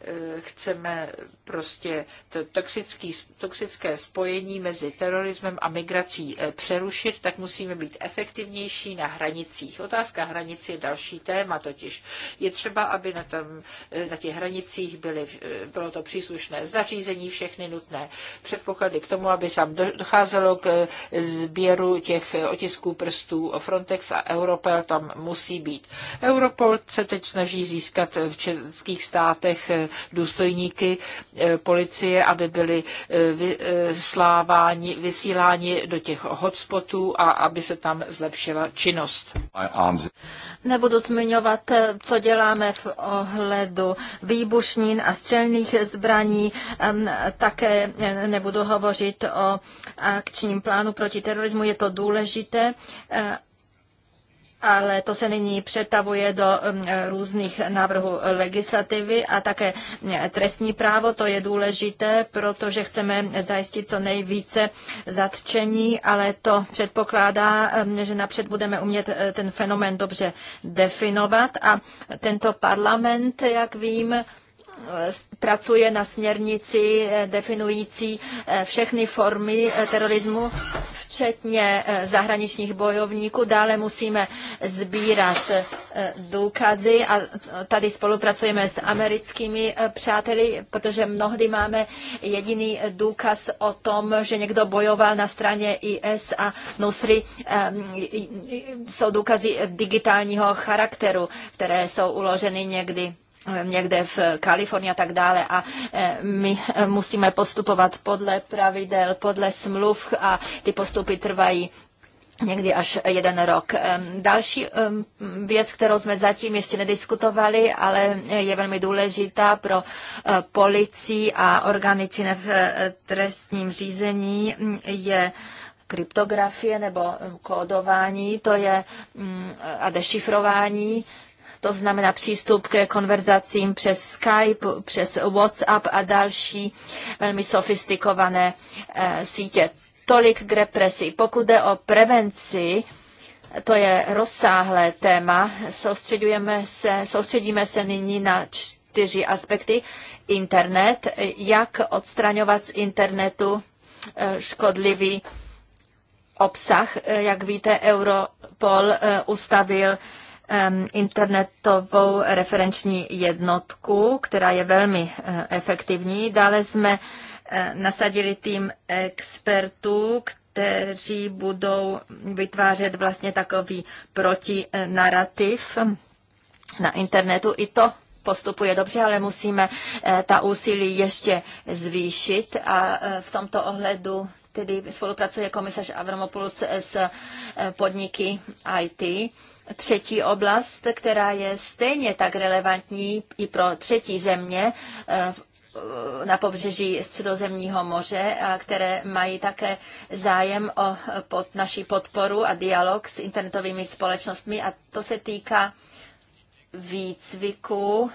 Eh, chceme prostě to toxický, toxické spojení mezi terorismem a migrací eh, přerušit, tak musíme být efektivnější na hranicích. Otázka hranic je další téma totiž. Je třeba, aby na, tom, eh, na těch hranicích byly, bylo to příslušné zařízení, všechny nutné předpoklady k tomu, aby tam docházelo k sběru těch otisků prstů Frontex a Europol tam musí být. Europol se teď snaží získat v českých státech důstojníky eh, policie, aby byli eh, vysláváni, eh, vysíláni do těch hotspotů a aby se tam zlepšila činnost. Nebudu zmiňovat, co děláme v ohledu výbušnin a střelných zbraní. Také nebudu hovořit o akčním plánu proti terorismu. Je to důležité, ale to se nyní přetavuje do um, různých návrhů legislativy a také eh, trestní právo. To je důležité, protože chceme zajistit co nejvíce zatčení, ale to předpokládá, um, že napřed budeme umět eh, ten fenomén dobře definovat a tento parlament, jak vím, pracuje na směrnici eh, definující eh, všechny formy eh, terorismu, včetně zahraničních bojovníků. Dále musíme sbírat důkazy a tady spolupracujeme s americkými přáteli, protože mnohdy máme jediný důkaz o tom, že někdo bojoval na straně IS a Nusry. Ehm, jsou důkazy digitálního charakteru, které jsou uloženy někdy Eh, někde v Kalifornii a tak dále a eh, my eh, musíme postupovat podle pravidel, podle smluv a ty postupy trvají někdy až jeden rok. Další věc, kterou jsme zatím ještě nediskutovali, ale je velmi důležitá pro policii a orgány činné v trestním řízení, mm, je kryptografie nebo kódování, to je mm, a dešifrování, to znamená přístup ke konverzacím přes Skype, přes WhatsApp a další velmi sofistikované eh, sítě. Tolik k represi. Pokud jde o prevenci, to je rozsáhlé téma. Soustředujeme se, soustředíme se nyní na čtyři aspekty. Internet, jak odstraňovat z internetu eh, škodlivý obsah. Eh, jak víte, Europol ustavil internetovou referenční jednotku, která je velmi eh, efektivní. Dále jsme eh, nasadili tým expertů, kteří budou vytvářet vlastně takový protinarativ na internetu. I to postupuje dobře, ale musíme eh, ta úsilí ještě zvýšit a v tomto ohledu tedy spolupracuje komisař Avramopoulos s podniky IT Třetí oblast, která je stejně tak relevantní i pro třetí země eh, eh, na pobřeží Středozemního moře, a které mají také zájem o eh, pod, naši podporu a dialog s internetovými společnostmi. A to se týká výcviku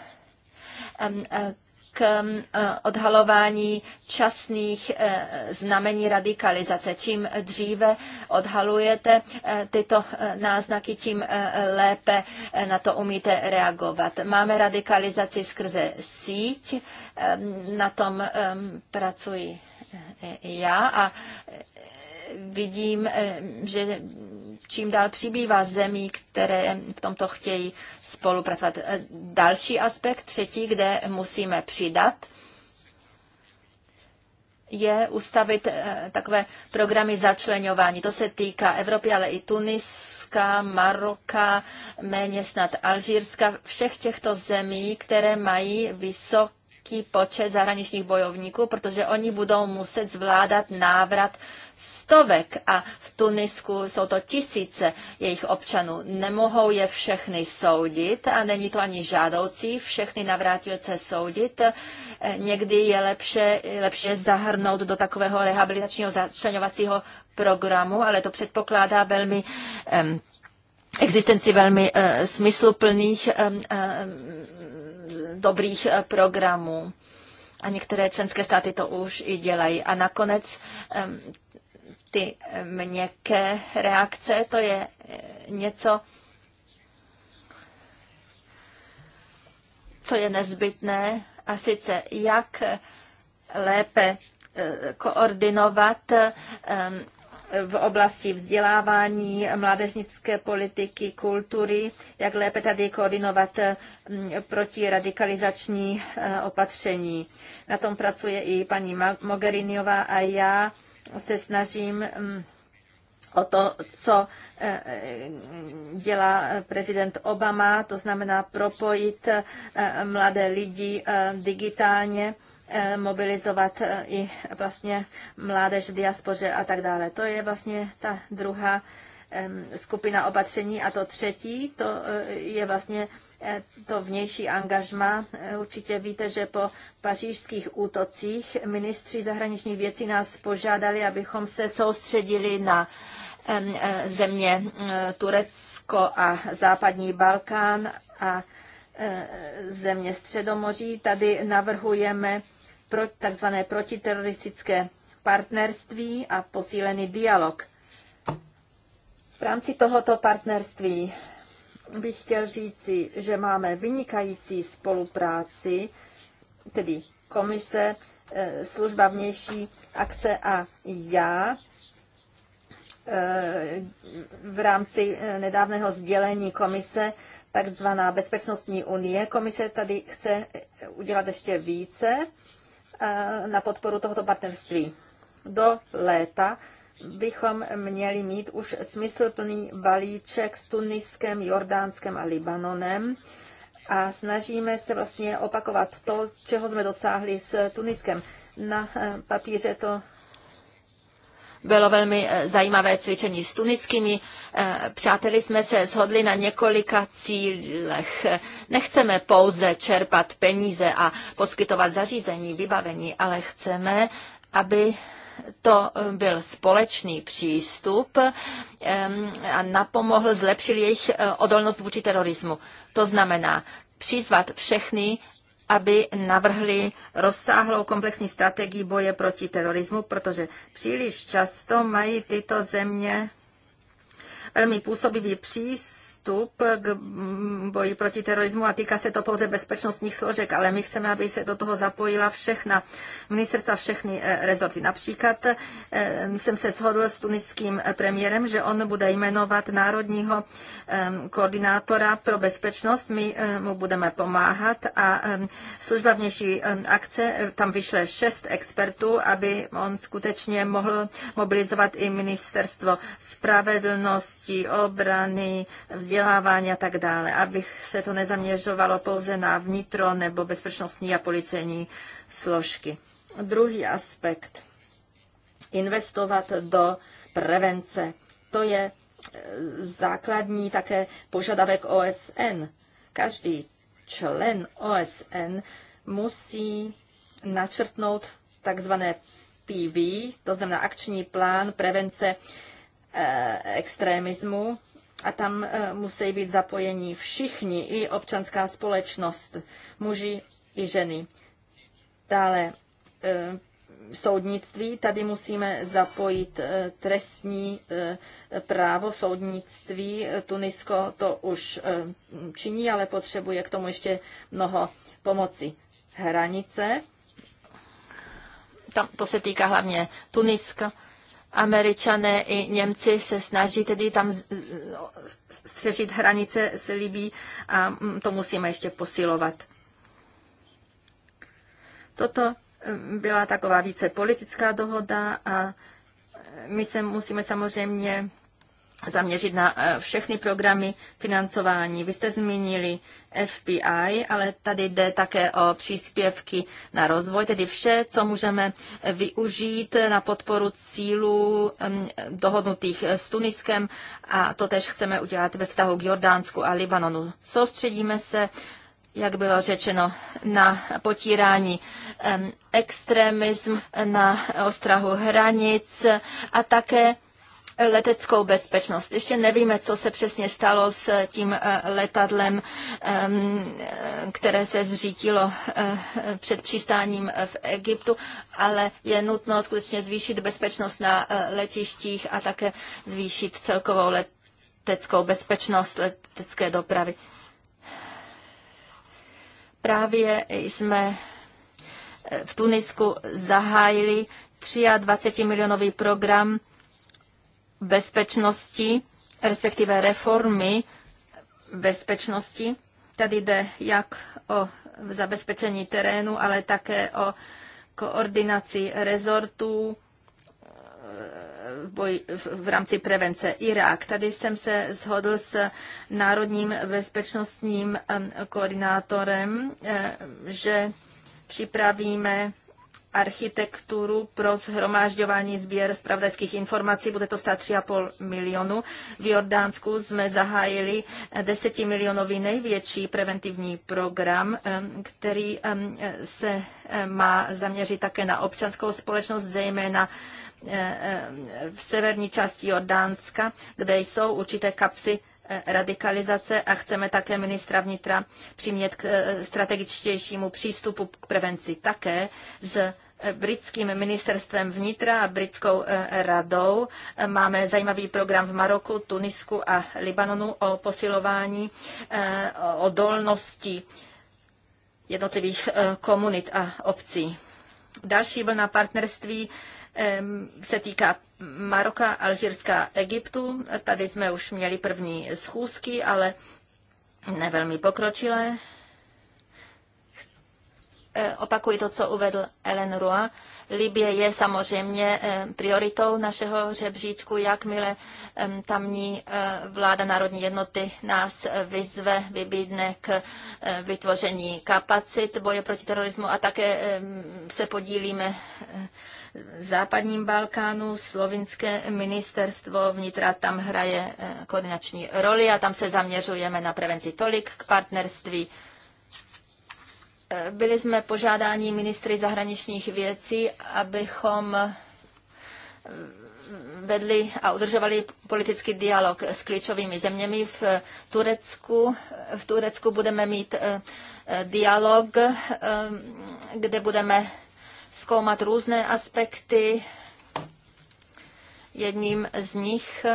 k um, eh, odhalování časných eh, znamení radikalizace. Čím dříve odhalujete eh, tyto náznaky, tím lépe na to umíte reagovat. Máme radikalizaci skrze síť, na tom ehm, pracuji já a vidím, eh, že čím dál přibývá zemí, které v tomto chtějí spolupracovat. Eh, další aspekt, třetí, kde musíme přidat, je ustavit eh, takové programy začlenování. To se týká Evropy, ale i Tuniska, Maroka, méně snad Alžírska, všech těchto zemí, které mají vysok velký počet zahraničních bojovníků, protože oni budou muset zvládat návrat stovek a v Tunisku jsou to tisíce jejich občanů. Nemohou je všechny soudit a není to ani žádoucí všechny navrátilce soudit. E, někdy je lepší, lepší zahrnout do takového rehabilitačního začlenovacího programu, ale to předpokládá velmi um, existenci velmi uh, smysluplných um, um, dobrých eh, programů. A některé členské státy to už i dělají. A nakonec ty měkké reakce, to je eh, něco, co je nezbytné, a sice jak lépe eh, koordinovat v oblasti vzdělávání, mládežnické politiky, kultury, jak lépe tady koordinovat mm, protiradikalizační eh, opatření. Na tom pracuje i paní Mogheriniová a já se snažím mm, o to, co eh, eh, dělá prezident Obama, to znamená propojit eh, mladé lidi digitálně, mobilizovat i vlastně mládež v diaspoře a tak dále. To je vlastně ta druhá skupina opatření a to třetí, to je vlastně to vnější angažma. Určitě víte, že po pařížských útocích ministři zahraničních věcí nás požádali, abychom se soustředili na Eh, země eh, Turecko a západní Balkán a eh, země Středomoří. Tady navrhujeme takzvané protiteroristické partnerství a posílený dialog. V rámci tohoto partnerství bych chtěl říci, že máme vynikající spolupráci, tedy komise, služba vnější akce a já Eh, v rámci eh, nedávného sdělení komise, takzvaná bezpečnostní unie. Komise tady chce eh, udělat ještě více na podporu tohoto partnerství. Do léta bychom měli mít už smysluplný balíček s Tuniskem, Jordánskem a Libanonem a snažíme se vlastně opakovat to, čeho jsme dosáhli s Tuniskem. Na papíře to bylo velmi eh, zajímavé cvičení s tunickými eh, přáteli. Jsme se shodli na několika cílech. Nechceme pouze čerpat peníze a poskytovat zařízení, vybavení, ale chceme, aby to byl společný přístup a napomohl, zlepšil jejich eh, odolnost vůči terorismu. To znamená přizvat všechny, aby navrhli rozsáhlou komplexní strategii boje proti terorismu, protože příliš často mají tyto země velmi působivý přístup přístup k boji proti terorismu a týká se to pouze bezpečnostních složek, ale my chceme, aby se do toho zapojila všechna ministerstva, všechny eh, rezorty. Například eh, jsem se shodl s tuniským premiérem, že on bude jmenovat národního ehm, koordinátora pro bezpečnost. My eh, mu budeme pomáhat a ehm, služba vnější ehm, akce tam vyšle šest expertů, aby on skutečně mohl mobilizovat i ministerstvo spravedlnosti, obrany, vzdělání vzdělávání a tak dále, abych se to nezaměřovalo pouze na vnitro nebo bezpečnostní a policejní složky. Druhý aspekt. Investovat do prevence. To je e, základní také požadavek OSN. Každý člen OSN musí načrtnout takzvané PV, to znamená akční plán prevence e, extremismu a tam eh, musí být zapojeni všichni, i občanská společnost, muži i ženy. Dále eh, soudnictví, tady musíme zapojit eh, trestní právo soudnictví. Tunisko to už činí, ale potřebuje k tomu ještě mnoho pomoci. Hranice, tam, to se týká hlavně Tuniska, Američané i Němci se snaží tedy tam střežit hranice s Libí a mm, to musíme ještě posilovat. Toto mm, byla taková více politická dohoda a my se musíme samozřejmě zaměřit na eh, všechny programy financování. Vy jste zmínili FPI, ale tady jde také o příspěvky na rozvoj, tedy vše, co můžeme eh, využít eh, na podporu cílů mm, dohodnutých s Tuniskem a to tež chceme udělat ve vztahu k Jordánsku a Libanonu. Soustředíme se jak bylo řečeno, na potírání mm, extremism, na ostrahu hranic a také leteckou bezpečnost. Ještě nevíme, co se přesně stalo s tím eh, letadlem, ehm, eh, které se zřítilo eh, před přistáním v Egyptu, ale je nutno skutečně zvýšit bezpečnost na letištích a také zvýšit celkovou leteckou bezpečnost letecké dopravy. Právě jsme v Tunisku zahájili 23 milionový program bezpečnosti, respektive reformy bezpečnosti. Tady jde jak o zabezpečení terénu, ale také o koordinaci rezortů e, v, boji, v rámci prevence Irák. Tady jsem se shodl s národním bezpečnostním koordinátorem, e, že připravíme architekturu pro zhromážďování sběr zpravodajských informací. Bude to stát 3,5 milionu. V Jordánsku jsme zahájili 10 milionový největší preventivní program, který se má zaměřit také na občanskou společnost, zejména e, e, v severní části Jordánska, kde jsou určité kapsy e, radikalizace a chceme také ministra vnitra přimět k strategičtějšímu přístupu k prevenci. Také z Eh, britským ministerstvem vnitra a britskou eh, radou. Eh, máme zajímavý program v Maroku, Tunisku a Libanonu o posilování odolnosti jednotlivých komunit a obcí. Další vlna partnerství se týká Maroka, Alžírska, Egyptu. Tady jsme už měli první schůzky, ale nevelmi pokročilé. E, opakuji to, co uvedl Ellen Rua. Libie je samozřejmě e, prioritou našeho žebříčku, jakmile e, tamní vláda Národní jednoty nás vyzve, vybídne k vytvoření kapacit boje proti terorismu a také se podílíme západním Balkánu. Slovinské ministerstvo vnitra tam hraje koordinační roli a tam se zaměřujeme na prevenci tolik k partnerství byli jsme požádáni ministry zahraničních věcí, abychom vedli a udržovali politický dialog s klíčovými zeměmi. V Turecku, v Turecku budeme mít eh, dialog, eh, kde budeme zkoumat různé aspekty. Jedním z nich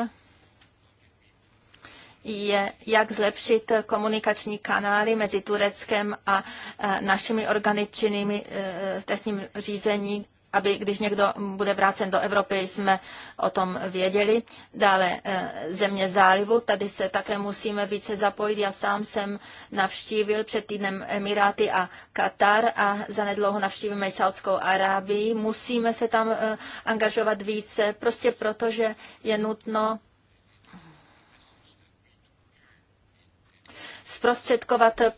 je, jak zlepšit komunikační kanály mezi Tureckem a e, našimi orgány činnými e, v trestním řízení, aby když někdo bude vrácen do Evropy, jsme o tom věděli. Dále e, země zálivu, tady se také musíme více zapojit. Já sám jsem navštívil před týdnem Emiráty a Katar a zanedlouho navštívíme i Saudskou Arábii. Musíme se tam angažovat více, prostě protože je nutno zprostředkovat eh,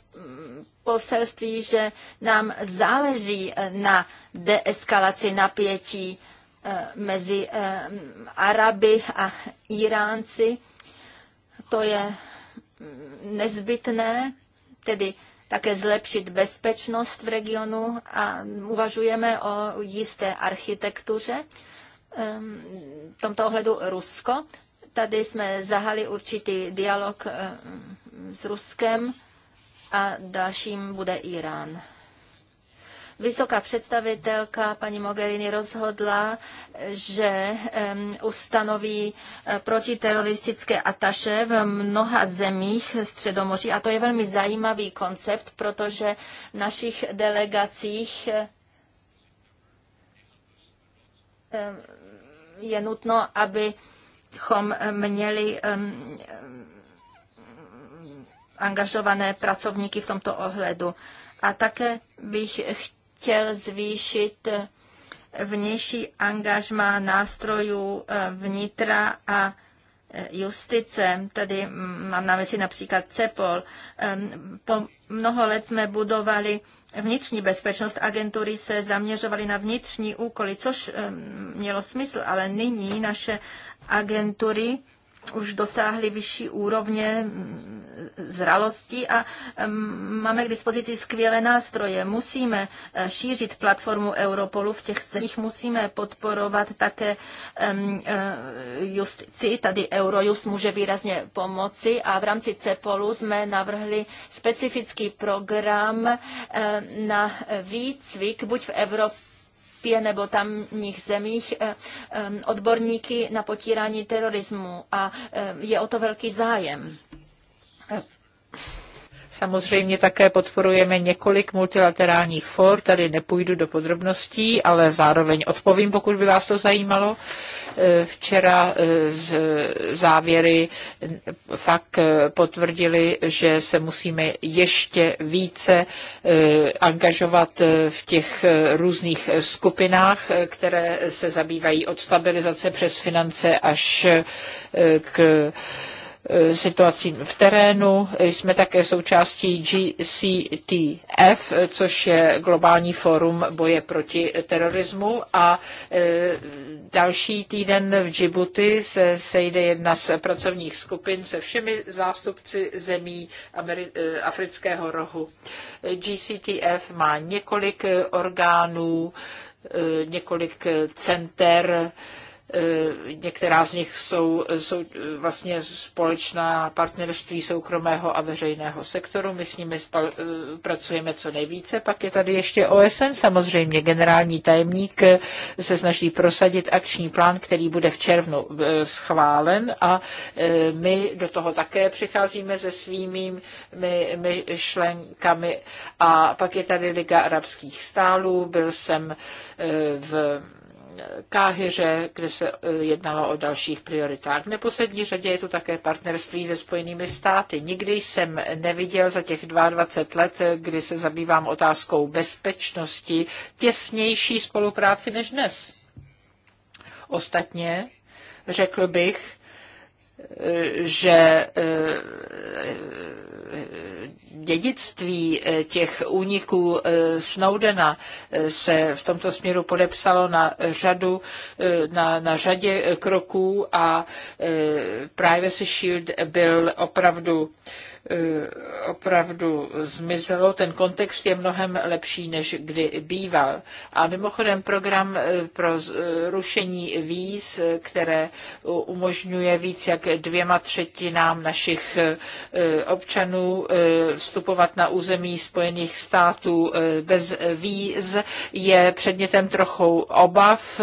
poselství, že nám záleží eh, na deeskalaci napětí eh, mezi Araby a Iránci. To je nezbytné, tedy také zlepšit bezpečnost v regionu a uvažujeme o jisté architektuře. Ehm, v tomto ohledu Rusko Tady jsme zahali určitý dialog eh, s Ruskem a dalším bude Irán. Vysoká představitelka paní Mogherini rozhodla, že ustanoví eh, protiteroristické ataše v mnoha zemích Středomoří. A to je velmi zajímavý koncept, protože v našich delegacích eh, je nutno, aby bychom měli angažované pracovníky v tomto ohledu. A také bych chtěl zvýšit vnější angažma nástrojů eh, vnitra a justice, tady mám na mysli například CEPOL. Po mnoho let jsme budovali vnitřní bezpečnost, agentury se zaměřovaly na vnitřní úkoly, což mělo smysl, ale nyní naše agentury už dosáhli vyšší úrovně mm, zralosti a mm, máme k dispozici skvělé nástroje. Musíme eh, šířit platformu Europolu v těch zemích, musíme podporovat také mm, eh, justici, tady Eurojust může výrazně pomoci a v rámci CEPOLu jsme navrhli specifický program eh, na výcvik buď v Evropě, Evropě nebo tamních zemích eh, eh, odborníky na potírání terorismu a eh, je o to velký zájem. Samozřejmě také podporujeme několik multilaterálních for, tady nepůjdu do podrobností, ale zároveň odpovím, pokud by vás to zajímalo. Eh, včera eh, z závěry fakt eh, potvrdili, že se musíme ještě více angažovat v těch různých skupinách, které se zabývají od stabilizace přes finance až k E, situací v terénu. Jsme také součástí GCTF, což je globální fórum boje proti terorismu a e, další týden v Djibouti se sejde jedna z pracovních skupin se všemi zástupci zemí e, afrického rohu. GCTF má několik orgánů, několik center, Eh, některá z nich jsou, jsou eh, vlastně společná partnerství soukromého a veřejného sektoru. My s nimi spal, eh, pracujeme co nejvíce. Pak je tady ještě OSN samozřejmě. Generální tajemník se snaží prosadit akční plán, který bude v červnu schválen a my do toho také přicházíme se svými my my šlenkami. A pak je tady Liga arabských stálů. Byl jsem v Káhyře, kde se e, jednalo o dalších prioritách. V neposlední řadě je tu také partnerství se Spojenými státy. Nikdy jsem neviděl za těch 22 let, kdy se zabývám otázkou bezpečnosti, těsnější spolupráci než dnes. Ostatně řekl bych, e, že e, dědictví eh, těch úniků eh, Snowdena eh, se v tomto směru podepsalo na, řadu, na, na řadě kroků a Privacy Shield byl opravdu E, opravdu zmizelo. Ten kontext je mnohem lepší, než kdy býval. A mimochodem program e, pro e, rušení víz, které umožňuje víc jak dvěma třetinám našich občanů vstupovat na území Spojených států bez víz, je předmětem trochu obav,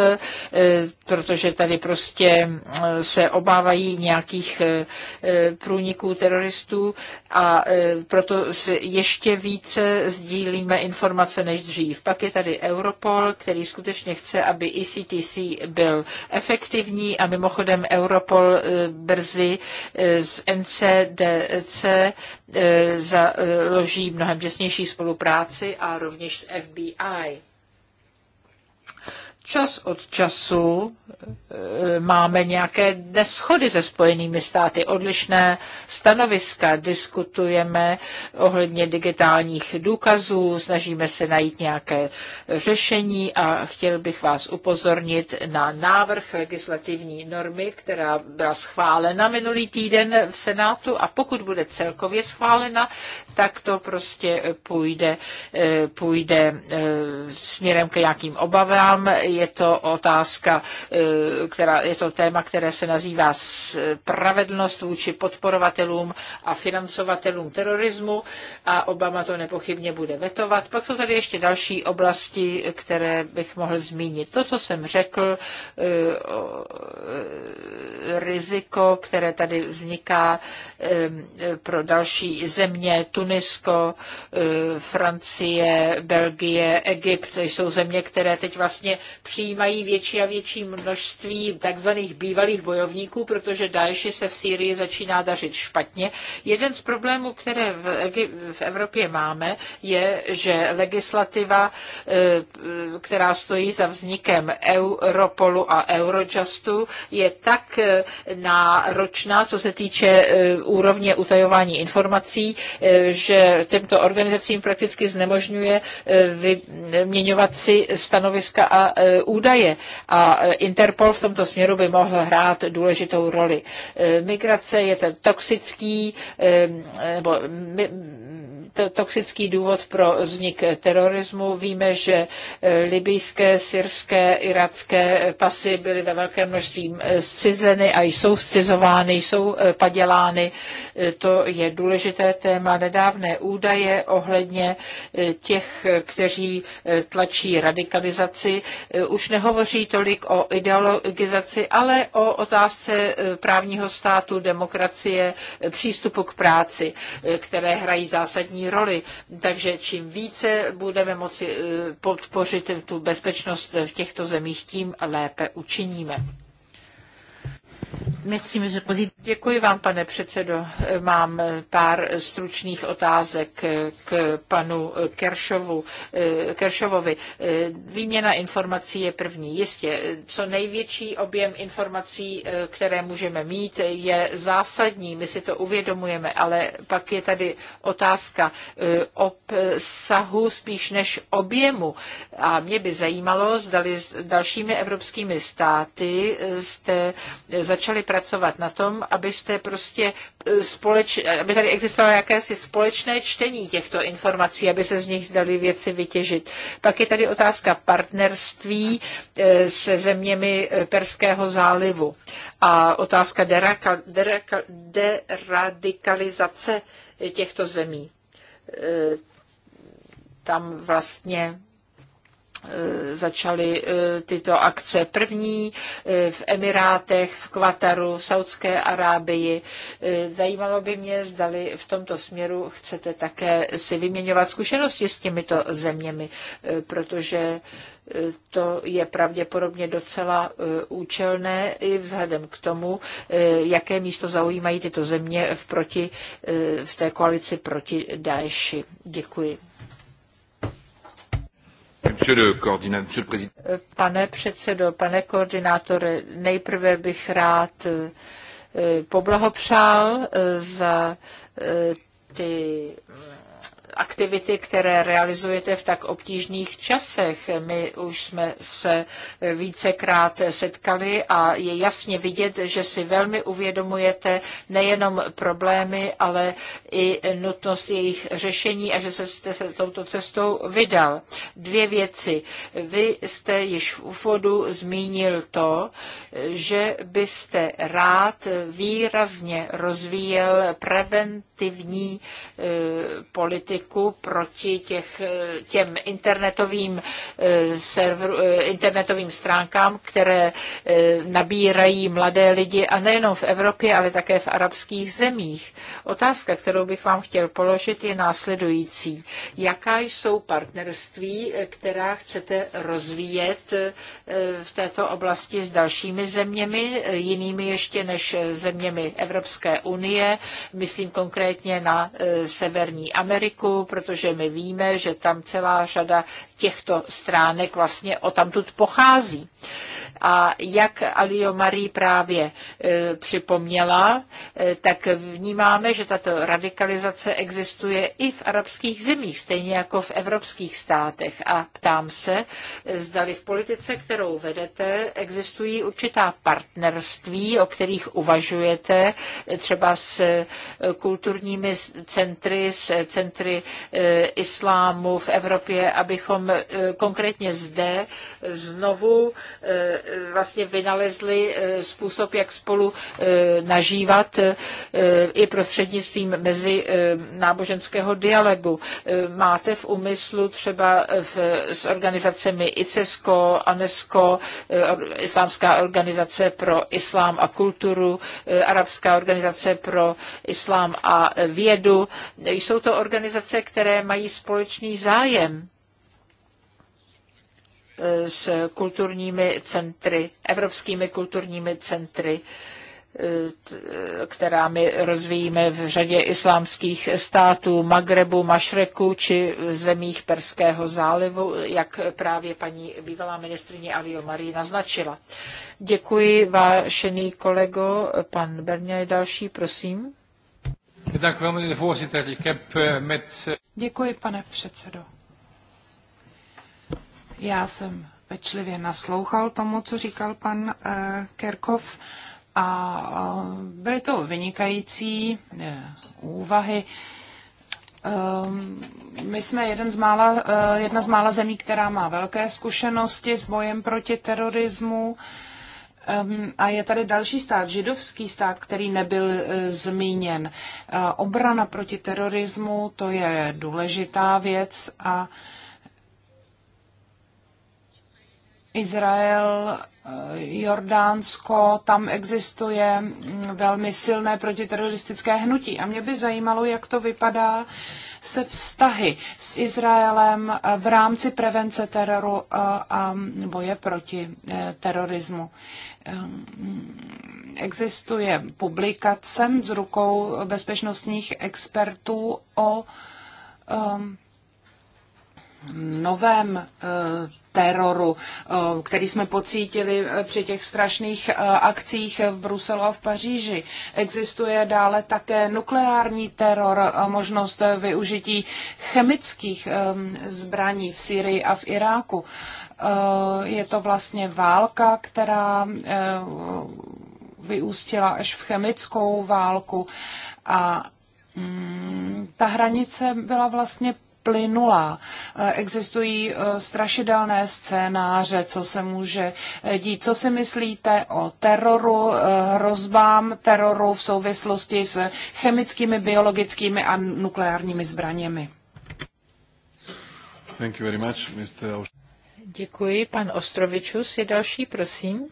protože tady prostě se obávají nějakých průniků teroristů a e, proto si ještě více sdílíme informace než dřív. Pak je tady Europol, který skutečně chce, aby ECTC byl efektivní a mimochodem Europol e, brzy e, z NCDC založí mnohem těsnější spolupráci a rovněž s FBI čas od času eh, máme nějaké neschody se spojenými státy, odlišné stanoviska, diskutujeme ohledně digitálních důkazů, snažíme se najít nějaké řešení a chtěl bych vás upozornit na návrh legislativní normy, která byla schválena minulý týden v Senátu a pokud bude celkově schválena, tak to prostě půjde, eh, půjde eh, směrem k nějakým obavám je to otázka, e, která, je to téma, které se nazývá spravedlnost vůči podporovatelům a financovatelům terorismu a Obama to nepochybně bude vetovat. Pak jsou tady ještě další oblasti, které bych mohl zmínit. To, co jsem řekl, e, e, riziko, které tady vzniká pro další země, Tunisko, Francie, Belgie, Egypt, To jsou země, které teď vlastně přijímají větší a větší množství tzv. bývalých bojovníků, protože další se v Sýrii začíná dařit špatně. Jeden z problémů, které v Evropě máme, je, že legislativa, e, která stojí za vznikem Europolu a Eurojustu, je tak e, náročná, co se týče e, úrovně utajování informací, že těmto organizacím prakticky znemožňuje vyměňovat si stanoviska a údaje a eh, Interpol v tomto směru by mohl hrát důležitou roli. Eh, migrace je ten toxický, eh, nebo to, toxický důvod pro vznik terorismu. Víme, že libijské, syrské, iracké pasy byly ve velkém množství zcizeny a jsou zcizovány, jsou padělány. To je důležité téma. Nedávné údaje ohledně těch, kteří tlačí radikalizaci, Eh, už nehovoří tolik o ideologizaci, ale o otázce eh, právního státu, demokracie, eh, přístupu k práci, které hrají zásadní roli. Takže čím více budeme moci podpořit tu bezpečnost v těchto zemích, tím lépe učiníme. Děkuji vám, pane předsedo. Mám pár stručných otázek k panu Keršovu, Keršovovi. Výměna informací je první. Jistě, co největší objem informací, které můžeme mít, je zásadní. My si to uvědomujeme, ale pak je tady otázka obsahu spíš než objemu. A mě by zajímalo, zdali s dalšími evropskými státy jste začali začali pracovat na tom, abyste prostě e, společ, e, aby tady existovalo jakési společné čtení těchto informací, aby se z nich dali věci vytěžit. Pak je tady otázka partnerství e, se zeměmi Perského zálivu a otázka deraka, deraka, deradikalizace těchto zemí. Tam vlastně Eh, začaly eh, tyto akce první eh, v Emirátech, v Kvataru, v Saudské Arábii. Zajímalo by mě, zdali v tomto směru chcete také si vyměňovat zkušenosti s těmito zeměmi, protože to je pravděpodobně docela účelné i vzhledem k tomu, jaké místo zaujímají tyto země v, proti, v té koalici proti Daeši. Děkuji. Pane předsedo, pane koordinátore, nejprve bych rád eh, eh, poblahopřál eh, za ty aktivity, které realizujete v tak obtížných časech. My už jsme se vícekrát setkali a je jasně vidět, že si velmi uvědomujete nejenom problémy, ale i nutnost jejich řešení a že jste se touto cestou vydal. Dvě věci. Vy jste již v úvodu zmínil to, že byste rád výrazně rozvíjel preventivní eh, politiku kritiku proti těch, těm internetovým, eh, server, eh, internetovým stránkám, které eh, nabírají mladé lidi a nejenom v Evropě, ale také v arabských zemích. Otázka, kterou bych vám chtěl položit, je následující. Jaká jsou partnerství, která chcete rozvíjet v této oblasti s dalšími zeměmi, jinými ještě než zeměmi Evropské unie, myslím konkrétně na Severní Ameriku, stránku, protože my víme, že tam celá řada těchto stránek vlastně o tamtud pochází. A jak Alio Marie právě e, připomněla, e, tak vnímáme, že tato radikalizace existuje i v arabských zemích, stejně jako v evropských státech. A ptám se, zdali v politice, kterou vedete, existují určitá partnerství, o kterých uvažujete, třeba s kulturními centry, s centry e, islámu v Evropě, abychom konkrétně zde znovu vlastně vynalezli eh, způsob, jak spolu eh, nažívat eh, i prostřednictvím mezi náboženského dialogu. Máte v úmyslu třeba v, s organizacemi ICESCO, ANESCO, Islámská organizace pro islám a kulturu, Arabská organizace pro islám a vědu. Jsou to organizace, které mají společný zájem s kulturními centry, evropskými kulturními centry, eh, která my rozvíjíme v řadě islámských států, Magrebu, Mašreku či zemích Perského zálivu, jak právě paní bývalá ministrině Alio Marie naznačila. Děkuji, vášený kolego. Pan Berně je další, prosím. Děkuji, pane předsedo. Já jsem pečlivě naslouchal tomu, co říkal pan eh, Kerkov a byly to vynikající eh, úvahy. Ehm, my jsme jeden z mála, eh, jedna z mála zemí, která má velké zkušenosti s bojem proti terorismu. Ehm, a je tady další stát, židovský stát, který nebyl zmíněn. Obrana proti terorismu, to je důležitá věc a Izrael, eh, Jordánsko, tam existuje mm, velmi silné protiteroristické hnutí. A mě by zajímalo, jak to vypadá se vztahy s Izraelem eh, v rámci prevence teroru eh, a boje proti terorismu. Existuje publikace s rukou bezpečnostních expertů o novém teroru, eh, který jsme pocítili eh, při těch strašných eh, akcích v Bruselu a v Paříži. Existuje dále také nukleární teror, možnost využití chemických ehm, zbraní v Syrii a v Iráku. Je to vlastně válka, která vyústila až v chemickou válku a mm, ta hranice byla vlastně plynulá. Eh, existují eh, strašidelné scénáře, co se může eh, dít. Co si myslíte o teroru, hrozbám teroru v souvislosti s chemickými, biologickými a nukleárními zbraněmi? Thank you very much, Mr. Děkuji. Pan Ostrovičus je další, prosím.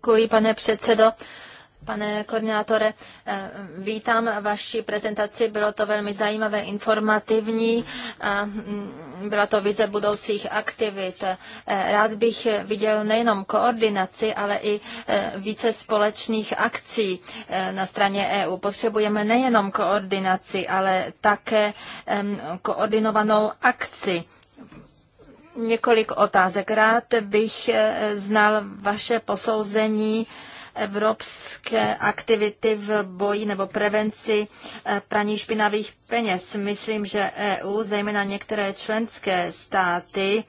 Děkuji, pane předsedo. Pane koordinátore, eh, vítám vaši prezentaci, bylo to velmi zajímavé, informativní, mm, byla to vize budoucích aktivit. Eh, rád bych viděl nejenom koordinaci, ale i eh, více společných akcí na straně EU. Potřebujeme nejenom koordinaci, ale také koordinovanou akci několik otázek. Rád bych znal vaše posouzení evropské aktivity v boji nebo prevenci eh, praní špinavých peněz. Myslím, že EU, zejména některé členské státy,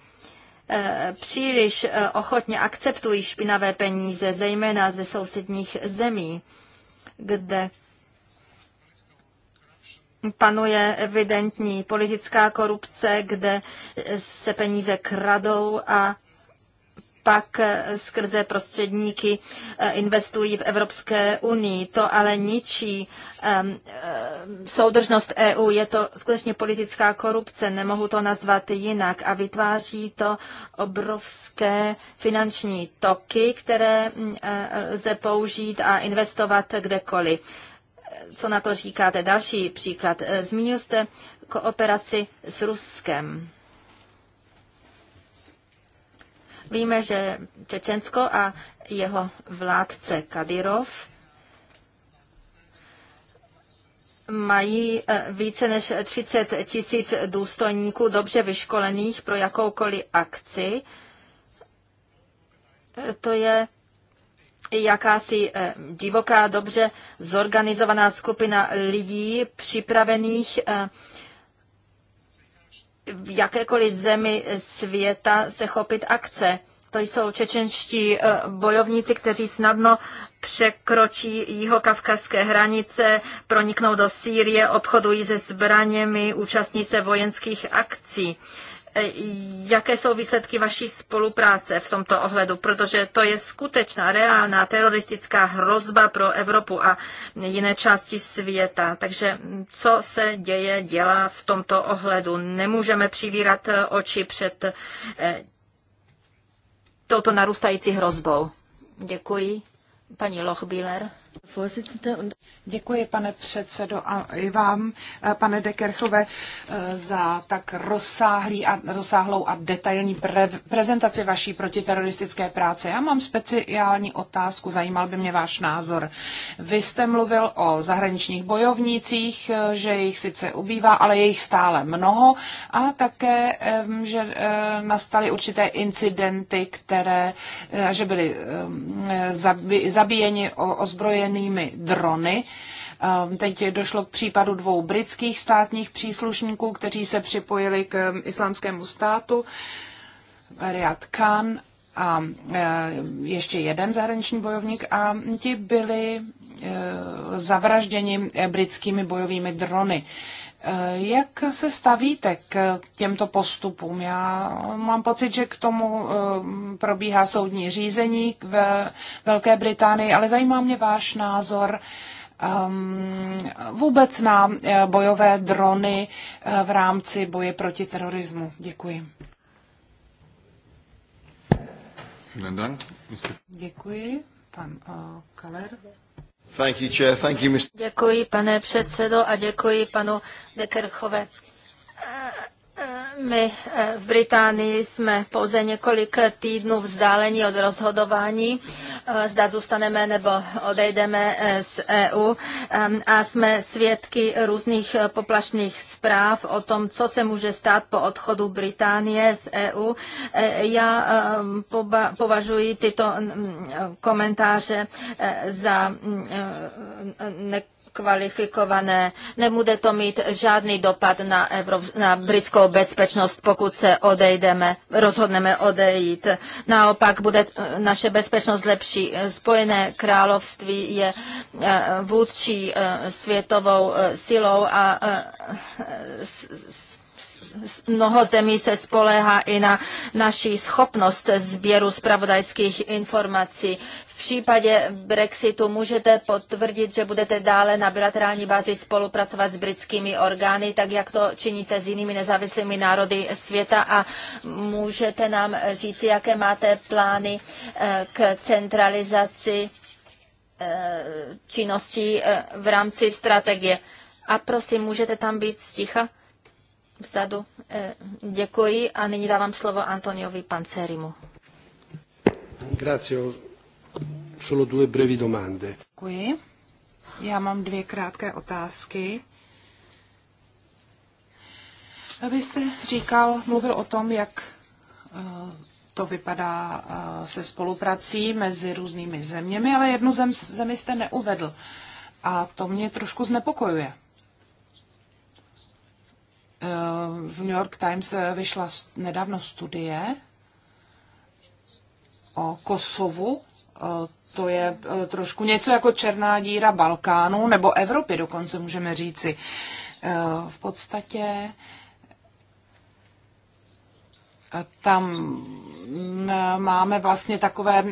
eh, příliš eh, ochotně akceptují špinavé peníze, zejména ze sousedních zemí, kde panuje evidentní politická korupce, kde se peníze kradou a pak eh, skrze prostředníky eh, investují v Evropské unii. To ale ničí ehm, eh, soudržnost EU. Je to skutečně politická korupce, nemohu to nazvat jinak. A vytváří to obrovské finanční toky, které mm, lze použít a investovat kdekoliv. Co na to říkáte? Další příklad. Zmínil jste kooperaci s Ruskem. Víme, že Čečensko a jeho vládce Kadyrov mají eh, více než 30 tisíc důstojníků dobře vyškolených pro jakoukoliv akci. Eh, to je jakási eh, divoká, dobře zorganizovaná skupina lidí připravených v jakékoliv zemi světa se chopit akce. To jsou čečenští e, bojovníci, kteří snadno překročí kavkazské hranice, proniknou do Sýrie, obchodují se zbraněmi, účastní se vojenských akcí jaké jsou výsledky vaší spolupráce v tomto ohledu, protože to je skutečná, reálná teroristická hrozba pro Evropu a jiné části světa. Takže co se děje, dělá v tomto ohledu? Nemůžeme přivírat eh, oči před eh, touto narůstající hrozbou. Děkuji. Paní Lochbiller. Děkuji, pane předsedo, a i vám, eh, pane Dekerchove, eh, za tak rozsáhlý a, rozsáhlou a detailní pre, prezentaci vaší protiteroristické práce. Já mám speciální otázku, zajímal by mě váš názor. Vy jste mluvil o zahraničních bojovnících, eh, že jich sice ubývá, ale je jich stále mnoho a také, že nastaly určité incidenty, které, že byly zabíjeni ozbrojeni vybavenými drony. Ehm, teď došlo k případu dvou britských státních příslušníků, kteří se připojili k islámskému státu, Riyad Khan a eh, ještě jeden zahraniční bojovník a ti byli eh, zavražděni britskými bojovými drony. Jak se stavíte k těmto postupům? Já mám pocit, že k tomu eh, probíhá soudní řízení ve Velké Británii, ale zajímá mě váš názor ehm, vůbec na eh, bojové drony eh, v rámci boje proti terorismu. Děkuji. Děkuji, pan Kaler. Děkuji, pane předsedo, a děkuji panu Dekerchové. My eh, v Británii jsme pouze několik týdnů vzdálení od rozhodování, eh, zda zůstaneme nebo odejdeme eh, z EU a jsme svědky různých poplašných zpráv o tom, co se může stát po odchodu Británie z EU. Já považuji tyto mm, komentáře za mm, ne- kvalifikované. Nebude to mít žádný dopad na, Evrop- na britskou bezpečnost, pokud se odejdeme, rozhodneme odejít. Naopak bude eh, naše bezpečnost lepší. Spojené království je eh, vůdčí eh, světovou silou a mnoho zemí se spoléhá i na naší schopnost sběru spravodajských informací. V případě Brexitu můžete potvrdit, že budete dále na bilaterální bázi spolupracovat s britskými orgány, tak jak to činíte s jinými nezávislými národy světa a můžete nám říci, jaké máte plány eh, k centralizaci eh, činností eh, v rámci strategie. A prosím, můžete tam být sticha? vzadu. Eh, děkuji a nyní dávám slovo Antoniovi Pancerimu. Grazie. Solo due brevi domande. Děkuji. Já mám dvě krátké otázky. Vy jste říkal, mluvil o tom, jak eh, to vypadá eh, se spoluprací mezi různými zeměmi, ale jednu zem, zemi jste neuvedl. A to mě trošku znepokojuje. Eh, v New York Times eh, vyšla nedávno studie o Kosovu. Eh, to je trošku něco jako černá díra Balkánu nebo Evropy dokonce můžeme říci. V podstatě tam mm, máme vlastně takové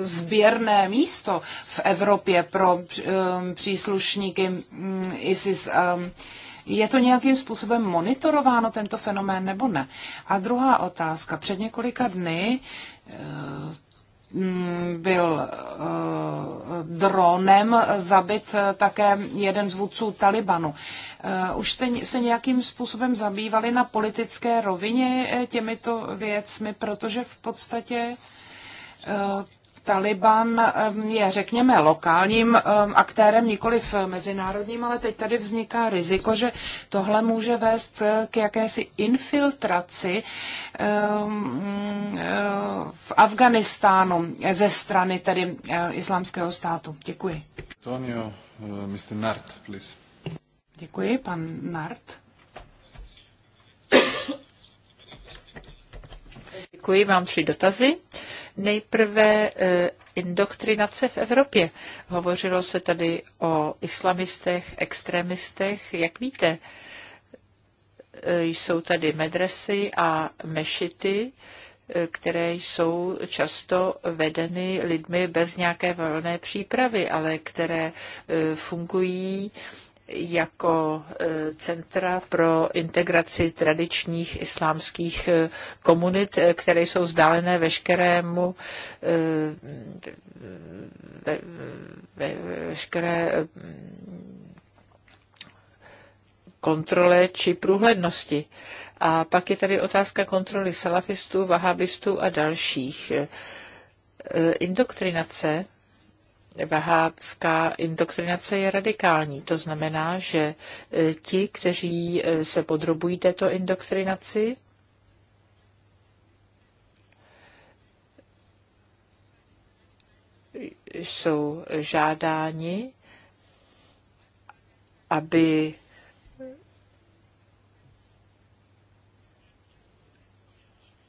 sběrné místo v Evropě pro příslušníky mm, ISIS je to nějakým způsobem monitorováno tento fenomén nebo ne? A druhá otázka. Před několika dny eh, mm, byl eh, dronem zabit také jeden z vůdců Talibanu. Eh, už jste se nějakým způsobem zabývali na politické rovině těmito věcmi, protože v podstatě Taliban je, řekněme, lokálním aktérem, v mezinárodním, ale teď tady vzniká riziko, že tohle může vést eh, k jakési infiltraci eh, v Afganistánu ze strany tedy eh, islámského státu. Děkuji. Antonio, Mr. Nart, please. Děkuji, pan Nart. Děkuji, mám tři dotazy. Nejprve eh, indoktrinace v Evropě. Hovořilo se tady o islamistech, extremistech. Jak víte, eh, jsou tady medresy a mešity, eh, které jsou často vedeny lidmi bez nějaké volné přípravy, ale které fungují jako e, centra pro integraci tradičních islámských e, komunit, e, které jsou vzdálené veškerému veškeré kontrole či průhlednosti. A pak je tady otázka kontroly salafistů, vahabistů a dalších. Indoktrinace vahábská indoktrinace je radikální. To znamená, že e, ti, kteří e, se podrobují této indoktrinaci, jsou žádáni, aby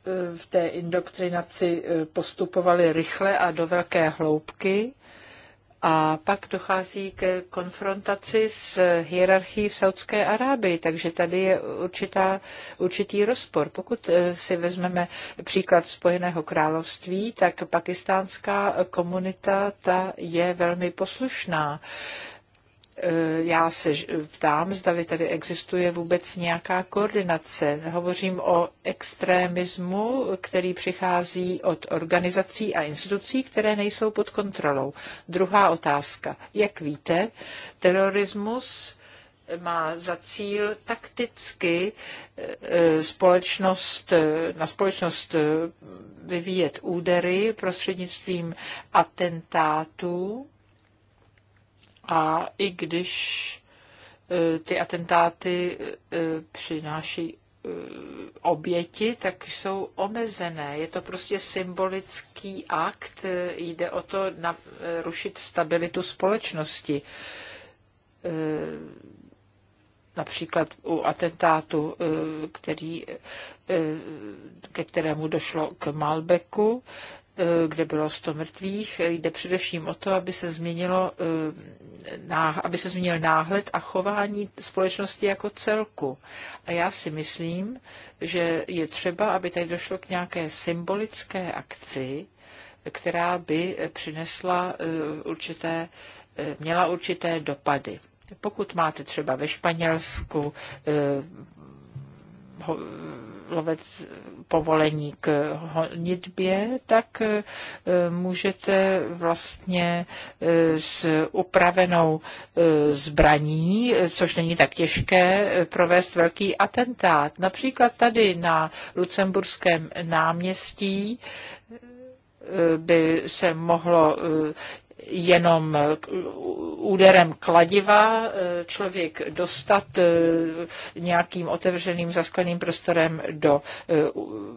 e, v té indoktrinaci postupovali rychle a do velké hloubky a pak dochází k konfrontaci s hierarchií v Saudské Arábii, takže tady je určitá, určitý rozpor. Pokud eh, si vezmeme příklad Spojeného království, tak pakistánská komunita ta je velmi poslušná Eh, já se ptám, zdali tady existuje vůbec nějaká koordinace. Hovořím o extremismu, který přichází od organizací a institucí, které nejsou pod kontrolou. Druhá otázka. Jak víte, terorismus má za cíl takticky eh, eh, společnost, na společnost vyvíjet údery prostřednictvím atentátů a i když e, ty atentáty e, přináší e, oběti, tak jsou omezené. Je to prostě symbolický akt, jde o to narušit stabilitu společnosti. Například u atentátu, který, ke kterému došlo k Malbeku, Eh, kde bylo 100 mrtvých. Jde především o to, aby se, změnilo, eh, aby se změnil náhled a chování společnosti jako celku. A já si myslím, že je třeba, aby tady došlo k nějaké symbolické akci, která by přinesla eh, určité, měla určité dopady. Pokud máte třeba ve Španělsku lovec povolení k honitbě, tak eh, můžete vlastně eh, s upravenou eh, zbraní, což není tak těžké, provést velký atentát. Například tady na Lucemburském náměstí by se mohlo jenom úderem kladiva člověk dostat eh, nějakým otevřeným zaskleným prostorem do eh,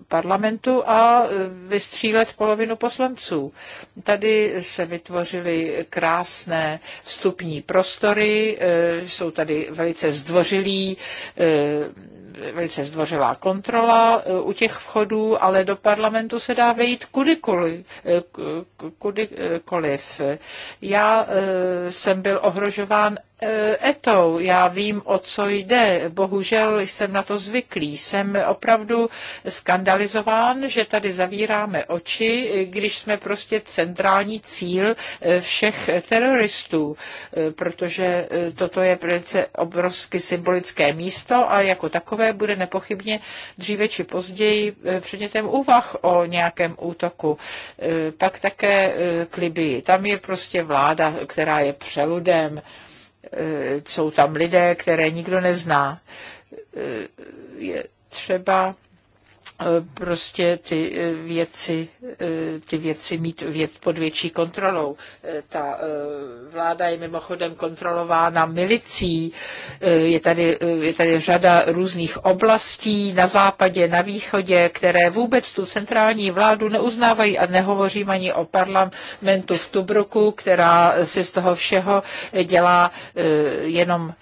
parlamentu a eh, vystřílet polovinu poslanců. Tady se vytvořily krásné vstupní prostory, jsou tady velice zdvořilí velice zdvořilá kontrola eh, u těch vchodů, ale do parlamentu se dá vejít kudykoliv. Eh, kudykoliv. Já eh, jsem byl ohrožován Eh, etou. Já vím, o co jde. Bohužel jsem na to zvyklý. Jsem opravdu skandalizován, že tady zavíráme oči, když jsme prostě centrální cíl eh, všech teroristů, eh, protože toto je velice obrovsky symbolické místo a jako takové bude nepochybně dříve či později předmětem úvah o nějakém útoku. Pak také k Libii. Tam je prostě vláda, která je přeludem. Eh, jsou tam lidé, které nikdo nezná. Eh, je třeba Eh, prostě ty eh, věci, eh, ty věci mít věc pod větší kontrolou. Ta vláda je mimochodem kontrolována milicí, je tady, je tady řada různých oblastí na západě, na východě, které vůbec tu centrální vládu neuznávají a nehovořím ani o parlamentu v Tubruku, která si z toho všeho dělá jenom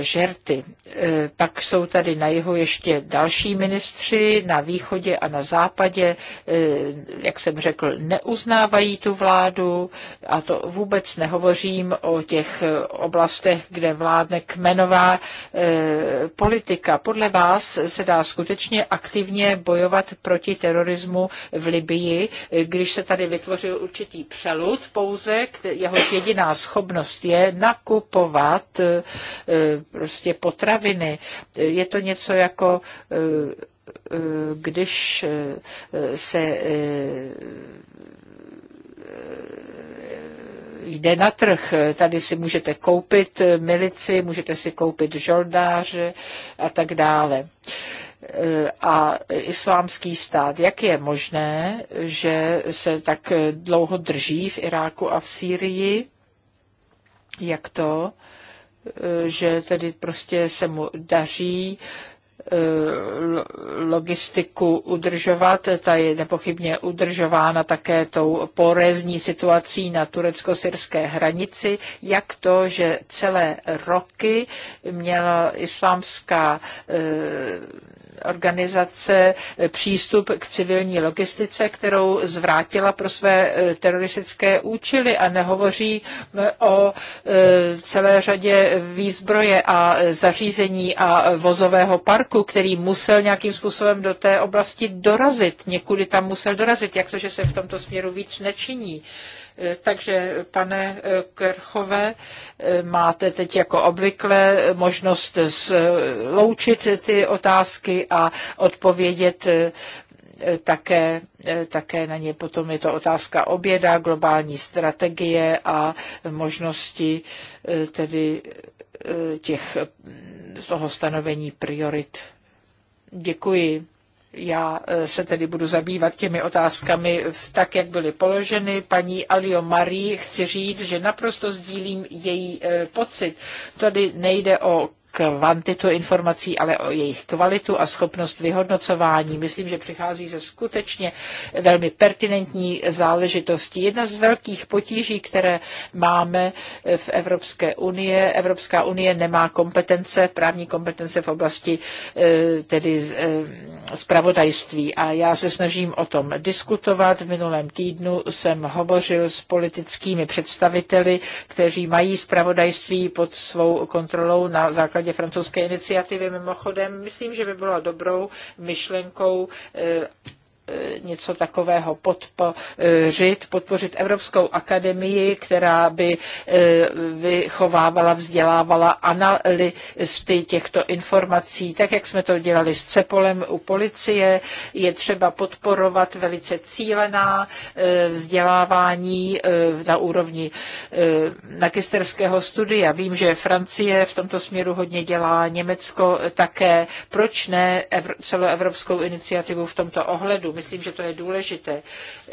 žerty. Eh, pak jsou tady na jihu ještě další ministři, na východě a na západě, eh, jak jsem řekl, neuznávají tu vládu a to vůbec nehovořím o těch oblastech, kde vládne kmenová eh, politika. Podle vás se dá skutečně aktivně bojovat proti terorismu v Libii, když se tady vytvořil určitý přelud pouze, jeho jediná schopnost je nakupovat prostě potravy potraviny. Je to něco jako eh, eh, když eh, se jde na trh. Tady si můžete koupit milici, můžete si koupit žoldáře a tak dále. A islámský stát, jak je možné, že se tak dlouho drží v Iráku a v Sýrii? Jak to? že tedy prostě se mu daří Eh, logistiku udržovat. Ta je nepochybně udržována také tou porézní situací na turecko-syrské hranici, jak to, že celé roky měla islámská eh, organizace eh, přístup k civilní logistice, kterou zvrátila pro své teroristické účely a nehovoří o celé řadě výzbroje a zařízení a vozového parku parku, který musel nějakým způsobem do té oblasti dorazit, někudy tam musel dorazit, jak to, že se v tomto směru víc nečiní. Eh, takže, pane eh, Kerchové, eh, máte teď jako obvykle možnost sloučit ty otázky a odpovědět také, také na ně potom je to otázka oběda, globální strategie a možnosti tedy Eh, těch, eh, z toho stanovení priorit. Děkuji. Já eh, se tedy budu zabývat těmi otázkami tak, jak byly položeny. Paní Alio Marie chci říct, že naprosto sdílím její pocit. Tady nejde o kvantitu informací, ale o jejich kvalitu a schopnost vyhodnocování. Myslím, že přichází ze skutečně velmi pertinentní záležitosti. Jedna z velkých potíží, které máme v Evropské unie, Evropská unie nemá kompetence, právní kompetence v oblasti e, tedy spravodajství e, a já se snažím o tom diskutovat. V minulém týdnu jsem hovořil s politickými představiteli, kteří mají spravodajství pod svou kontrolou na základě základě francouzské iniciativy mimochodem, myslím, že by bylo dobrou myšlenkou eh, Eh, něco takového podpořit, podpořit Evropskou akademii, která by eh, vychovávala, vzdělávala analysty těchto informací, tak jak jsme to dělali s Cepolem u policie. Je třeba podporovat velice cílená eh, vzdělávání na úrovni magisterského studia. Vím, že Francie v tomto směru hodně dělá, Německo také. Proč ne celoevropskou iniciativu v tomto ohledu? Myslím, že to je důležité.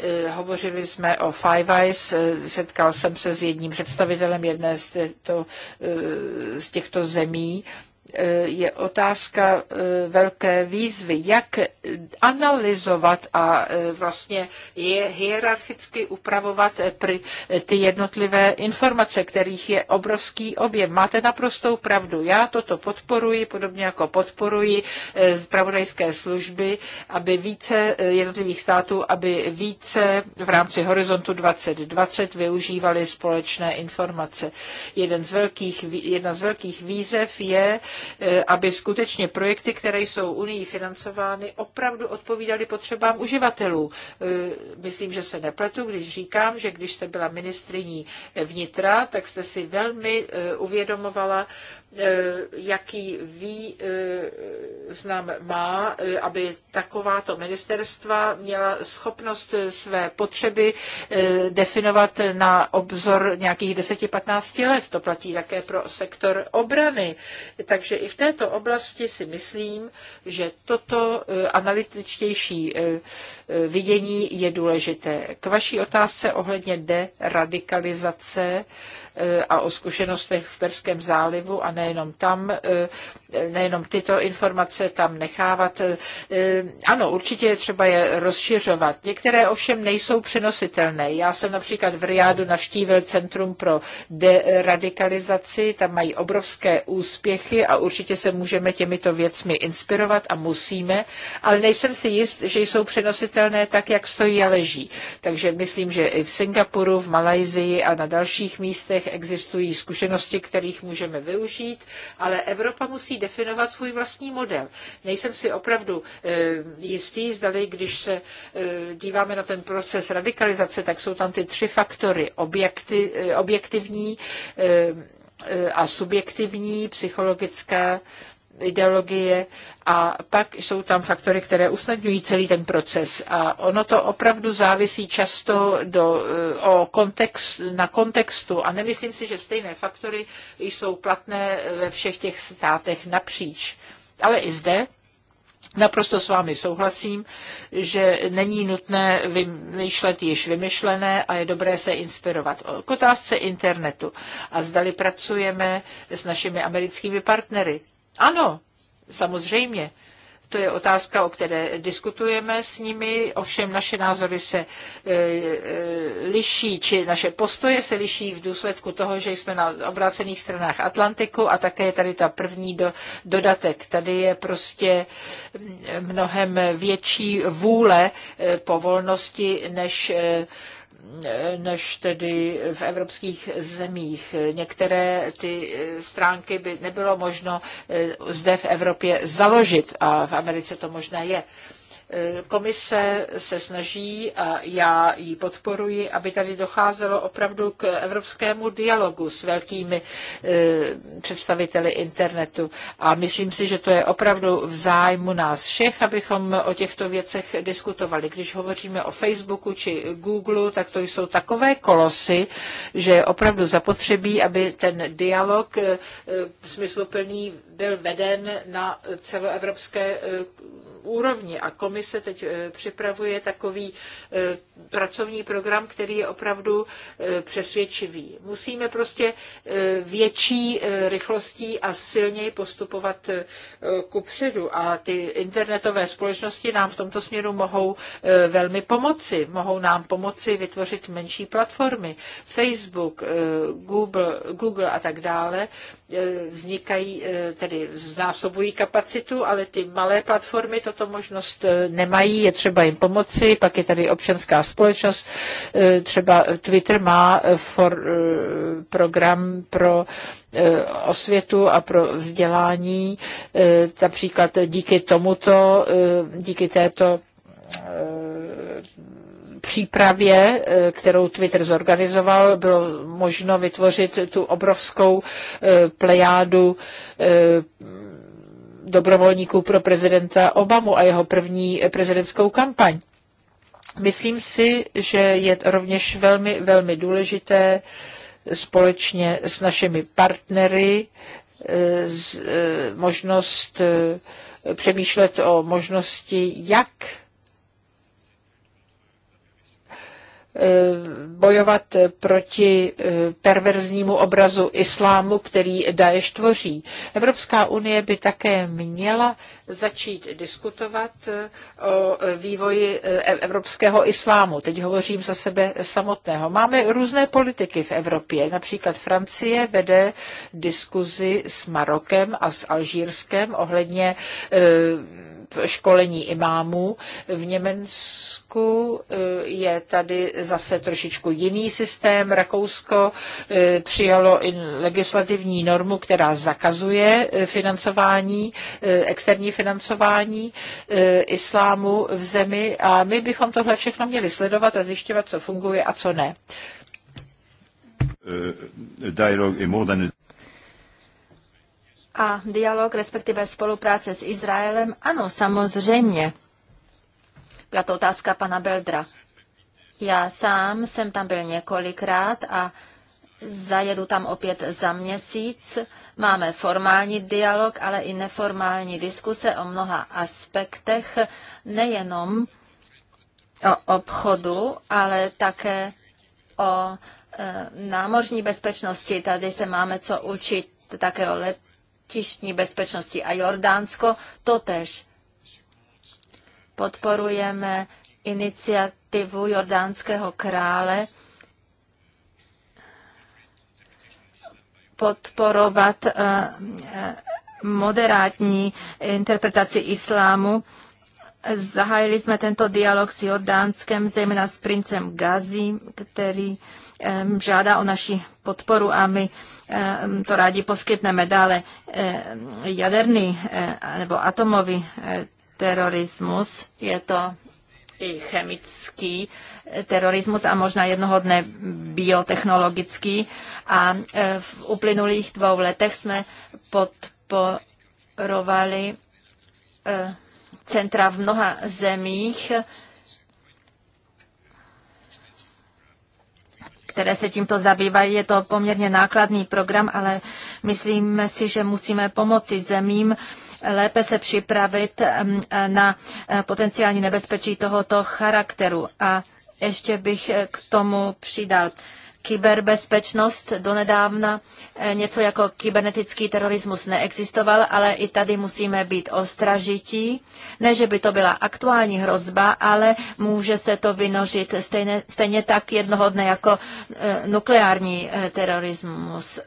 Eh, hovořili jsme o Five Eyes, eh, setkal jsem se s jedním představitelem jedné z, těchto, eh, z těchto zemí Eh, je otázka eh, velké výzvy, jak analyzovat a eh, vlastně je hierarchicky upravovat ty jednotlivé informace, kterých je obrovský objem. Máte naprostou pravdu. Já toto podporuji, podobně jako podporuji zpravodajské služby, aby více jednotlivých států, aby více v rámci Horizontu 2020 využívali společné informace. Jeden z velkých, jedna z velkých výzev je, Eh, aby skutečně projekty, které jsou Unii financovány, opravdu odpovídaly potřebám uživatelů. Eh, myslím, že se nepletu, když říkám, že když jste byla ministriní vnitra, tak jste si velmi eh, uvědomovala E, jaký význam e, má, e, aby takováto ministerstva měla schopnost své potřeby definovat na obzor nějakých 10-15 let. To platí také pro sektor obrany. Takže i v této oblasti si myslím, že toto analytičtější vidění je důležité. K vaší otázce ohledně deradikalizace, radikalizace Eh, a o zkušenostech v Perském zálivu a nejenom tam, eh, nejenom tyto informace tam nechávat. Eh, ano, určitě je třeba je rozšiřovat. Některé ovšem nejsou přenositelné. Já jsem například v Riádu navštívil Centrum pro deradikalizaci, tam mají obrovské úspěchy a určitě se můžeme těmito věcmi inspirovat a musíme, ale nejsem si jist, že jsou přenositelné tak, jak stojí a leží. Takže myslím, že i v Singapuru, v Malajzii a na dalších místech státech existují zkušenosti, kterých můžeme využít, ale Evropa musí definovat svůj vlastní model. Nejsem si opravdu eh, jistý, zdali, když se eh, díváme na ten proces radikalizace, tak jsou tam ty tři faktory. Objekty, eh, objektivní a subjektivní, psychologická ideologie a pak jsou tam faktory, které usnadňují celý ten proces. A ono to opravdu závisí často do, eh, o kontext, na kontextu a nemyslím si, že stejné faktory jsou platné ve všech těch státech napříč. Ale i zde Naprosto s vámi souhlasím, že není nutné vymýšlet již vymyšlené a je dobré se inspirovat. K otázce internetu a zdali pracujeme s našimi americkými partnery. Ano, samozřejmě. To je otázka, o které diskutujeme s nimi, ovšem naše názory se e, e, liší, či naše postoje se liší v důsledku toho, že jsme na obrácených stranách Atlantiku a také je tady ta první do, dodatek. Tady je prostě mnohem větší vůle e, po volnosti, než než tedy v evropských zemích. Některé ty eh, stránky by nebylo možno eh, zde v Evropě založit a v Americe to možné je. Komise se snaží a já ji podporuji, aby tady docházelo opravdu k evropskému dialogu s velkými eh, představiteli internetu. A myslím si, že to je opravdu v zájmu nás všech, abychom o těchto věcech diskutovali. Když hovoříme o Facebooku či Google, tak to jsou takové kolosy, že je opravdu zapotřebí, aby ten dialog eh, eh, smysluplný byl veden na celoevropské úrovni a komise teď eh, připravuje takový eh, pracovní program, který je opravdu eh, přesvědčivý. Musíme prostě větší rychlostí a silněji postupovat ku předu a ty internetové společnosti nám v tomto směru mohou velmi pomoci. Mohou nám pomoci vytvořit menší platformy, Facebook, Google, Google a tak dále, E, vznikají, e, tedy znásobují kapacitu, ale ty malé platformy toto možnost e, nemají, je třeba jim pomoci, pak je tady občanská společnost, třeba Twitter má for, program pro osvětu a pro vzdělání, například díky tomuto, díky této přípravě, eh, kterou Twitter zorganizoval, bylo možno vytvořit tu obrovskou eh, plejádu eh, dobrovolníků pro prezidenta Obamu a jeho první prezidentskou kampaň. Myslím si, že je rovněž velmi, velmi důležité společně s našimi partnery možnost přemýšlet o možnosti, jak Eh, bojovat proti eh, perverznímu obrazu islámu, který Daesh tvoří. Evropská unie by také měla začít diskutovat eh, o vývoji e, evropského islámu. Teď hovořím za sebe samotného. Máme různé politiky v Evropě. Například Francie vede diskuzi s Marokem a s Alžírskem ohledně školení imámů. V Německu e, je tady zase trošičku jiný systém. Rakousko e, přijalo legislativní normu, která zakazuje e, financování, externí financování islámu v zemi a my bychom tohle všechno měli sledovat a zjišťovat, co funguje a co ne. Dialog je more than a dialog, respektive spolupráce s Izraelem? Ano, samozřejmě. Byla to otázka pana Beldra. Já sám jsem tam byl několikrát a zajedu tam opět za měsíc. Máme formální dialog, ale i neformální diskuse o mnoha aspektech, nejenom o obchodu, ale také o e, námořní bezpečnosti. Tady se máme co učit také o let, letištní bezpečnosti a Jordánsko totež. Podporujeme iniciativu jordánského krále podporovat eh, eh, moderátní interpretaci islámu. Zahájili jsme tento dialog s Jordánskem, zejména s princem Gazi, který eh, žádá o naši podporu a my Ehm, to rádi poskytneme. Dále ehm, jaderný ehm, nebo atomový terorismus je to i chemický terorismus a možná jednoho dne biotechnologický. A v uplynulých dvou letech jsme podporovali centra v mnoha zemích, které se tímto zabývají. Je to poměrně nákladný program, ale myslím si, že musíme pomoci zemím, lépe se připravit mm, na eh, potenciální nebezpečí tohoto charakteru. A ještě bych eh, k tomu přidal kyberbezpečnost donedávna eh, něco jako kybernetický terorismus neexistoval, ale i tady musíme být ostražití. Ne, že by to byla aktuální hrozba, ale může se to vynožit stejně, stejně tak jednoho dne jako eh, nukleární eh, terorismus,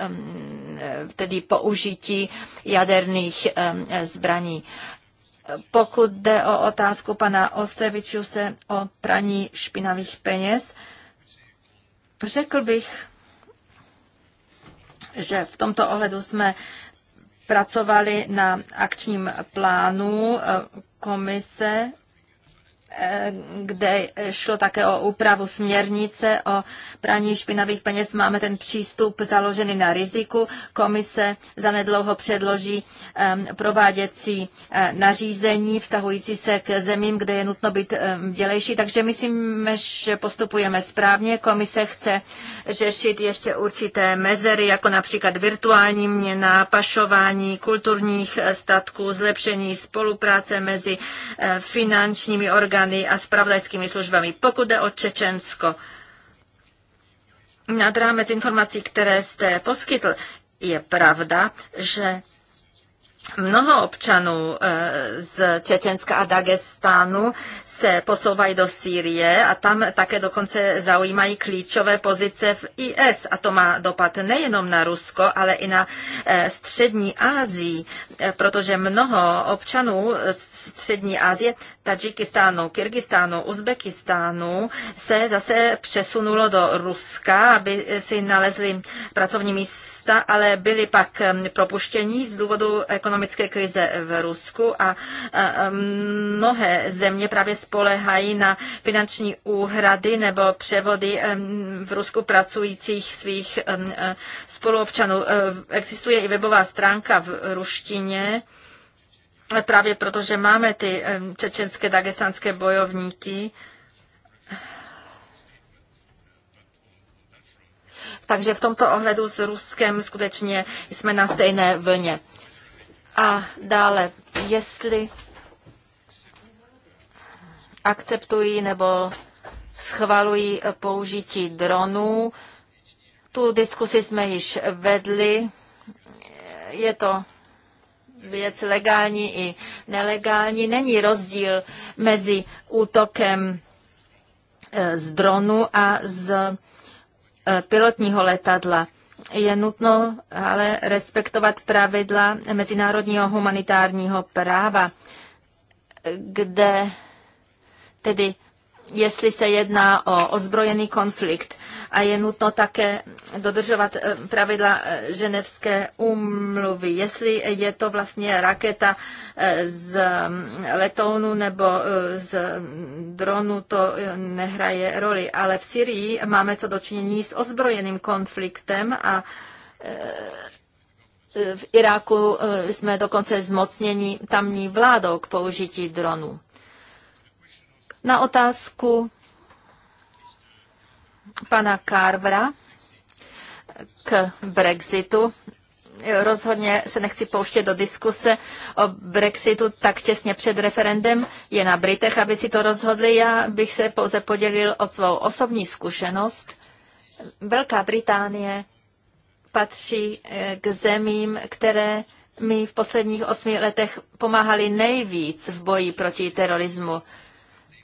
tedy použití jaderných zbraní. Pokud jde o otázku pana Ostreviču se o praní špinavých peněz, Řekl bych, že v tomto ohledu jsme pracovali na akčním plánu eh, komise kde šlo také o úpravu směrnice o praní špinavých peněz. Máme ten přístup založený na riziku. Komise zanedlouho předloží prováděcí eh, nařízení vztahující se k zemím, kde je nutno být dělejší. Takže myslím, že postupujeme správně. Komise chce řešit ještě určité mezery, jako například virtuální měna, pašování kulturních eh, statků, zlepšení spolupráce mezi eh, finančními orgány orgány a spravodajskými službami. Pokud jde o Čečensko, nad rámec informací, které jste poskytl, je pravda, že Mnoho občanů eh, z Čečenska a Dagestánu se posouvají do Sýrie a tam také dokonce zaujímají klíčové pozice v IS. A to má dopad nejenom na Rusko, ale i na eh, střední Asii, eh, protože mnoho občanů střední Asie Tadžikistánu, Kyrgyzstánu, Uzbekistánu se zase přesunulo do Ruska, aby si nalezli pracovní místa, ale byli pak um, propuštěni z důvodu ekonomické krize v Rusku a um, mnohé země právě spolehají na finanční úhrady nebo převody um, v Rusku pracujících svých spoluobčanů. Uh, existuje i webová stránka v ruštině, právě proto, že máme ty eh, čečenské dagestánské bojovníky, Takže v tomto ohledu s Ruskem skutečně jsme na stejné vlně. A dále, jestli akceptují nebo schvalují použití dronů, tu diskusi jsme již vedli. Je to věc legální i nelegální. Není rozdíl mezi útokem eh, z dronu a z eh, pilotního letadla. Je nutno ale respektovat pravidla mezinárodního humanitárního práva, kde tedy jestli se jedná o ozbrojený konflikt a je nutno také dodržovat eh, pravidla eh, ženevské úmluvy. Jestli je to vlastně raketa eh, z mm, letounu nebo z mm, dronu, to nehraje roli. Ale v Syrii máme co dočinění s ozbrojeným konfliktem a v Iráku jsme dokonce zmocněni tamní vládou k použití dronu. Na otázku pana Carvera k Brexitu. Rozhodně se nechci pouštět do diskuse o Brexitu tak těsně před referendem. Je na Britech, aby si to rozhodli. Já bych se pouze podělil o svou osobní zkušenost. Velká Británie patří eh, k zemím, které mi v posledních osmi letech pomáhali nejvíc v boji proti terorismu.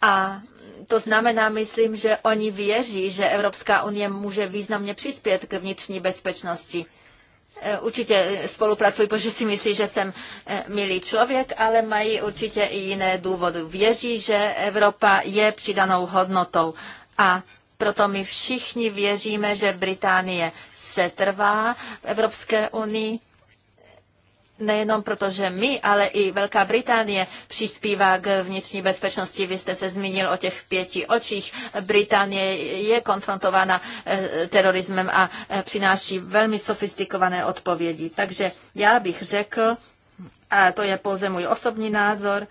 A to znamená, myslím, že oni věří, že Evropská unie může významně přispět k vnitřní bezpečnosti. E, určitě spolupracují, protože si myslí, že jsem e, milý člověk, ale mají určitě i jiné důvody. Věří, že Evropa je přidanou hodnotou a proto my všichni věříme, že Británie se trvá v Evropské unii nejenom proto, že my, ale i Velká Británie přispívá k vnitřní bezpečnosti. Vy jste se zmínil o těch pěti očích. Británie je konfrontována eh, terorismem a eh, přináší velmi sofistikované odpovědi. Takže já bych řekl, a to je pouze můj osobní názor,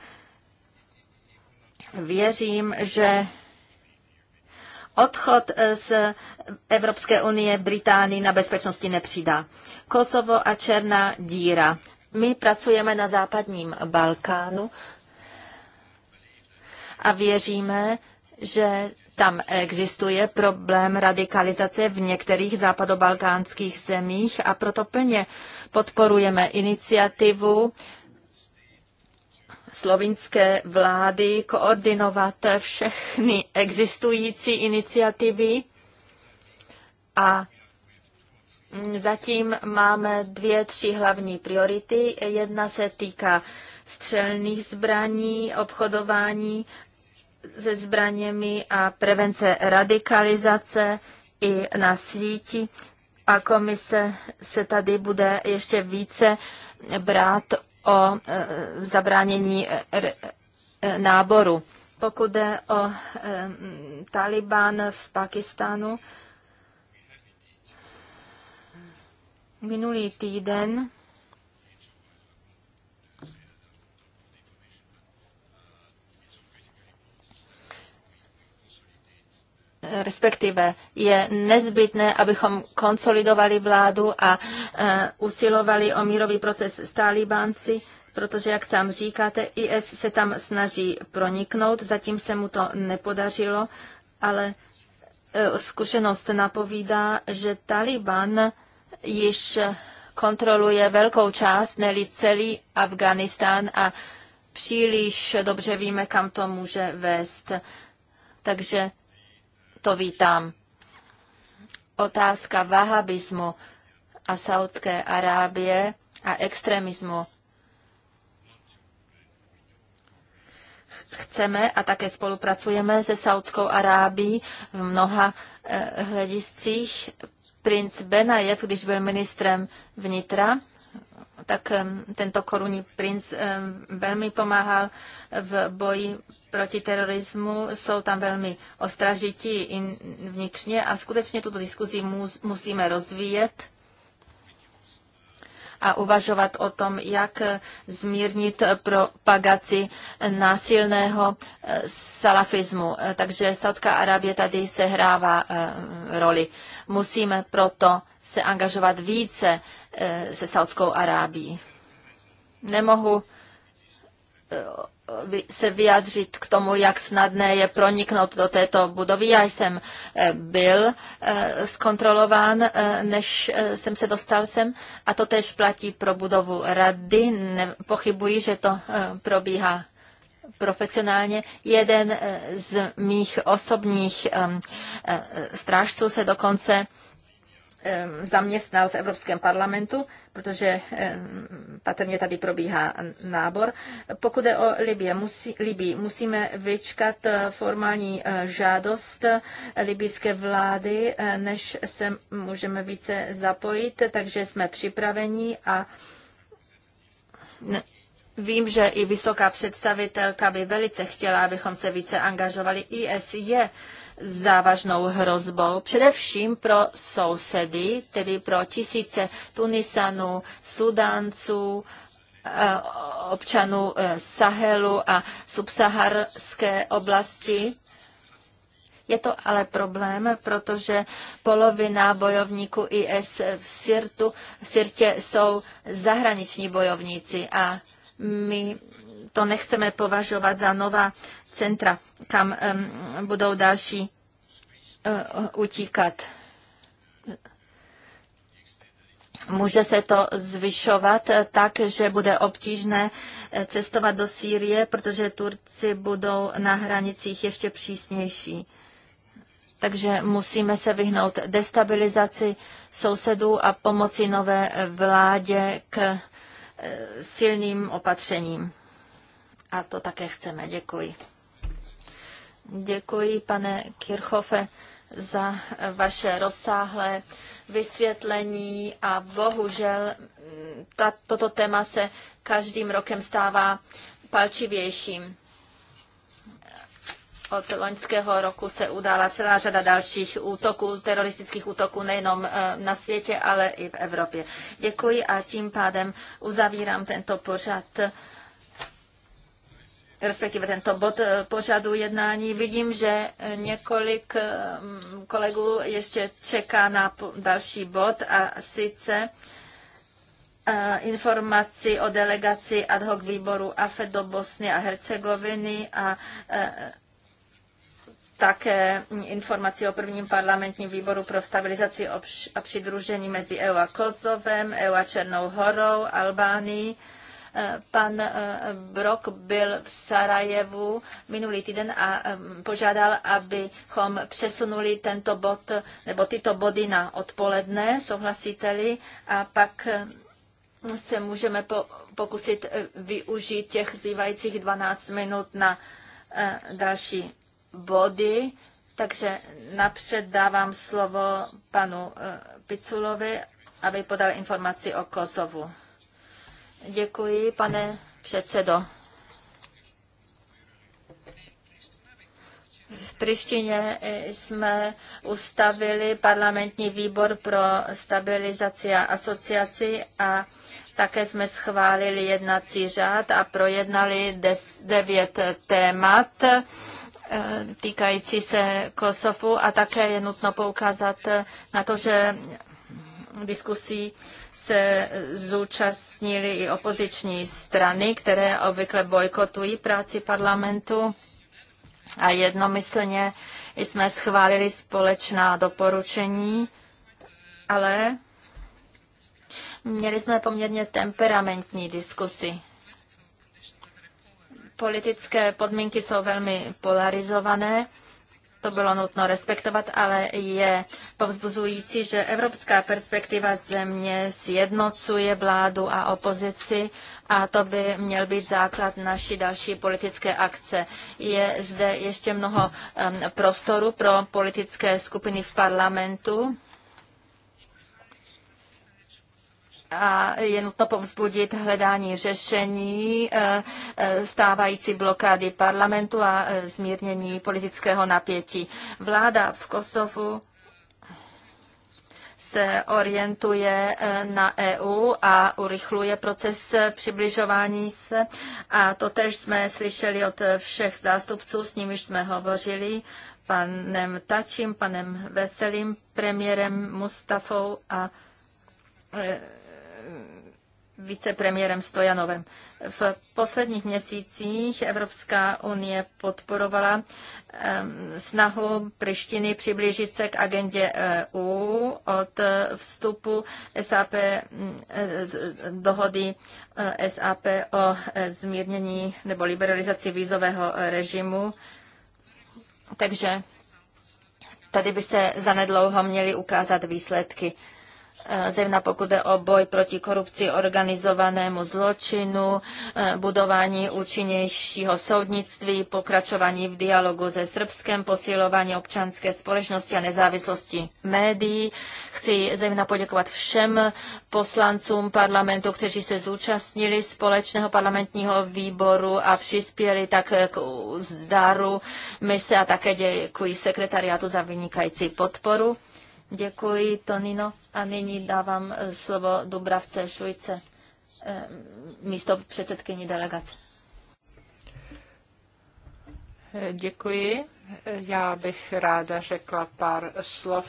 věřím, že odchod eh, z Evropské unie Británii na bezpečnosti nepřidá. Kosovo a černá díra. My pracujeme na západním Balkánu a věříme, že tam existuje problém radikalizace v některých západobalkánských zemích a proto plně podporujeme iniciativu slovinské vlády koordinovat všechny existující iniciativy a Zatím máme dvě, tři hlavní priority. Jedna se týká střelných zbraní, obchodování se zbraněmi a prevence radikalizace i na síti. A komise se tady bude ještě více brát o e, zabránění e, e, náboru. Pokud jde o Taliban v Pakistánu, Minulý týden respektive je nezbytné, abychom konsolidovali vládu a e, usilovali o mírový proces s Talibánci, protože, jak sám říkáte, IS se tam snaží proniknout, zatím se mu to nepodařilo, ale e, zkušenost napovídá, že Taliban již kontroluje velkou část, neli celý Afganistán a příliš dobře víme, kam to může vést. Takže to vítám. Otázka vahabismu a Saudské Arábie a extremismu. Chceme a také spolupracujeme se Saudskou Arábí v mnoha eh, hlediscích princ Benajev, když byl ministrem vnitra, tak tento korunní princ velmi pomáhal v boji proti terorismu, jsou tam velmi ostražití vnitřně a skutečně tuto diskuzi musíme rozvíjet a uvažovat o tom, jak zmírnit propagaci násilného eh, salafismu. Eh, takže Saudská Arábie tady sehrává eh, roli. Musíme proto se angažovat více se Saudskou Arábií. Nemohu se vyjádřit k tomu, jak snadné je proniknout do této budovy. Já jsem eh, byl eh, zkontrolován, eh, než jsem se dostal sem a to tež platí pro budovu rady. Pochybuji, že to probíhá profesionálně. Jeden z mých osobních strážců se dokonce zaměstnal v Evropském parlamentu, protože patrně tady probíhá nábor. Pokud je o Libie, musí, Libii, musíme vyčkat eh, formální eh, žádost eh, libijské vlády, než se můžeme více zapojit, takže jsme připraveni a Vím, že i vysoká představitelka by velice chtěla, abychom se více angažovali. IS je závažnou hrozbou, především pro sousedy, tedy pro tisíce Tunisanů, Sudánců, eh, občanů eh, Sahelu a subsaharské oblasti. Je to ale problém, protože polovina bojovníků IS v, Sirtu, v Sirtě jsou zahraniční bojovníci a my to nechceme považovat za nová centra, kam budou další eh, utíkat. Může se to zvyšovat eh, tak, že bude obtížné eh, cestovat do Sýrie, protože Turci budou na hranicích ještě přísnější. Takže musíme se vyhnout destabilizaci sousedů a pomoci nové vládě k silným opatřením a to také chceme. Děkuji. Děkuji, pane Kirchofe, za vaše rozsáhlé vysvětlení a bohužel ta, toto téma se každým rokem stává palčivějším. Od loňského roku se udála celá řada dalších útoků, teroristických útoků nejenom eh, na světě, ale i v Evropě. Děkuji a tím pádem uzavírám tento pořad respektive tento bod eh, pořadu jednání. Vidím, že eh, několik eh, kolegů ještě čeká na další bod a sice informaci o delegaci ad hoc výboru AFE do Bosny a Hercegoviny a také informaci o prvním parlamentním výboru pro stabilizaci a přidružení mezi EU a Kosovem, EU a Černou horou, Albánií Pan eh, Brok byl v Sarajevu minulý týden a eh, požádal, abychom přesunuli tento bod nebo tyto body na odpoledne, souhlasíte-li, a pak eh, se můžeme po, pokusit využít těch zbývajících 12 minut na další body. Takže napřed dávám slovo panu Piculovi, aby podal informaci o Kosovu. Děkuji, pane předsedo. V Prištině jsme ustavili parlamentní výbor pro stabilizaci a asociaci a také jsme schválili jednací řád a projednali des, devět témat eh, týkající se Kosovu a také je nutno poukázat na to, že diskusí se zúčastnili i opoziční strany, které obvykle bojkotují práci parlamentu. A jednomyslně jsme schválili společná doporučení, ale měli jsme poměrně temperamentní diskusy. Politické podmínky jsou velmi polarizované to bylo nutno respektovat, ale je povzbuzující, že evropská perspektiva země sjednocuje vládu a opozici a to by měl být základ naší další politické akce. Je zde ještě mnoho prostoru pro politické skupiny v parlamentu a je nutno povzbudit hledání řešení eh, eh, stávající blokády parlamentu a eh, zmírnění politického napětí. Vláda v Kosovu se orientuje na EU a urychluje proces přibližování se. A to tež jsme slyšeli od všech zástupců, s nimiž jsme hovořili, panem Tačím, panem Veselým, premiérem Mustafou a vicepremiérem Stojanovem. V posledních měsících Evropská unie podporovala snahu Prištiny přiblížit se k agendě EU od vstupu SAP, dohody e, SAP o e, zmírnění nebo liberalizaci vízového režimu. Takže tady by se zanedlouho měly ukázat výsledky. Eh, zejména pokud jde o boj proti korupci, organizovanému zločinu, eh, budování účinnějšího soudnictví, pokračování v dialogu se Srbskem, posilování občanské společnosti a nezávislosti médií. Chci zejména poděkovat všem poslancům parlamentu, kteří se zúčastnili společného parlamentního výboru a přispěli tak k zdaru mise a také děkuji sekretariátu za vynikající podporu. Děkuji, Tonino. A nyní dávám eh, slovo Dubravce Švojce, eh, místo předsedkyní delegace. Eh, děkuji. Já bych ráda řekla pár slov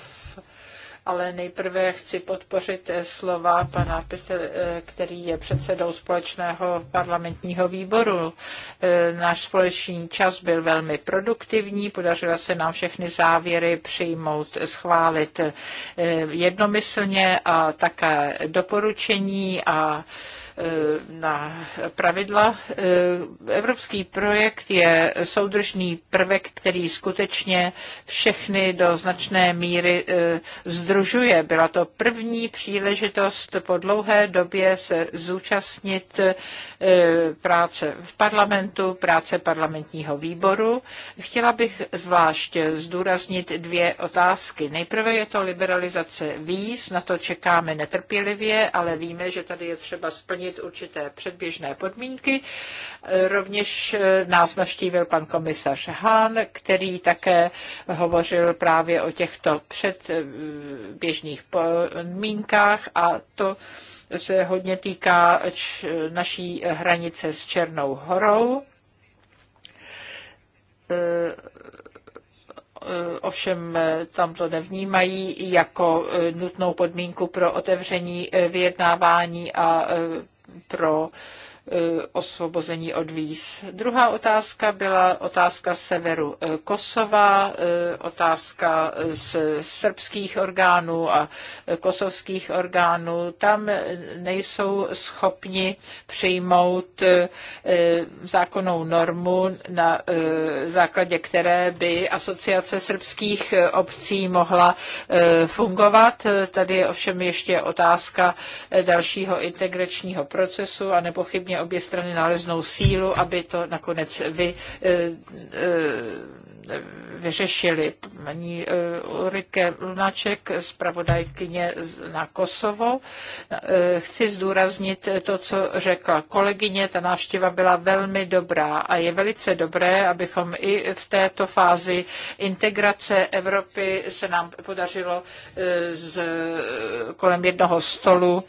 ale nejprve chci podpořit slova pana Petr, eh, který je předsedou společného parlamentního výboru. Eh, náš společný čas byl velmi produktivní, podařilo se nám všechny závěry přijmout, schválit eh, jednomyslně a také doporučení a Eh, na pravidla. Eh, evropský projekt je soudržný prvek, který skutečně všechny do značné míry eh, združuje. Byla to první příležitost po dlouhé době se zúčastnit práce v parlamentu, práce parlamentního výboru. Chtěla bych zvlášť zdůraznit dvě otázky. Nejprve je to liberalizace víz, na to čekáme netrpělivě, ale víme, že tady je třeba splnit splnit určité předběžné podmínky. Rovněž nás navštívil pan komisař Hahn, který také hovořil právě o těchto předběžných podmínkách a to se hodně týká naší hranice s Černou horou. E, ovšem tam to nevnímají jako nutnou podmínku pro otevření e, vyjednávání a e, pro E, osvobození od víz. Druhá otázka byla otázka severu e, Kosova, e, otázka z srbských orgánů a kosovských orgánů. Tam nejsou schopni přijmout zákonnou normu, na základě které by asociace srbských obcí mohla fungovat. Tady je ovšem ještě otázka dalšího integračního procesu a nepochybně skutečně obě strany náleznou sílu, aby to nakonec vy, eh, eh, vyřešili. Paní eh, Ulrike Lunaček, zpravodajkyně na Kosovo. Chci zdůraznit to, co řekla kolegyně. Ta návštěva byla velmi dobrá a je velice dobré, abychom i v této fázi integrace Evropy se nám podařilo z, kolem jednoho stolu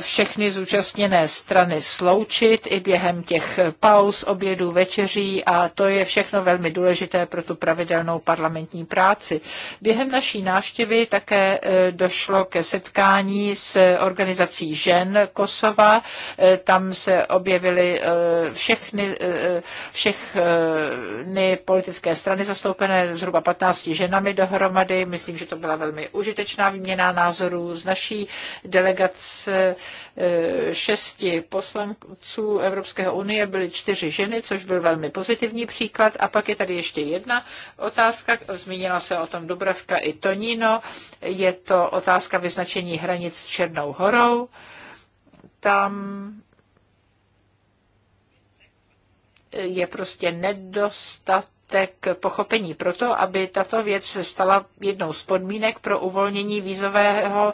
všechny zúčastněné strany sloučit cvičit i během těch pauz, obědů, večeří a to je všechno velmi důležité pro tu pravidelnou parlamentní práci. Během naší návštěvy také eh, došlo ke setkání s organizací žen Kosova. Eh, tam se objevily eh, všechny, všechny politické strany zastoupené zhruba 15 ženami dohromady. Myslím, že to byla velmi užitečná výměna názorů z naší delegace šesti poslanců zástupců Evropské unie byly čtyři ženy, což byl velmi pozitivní příklad. A pak je tady ještě jedna otázka, zmínila se o tom Dubravka i Tonino, je to otázka vyznačení hranic s Černou horou. Tam je prostě nedostatek dostatek pochopení pro to, aby tato věc se stala jednou z podmínek pro uvolnění vízového,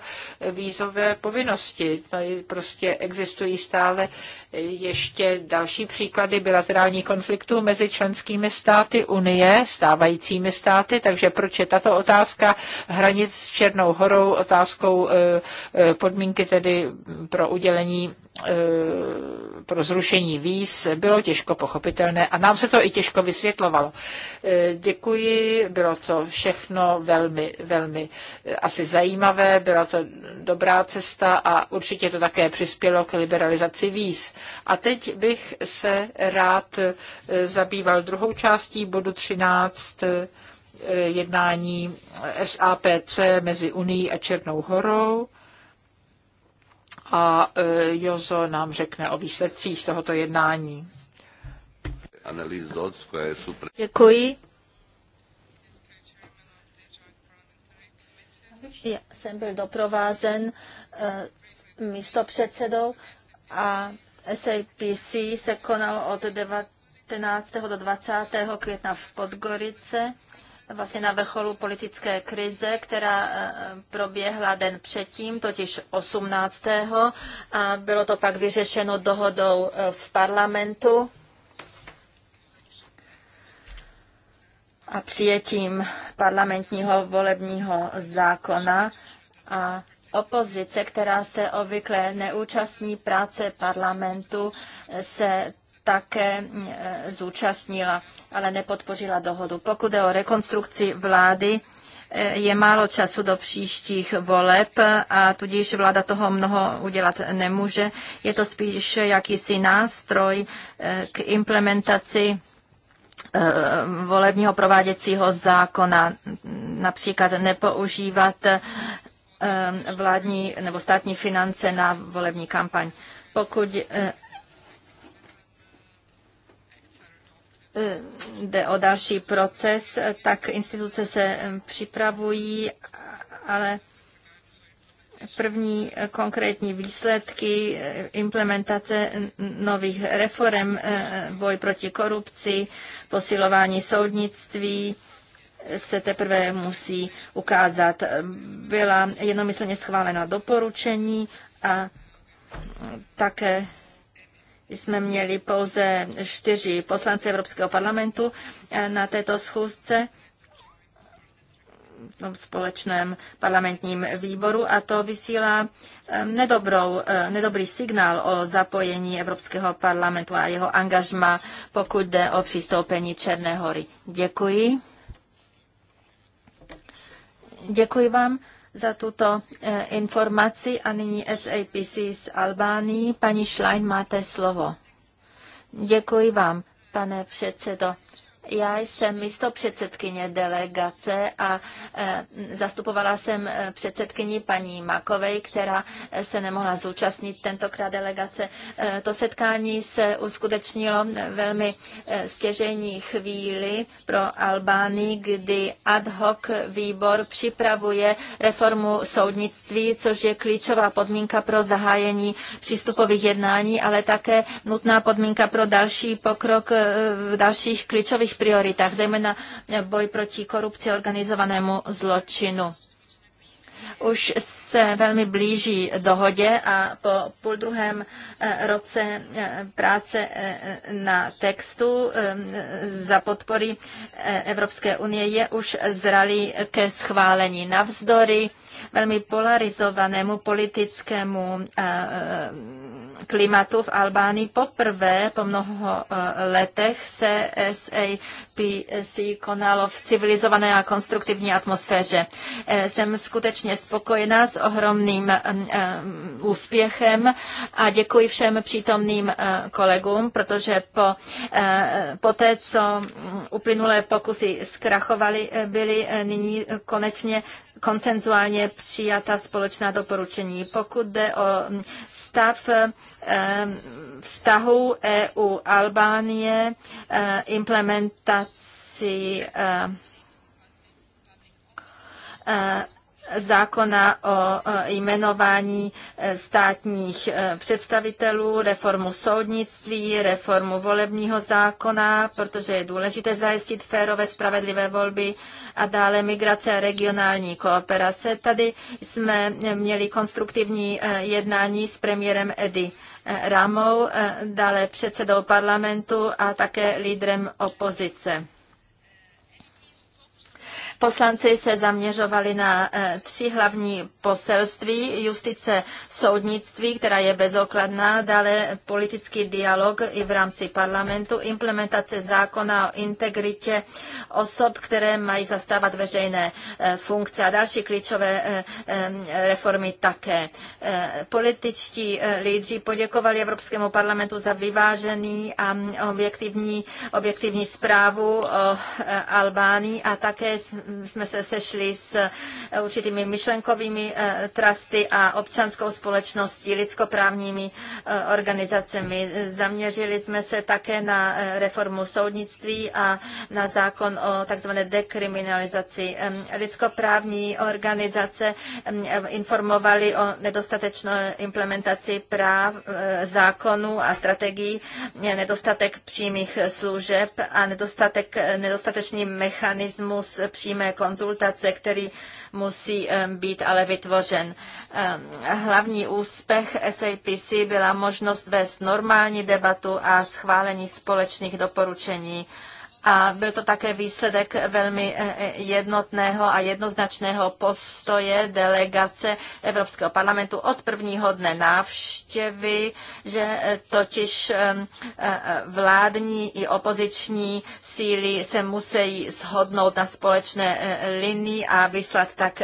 vízové povinnosti. Tady prostě existují stále ještě další příklady bilaterálních konfliktů mezi členskými státy Unie, stávajícími státy, takže proč je tato otázka hranic s Černou horou otázkou eh, eh, podmínky tedy pro udělení eh, pro zrušení víz bylo těžko pochopitelné a nám se to i těžko vysvětlovalo. E, děkuji, bylo to všechno velmi, velmi e, asi zajímavé, byla to dobrá cesta a určitě to také přispělo k liberalizaci víz. A teď bych se rád e, zabýval druhou částí bodu 13 jednání SAPC mezi Unii a Černou horou a e, Jozo nám řekne o výsledcích tohoto jednání. Děkuji. Já jsem byl doprovázen e, místo předsedou a SAPC se konalo od 19. do 20. května v Podgorice vlastně na vrcholu politické krize, která e, proběhla den předtím, totiž 18. a bylo to pak vyřešeno dohodou e, v parlamentu a přijetím parlamentního volebního zákona a Opozice, která se obvykle neúčastní práce parlamentu, se také e, zúčastnila, ale nepodpořila dohodu. Pokud je o rekonstrukci vlády, e, je málo času do příštích voleb a tudíž vláda toho mnoho udělat nemůže. Je to spíš jakýsi nástroj e, k implementaci volebního prováděcího zákona, například nepoužívat vládní nebo státní finance na volební kampaň. Pokud Eh, jde o další proces, tak instituce se eh, připravují, ale první eh, konkrétní výsledky implementace nových reform, boj proti korupci, posilování soudnictví se teprve musí ukázat. Byla jednomyslně schválena doporučení a také jsme měli pouze čtyři poslance Evropského parlamentu eh, na této schůzce v společném parlamentním výboru a to vysílá eh, nedobrou, eh, nedobrý signál o zapojení Evropského parlamentu a jeho angažma, pokud jde o přistoupení Černé hory. Děkuji. Děkuji vám za tuto eh, informaci a nyní SAPC z Albánii. Paní Schlein, máte slovo. Děkuji vám, pane předsedo. Já jsem místo předsedkyně delegace a e, zastupovala jsem e, předsedkyni paní Makovej, která e, se nemohla zúčastnit tentokrát delegace. to setkání se uskutečnilo velmi stěžení chvíli pro Albány, kdy ad hoc výbor připravuje reformu soudnictví, což je klíčová podmínka pro zahájení přístupových jednání, ale také nutná podmínka pro další pokrok v dalších klíčových prioritách, zejména boj proti korupci, organizovanému zločinu už se velmi blíží dohodě a po půl druhém eh, roce eh, práce eh, na textu za podpory Evropské unie je už zralý ke schválení. Navzdory velmi polarizovanému politickému klimatu v Albánii poprvé po mnoho letech se SA by si konalo v civilizované a konstruktivní atmosféře. Eh, jsem skutečně spokojená s ohromným eh, eh, úspěchem a děkuji všem přítomným kolegům, protože po, po té, co mm, uplynulé pokusy zkrachovaly, byly nyní konečně koncenzuálně přijata společná doporučení. Pokud jde o mm, stav eh, vztahu EU-Albánie, eh, implementaci eh, zákona o e, jmenování e, státních e, představitelů, reformu soudnictví, reformu volebního zákona, protože je důležité zajistit férové, spravedlivé volby a dále migrace a regionální kooperace. Tady jsme měli konstruktivní jednání s premiérem Edy Ramou, dále předsedou parlamentu a také lídrem opozice. Poslanci se zaměřovali na eh, tři hlavní poselství. Justice soudnictví, která je bezokladná, dále politický dialog i v rámci parlamentu, implementace zákona o integritě osob, které mají zastávat veřejné eh, funkce a další klíčové eh, reformy také. Političtí lídři poděkovali Evropskému parlamentu za vyvážený a objektivní, objektivní zprávu o Albánii a také jsme se sešli s eh, určitými myšlenkovými eh, trusty a občanskou společností, lidskoprávními eh, organizacemi. Zaměřili jsme se také na reformu soudnictví a na zákon o takzvané dekriminalizaci. Lidskoprávní organizace informovali o nedostatečné implementaci práv, zákonů a strategií, nedostatek přímých služeb a nedostatek, nedostatečný mechanismus přímé systémem konzultace, který musí eh, být ale vytvořen. Eh, hlavní úspěch SAPC byla možnost vést normální debatu a schválení společných doporučení a byl to také výsledek velmi eh, eh, jednotného a jednoznačného postoje delegace Evropského parlamentu od prvního dne návštěvy, že eh, totiž vládní i opoziční síly se musí shodnout na společné linii a vyslat tak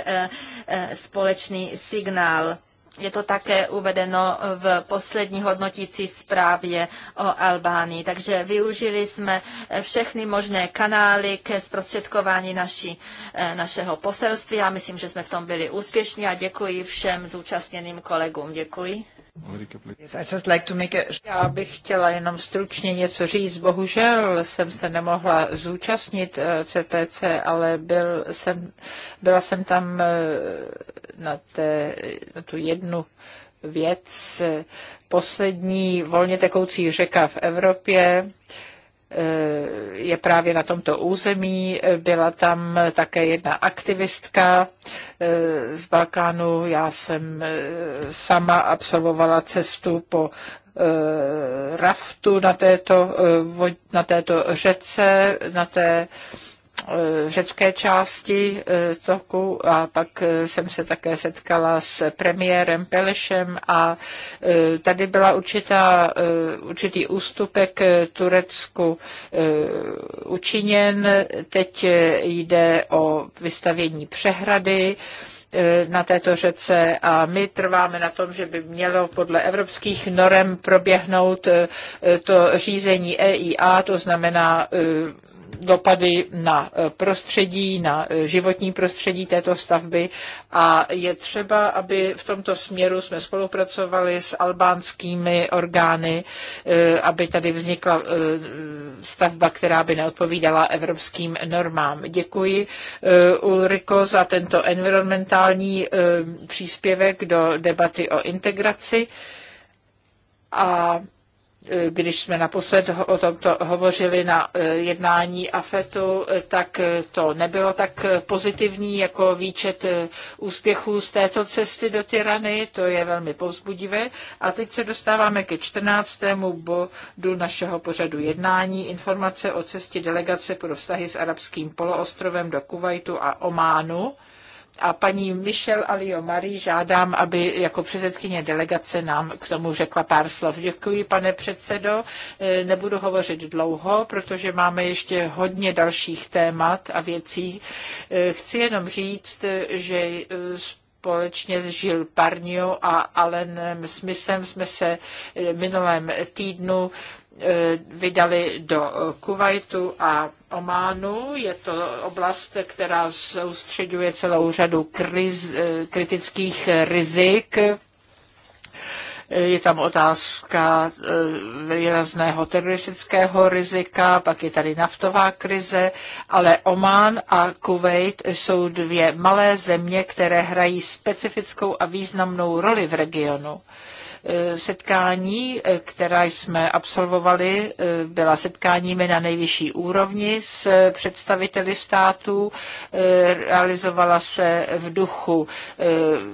společný signál. Je to také uvedeno v poslední hodnotící zprávě o Albánii. Takže využili jsme všechny možné kanály ke zprostředkování naší, eh, našeho poselství. Já myslím, že jsme v tom byli úspěšní a děkuji všem zúčastněným kolegům. Děkuji. Já bych chtěla jenom stručně něco říct. Bohužel jsem se nemohla zúčastnit CPC, eh, ale byl jsem, byla jsem tam eh, na, té, na tu jednu věc. Eh, poslední volně tekoucí řeka v Evropě je právě na tomto území. Byla tam také jedna aktivistka eh, z Balkánu. Já jsem eh, sama absolvovala cestu po eh, raftu na této, na této řece, na té Eh, řecké části eh, toku a pak eh, jsem se také setkala s premiérem Pelešem a tady byla určitá, určitý ústupek Turecku učiněn. Teď jde o vystavění přehrady na této řece a my trváme na tom, že by mělo podle evropských norem proběhnout to řízení EIA, to znamená dopady na eh, prostředí, na eh, životní prostředí této stavby a je třeba, aby v tomto směru jsme spolupracovali s albánskými orgány, eh, aby tady vznikla stavba, která by neodpovídala evropským normám. Děkuji Ulriko za tento environmentální příspěvek do debaty o integraci a když jsme naposled o tomto hovořili na e, jednání AFETu, e, tak e, to nebylo tak pozitivní jako výčet úspěchů z této cesty do Tyrany, to je velmi povzbudivé. A teď se dostáváme ke 14. bodu našeho pořadu jednání, informace o cestě delegace pro vztahy s arabským poloostrovem do Kuwaitu a Ománu. A paní Michelle Alio Marie žádám, aby jako předsedkyně delegace nám k tomu řekla pár slov. Děkuji, pane předsedo. E, nebudu hovořit dlouho, protože máme ještě hodně dalších témat a věcí. E, chci jenom říct, e, že společně s Žil Parnio a Alenem Smithem jsme se minulém týdnu E, vydali do Kuwaitu a Ománu. Je to oblast, která soustředuje celou řadu kriz, e, kritických rizik. E, je tam otázka výrazného teroristického rizika, pak je tady naftová krize, ale Oman a Kuwait jsou dvě malé země, které hrají specifickou a významnou roli v regionu. Eh, setkání, eh, která jsme absolvovali, eh, byla setkáními na nejvyšší úrovni s představiteli států. Realizovala se v duchu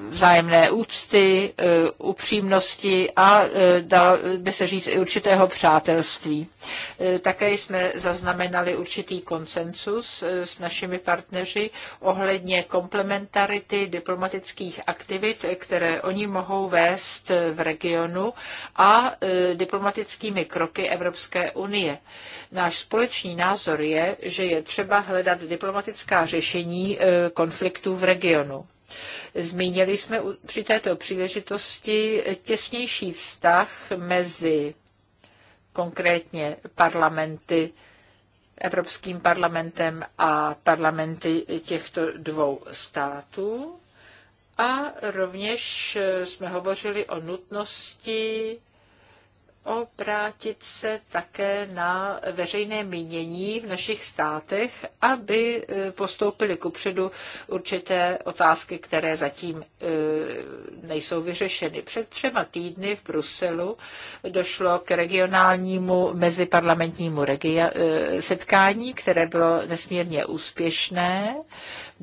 vzájemné úcty, upřímnosti a dal by se říct i určitého přátelství. Také jsme zaznamenali určitý konsensus s našimi partneři ohledně komplementarity diplomatických aktivit, které oni mohou vést v regionu regionu a e, diplomatickými kroky Evropské unie. Náš společný názor je, že je třeba hledat diplomatická řešení e, konfliktů v regionu. Zmínili jsme při této příležitosti těsnější vztah mezi konkrétně parlamenty, Evropským parlamentem a parlamenty těchto dvou států. A rovněž eh, jsme hovořili o nutnosti obrátit se také na veřejné mínění v našich státech, aby eh, postoupili předu určité otázky, které zatím eh, nejsou vyřešeny. Před třema týdny v Bruselu došlo k regionálnímu meziparlamentnímu setkání, které bylo nesmírně úspěšné.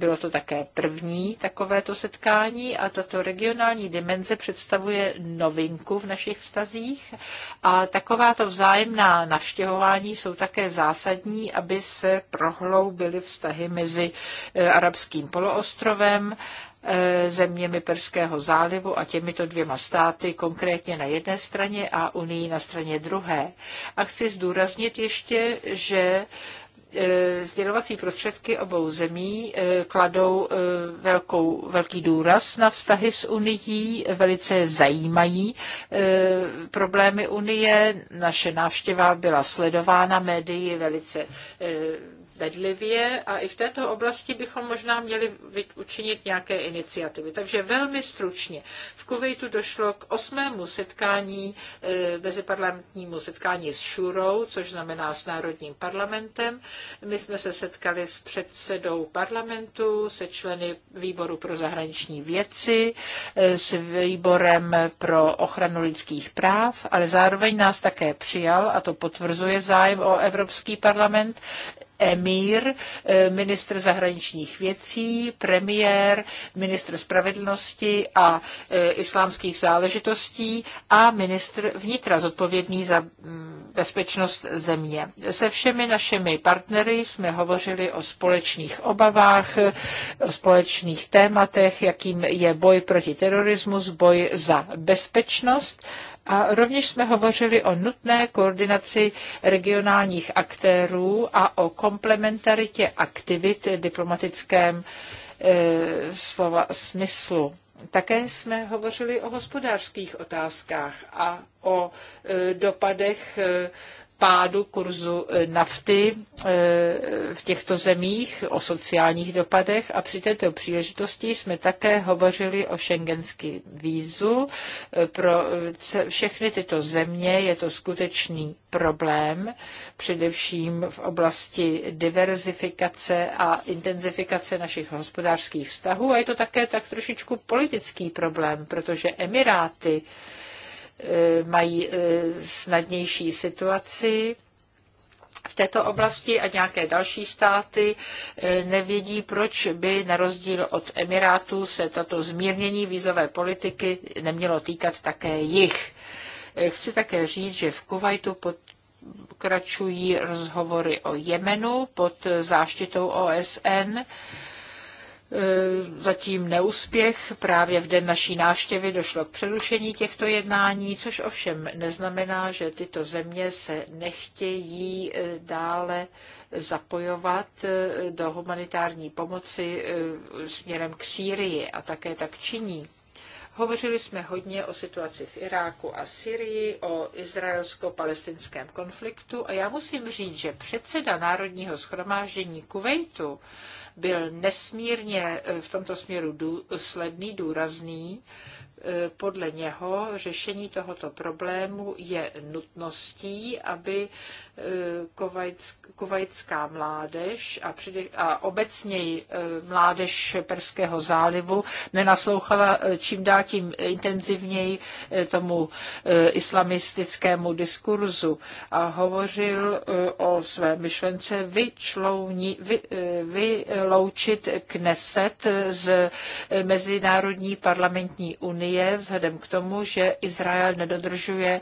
Bylo to také první takovéto setkání a tato regionální dimenze představuje novinku v našich vztazích a takováto vzájemná navštěvování jsou také zásadní, aby se prohloubily vztahy mezi eh, arabským poloostrovem eh, zeměmi Perského zálivu a těmito dvěma státy, konkrétně na jedné straně a Unii na straně druhé. A chci zdůraznit ještě, že E, sdělovací prostředky obou zemí e, kladou e, velkou, velký důraz na vztahy s Unií, velice zajímají problémy Unie. Naše návštěva byla sledována médií velice bedlivě a i v této oblasti bychom možná měli učinit nějaké iniciativy. Takže velmi stručně. V Kuvejtu došlo k osmému setkání, e, meziparlamentnímu setkání s Šurou, což znamená s Národním parlamentem. My jsme se setkali s předsedou parlamentu, se členy výboru pro zahraniční věci, e, s výborem pro ochranu lidských práv, ale zároveň nás také přijal, a to potvrzuje zájem o Evropský parlament, emír, eh, ministr zahraničních věcí, premiér, ministr spravedlnosti a eh, islámských záležitostí a ministr vnitra zodpovědný za mm, bezpečnost země. Se všemi našimi partnery jsme hovořili o společných obavách, o společných tématech, jakým je boj proti terorismu, boj za bezpečnost a rovněž jsme hovořili o nutné koordinaci regionálních aktérů a o komplementaritě aktivit diplomatickém e, slova smyslu. Také jsme hovořili o hospodářských otázkách a o eh, dopadech eh, pádu kurzu e, nafty e, v těchto zemích, o sociálních dopadech a při této příležitosti jsme také hovořili o šengenský vízu. E, pro všechny tyto země je to skutečný problém, především v oblasti diverzifikace a intenzifikace našich hospodářských vztahů a je to také tak trošičku politický problém, protože Emiráty, Eh, mají eh, snadnější situaci v této oblasti a nějaké další státy eh, nevědí, proč by na rozdíl od Emirátů se tato zmírnění vízové politiky nemělo týkat také jich. Chci také říct, že v Kuwaitu pod pokračují rozhovory o Jemenu pod záštitou OSN E, zatím neúspěch. Právě v den naší návštěvy došlo k přerušení těchto jednání, což ovšem neznamená, že tyto země se nechtějí e, dále zapojovat e, do humanitární pomoci směrem k Sýrii a také tak činí. Hovořili jsme hodně o situaci v Iráku a Syrii, o izraelsko-palestinském konfliktu a já musím říct, že předseda Národního schromáždění Kuwaitu byl nesmírně eh, v tomto směru důsledný, důrazný E, podle něho řešení tohoto problému je nutností, aby e, kuvajská mládež a, přede, a obecněji e, mládež Perského zálivu nenaslouchala čím dál tím intenzivněji tomu islamistickému diskurzu a hovořil o své myšlence vyčlouní, vy, vyloučit Kneset z Mezinárodní parlamentní unie unie vzhledem k tomu, že Izrael nedodržuje e,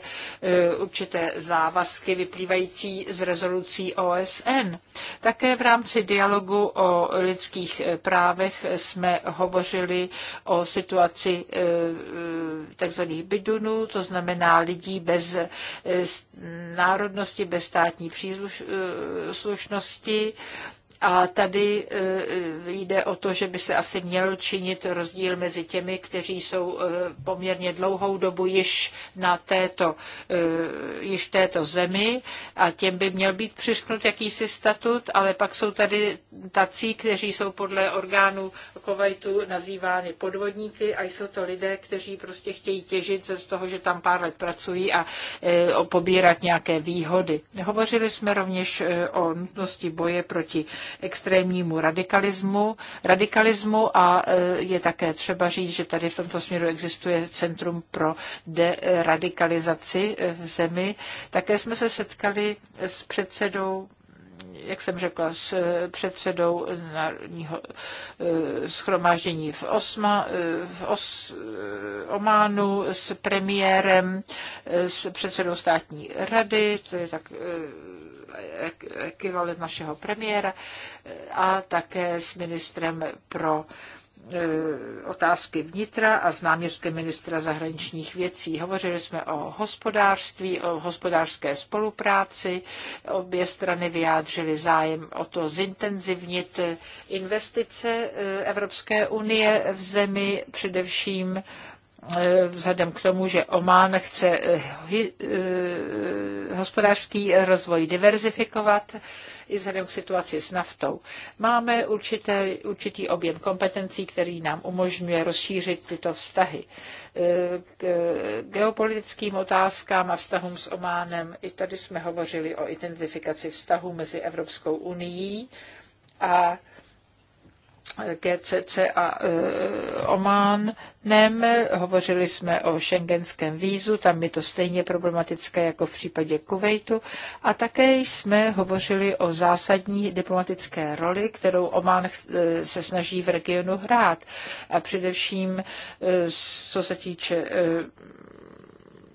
určité závazky vyplývající z rezolucí OSN. Také v rámci dialogu o lidských e, právech jsme hovořili o situaci e, tzv. bidunů, to znamená lidí bez národnosti, bez státní příslušnosti. A tady eh, jde o to, že by se asi měl činit rozdíl mezi těmi, kteří jsou eh, poměrně dlouhou dobu již na této, eh, již této zemi a těm by měl být přišknut jakýsi statut, ale pak jsou tady tací, kteří jsou podle orgánů Kovajtu nazývány podvodníky a jsou to lidé, kteří prostě chtějí těžit z toho, že tam pár let pracují a pobírat nějaké výhody. Hovořili jsme rovněž o nutnosti boje proti extrémnímu radikalismu, radikalismu a e, je také třeba říct, že tady v tomto směru existuje Centrum pro deradikalizaci e, v zemi. Také jsme se setkali s předsedou jak jsem řekla, s e, předsedou národního schromáždění v, Osma, v Os, Ománu, s premiérem, s předsedou státní rady, to je tak ekvivalent našeho premiéra a také s ministrem pro e, otázky vnitra a s náměstkem ministra zahraničních věcí. Hovořili jsme o hospodářství, o hospodářské spolupráci. Obě strany vyjádřily zájem o to zintenzivnit investice e, Evropské unie v zemi, především Eh, vzhledem k tomu, že Oman chce eh, eh, hospodářský rozvoj diverzifikovat i vzhledem k situaci s naftou. Máme určité, určitý objem kompetencí, který nám umožňuje rozšířit tyto vztahy k geopolitickým otázkám a vztahům s Ománem. I tady jsme hovořili o intenzifikaci vztahu mezi Evropskou unii a GCC a e, Oman nem. Hovořili jsme o šengenském vízu, tam je to stejně problematické jako v případě Kuwaitu. A také jsme hovořili o zásadní diplomatické roli, kterou Oman e, se snaží v regionu hrát. A především, e, co se týče e,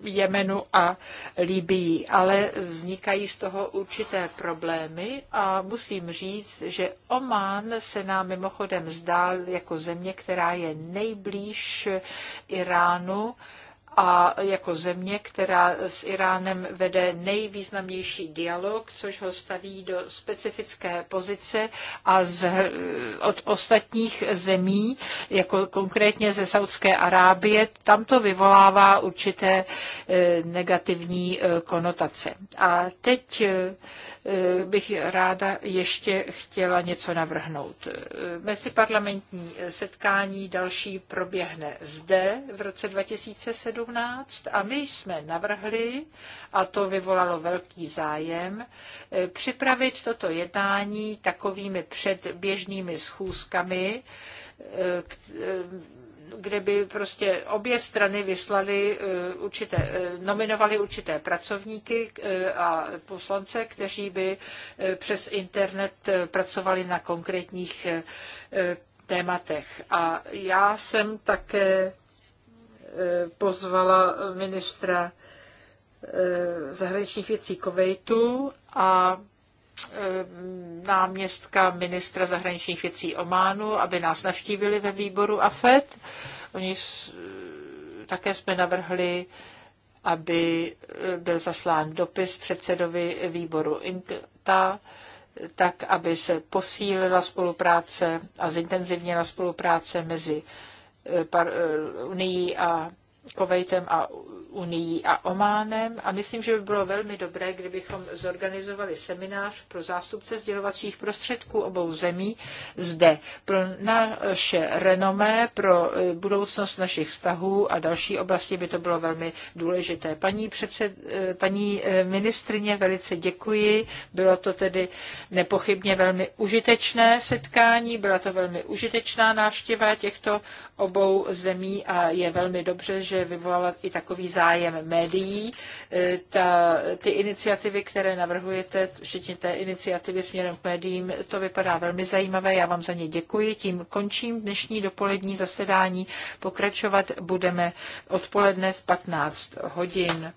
Jemenu a Libii, ale vznikají z toho určité problémy a musím říct, že Oman se nám mimochodem zdál jako země, která je nejblíž Iránu, a jako země, která s Iránem vede nejvýznamnější dialog, což ho staví do specifické pozice a z, od ostatních zemí, jako konkrétně ze Saudské Arábie, tam to vyvolává určité eh, negativní eh, konotace. A teď eh, Eh, bych ráda ještě chtěla něco navrhnout. Eh, meziparlamentní setkání další proběhne zde v roce 2017 a my jsme navrhli, a to vyvolalo velký zájem, eh, připravit toto jednání takovými předběžnými schůzkami, kde by prostě obě strany vyslali eh, určité, eh, nominovali určité pracovníky eh, a poslance, kteří by přes internet pracovali na konkrétních tématech. A já jsem také pozvala ministra zahraničních věcí Kovejtu a Eh, náměstka ministra zahraničních věcí Ománu, aby nás navštívili ve výboru AFED. Oni eh, také jsme navrhli, aby eh, byl zaslán dopis předsedovi výboru INTA, tak, aby se posílila spolupráce a zintenzivněla spolupráce mezi Unii a Kovejtem a Unii a Ománem a myslím, že by bylo velmi dobré, kdybychom zorganizovali seminář pro zástupce sdělovacích prostředků obou zemí zde pro naše renomé, pro eh, budoucnost našich vztahů a další oblasti by to bylo velmi důležité. Paní, předsed, eh, paní eh, ministrině, velice děkuji. Bylo to tedy nepochybně velmi užitečné setkání, byla to velmi užitečná návštěva těchto obou zemí a je velmi dobře, že že vyvolala i takový zájem médií. E, ta, ty iniciativy, které navrhujete, včetně té iniciativy směrem k médiím, to vypadá velmi zajímavé. Já vám za ně děkuji. Tím končím dnešní dopolední zasedání. Pokračovat budeme odpoledne v 15 hodin.